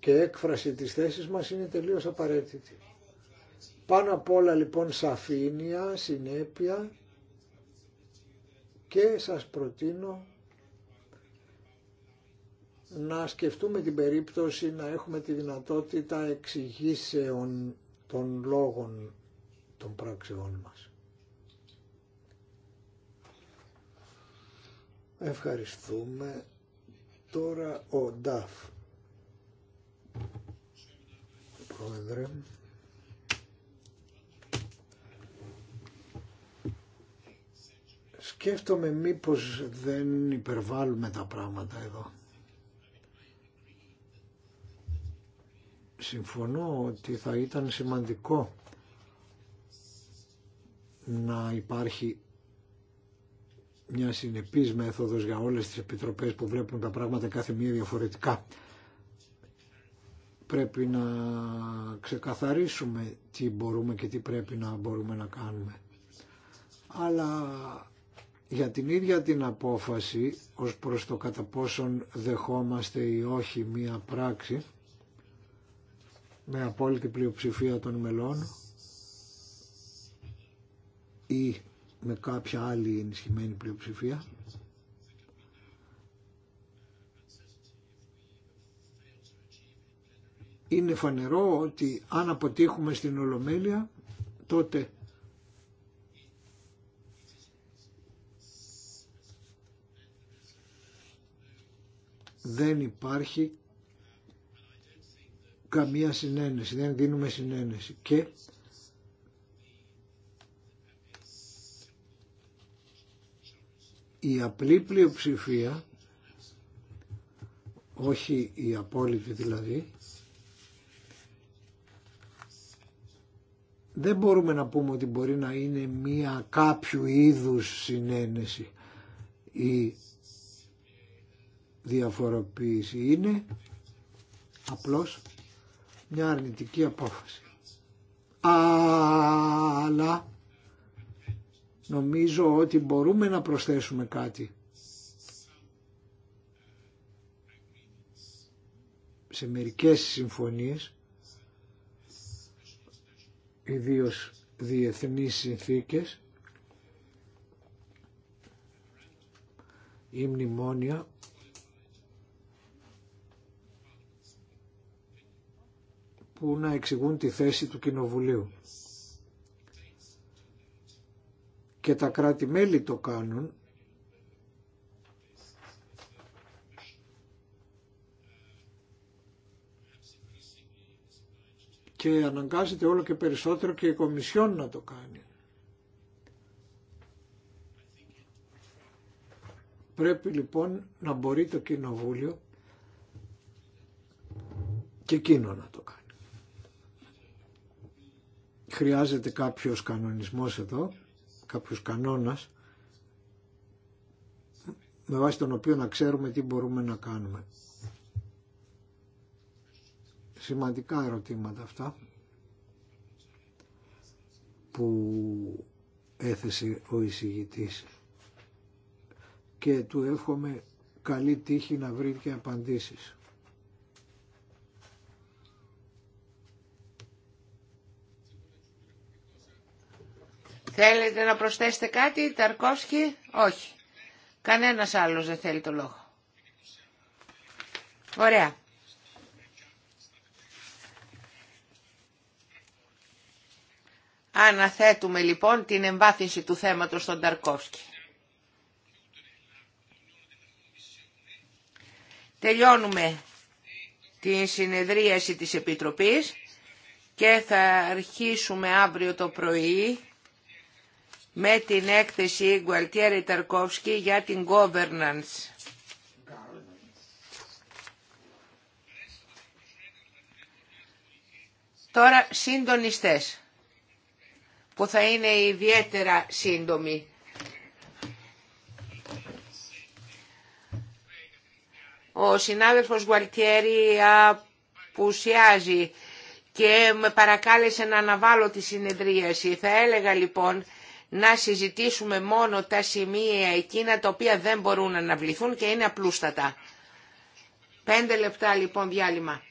και έκφραση της θέσης μας είναι τελείως απαραίτητη. Πάνω απ' όλα λοιπόν σαφήνεια, συνέπεια και σας προτείνω να σκεφτούμε την περίπτωση να έχουμε τη δυνατότητα εξηγήσεων των λόγων των πράξεών μας. Ευχαριστούμε. Τώρα ο Νταφ. Πρόεδρε. σκέφτομαι μήπως δεν υπερβάλλουμε τα πράγματα εδώ. Συμφωνώ ότι θα ήταν σημαντικό να υπάρχει μια συνεπής μέθοδος για όλες τις επιτροπές που βλέπουν τα πράγματα κάθε μία διαφορετικά. Πρέπει να ξεκαθαρίσουμε τι μπορούμε και τι πρέπει να μπορούμε να κάνουμε. Αλλά για την ίδια την απόφαση ως προς το κατά πόσον δεχόμαστε ή όχι μία πράξη με απόλυτη πλειοψηφία των μελών ή με κάποια άλλη ενισχυμένη πλειοψηφία. Είναι φανερό ότι αν αποτύχουμε στην Ολομέλεια τότε δεν υπάρχει καμία συνένεση, δεν δίνουμε συνένεση και η απλή πλειοψηφία όχι η απόλυτη δηλαδή δεν μπορούμε να πούμε ότι μπορεί να είναι μία κάποιου είδους συνένεση η διαφοροποίηση. Είναι απλώς μια αρνητική απόφαση. Αλλά νομίζω ότι μπορούμε να προσθέσουμε κάτι σε μερικές συμφωνίες ιδίως διεθνείς συνθήκες ή μνημόνια που να εξηγούν τη θέση του Κοινοβουλίου. Και τα κράτη-μέλη το κάνουν και αναγκάζεται όλο και περισσότερο και η Κομισιόν να το κάνει. Πρέπει λοιπόν να μπορεί το Κοινοβούλιο και εκείνο να το κάνει χρειάζεται κάποιος κανονισμός εδώ, κάποιος κανόνας, με βάση τον οποίο να ξέρουμε τι μπορούμε να κάνουμε. Σημαντικά ερωτήματα αυτά που έθεσε ο εισηγητής και του εύχομαι καλή τύχη να βρει και απαντήσεις. Θέλετε να προσθέσετε κάτι, Ταρκόφσκι, όχι. Κανένας άλλος δεν θέλει το λόγο. Ωραία. Αναθέτουμε λοιπόν την εμβάθυνση του θέματος στον Ταρκόφσκι. Τελειώνουμε την συνεδρίαση της Επιτροπής και θα αρχίσουμε αύριο το πρωί με την έκθεση Γκουαλτιέρη Ταρκόφσκι για την governance. Τώρα συντονιστές που θα είναι ιδιαίτερα σύντομοι. Ο συνάδελφος Γουαλτιέρη απουσιάζει και με παρακάλεσε να αναβάλω τη συνεδρίαση. Θα έλεγα λοιπόν να συζητήσουμε μόνο τα σημεία εκείνα τα οποία δεν μπορούν να αναβληθούν και είναι απλούστατα. Πέντε λεπτά λοιπόν διάλειμμα.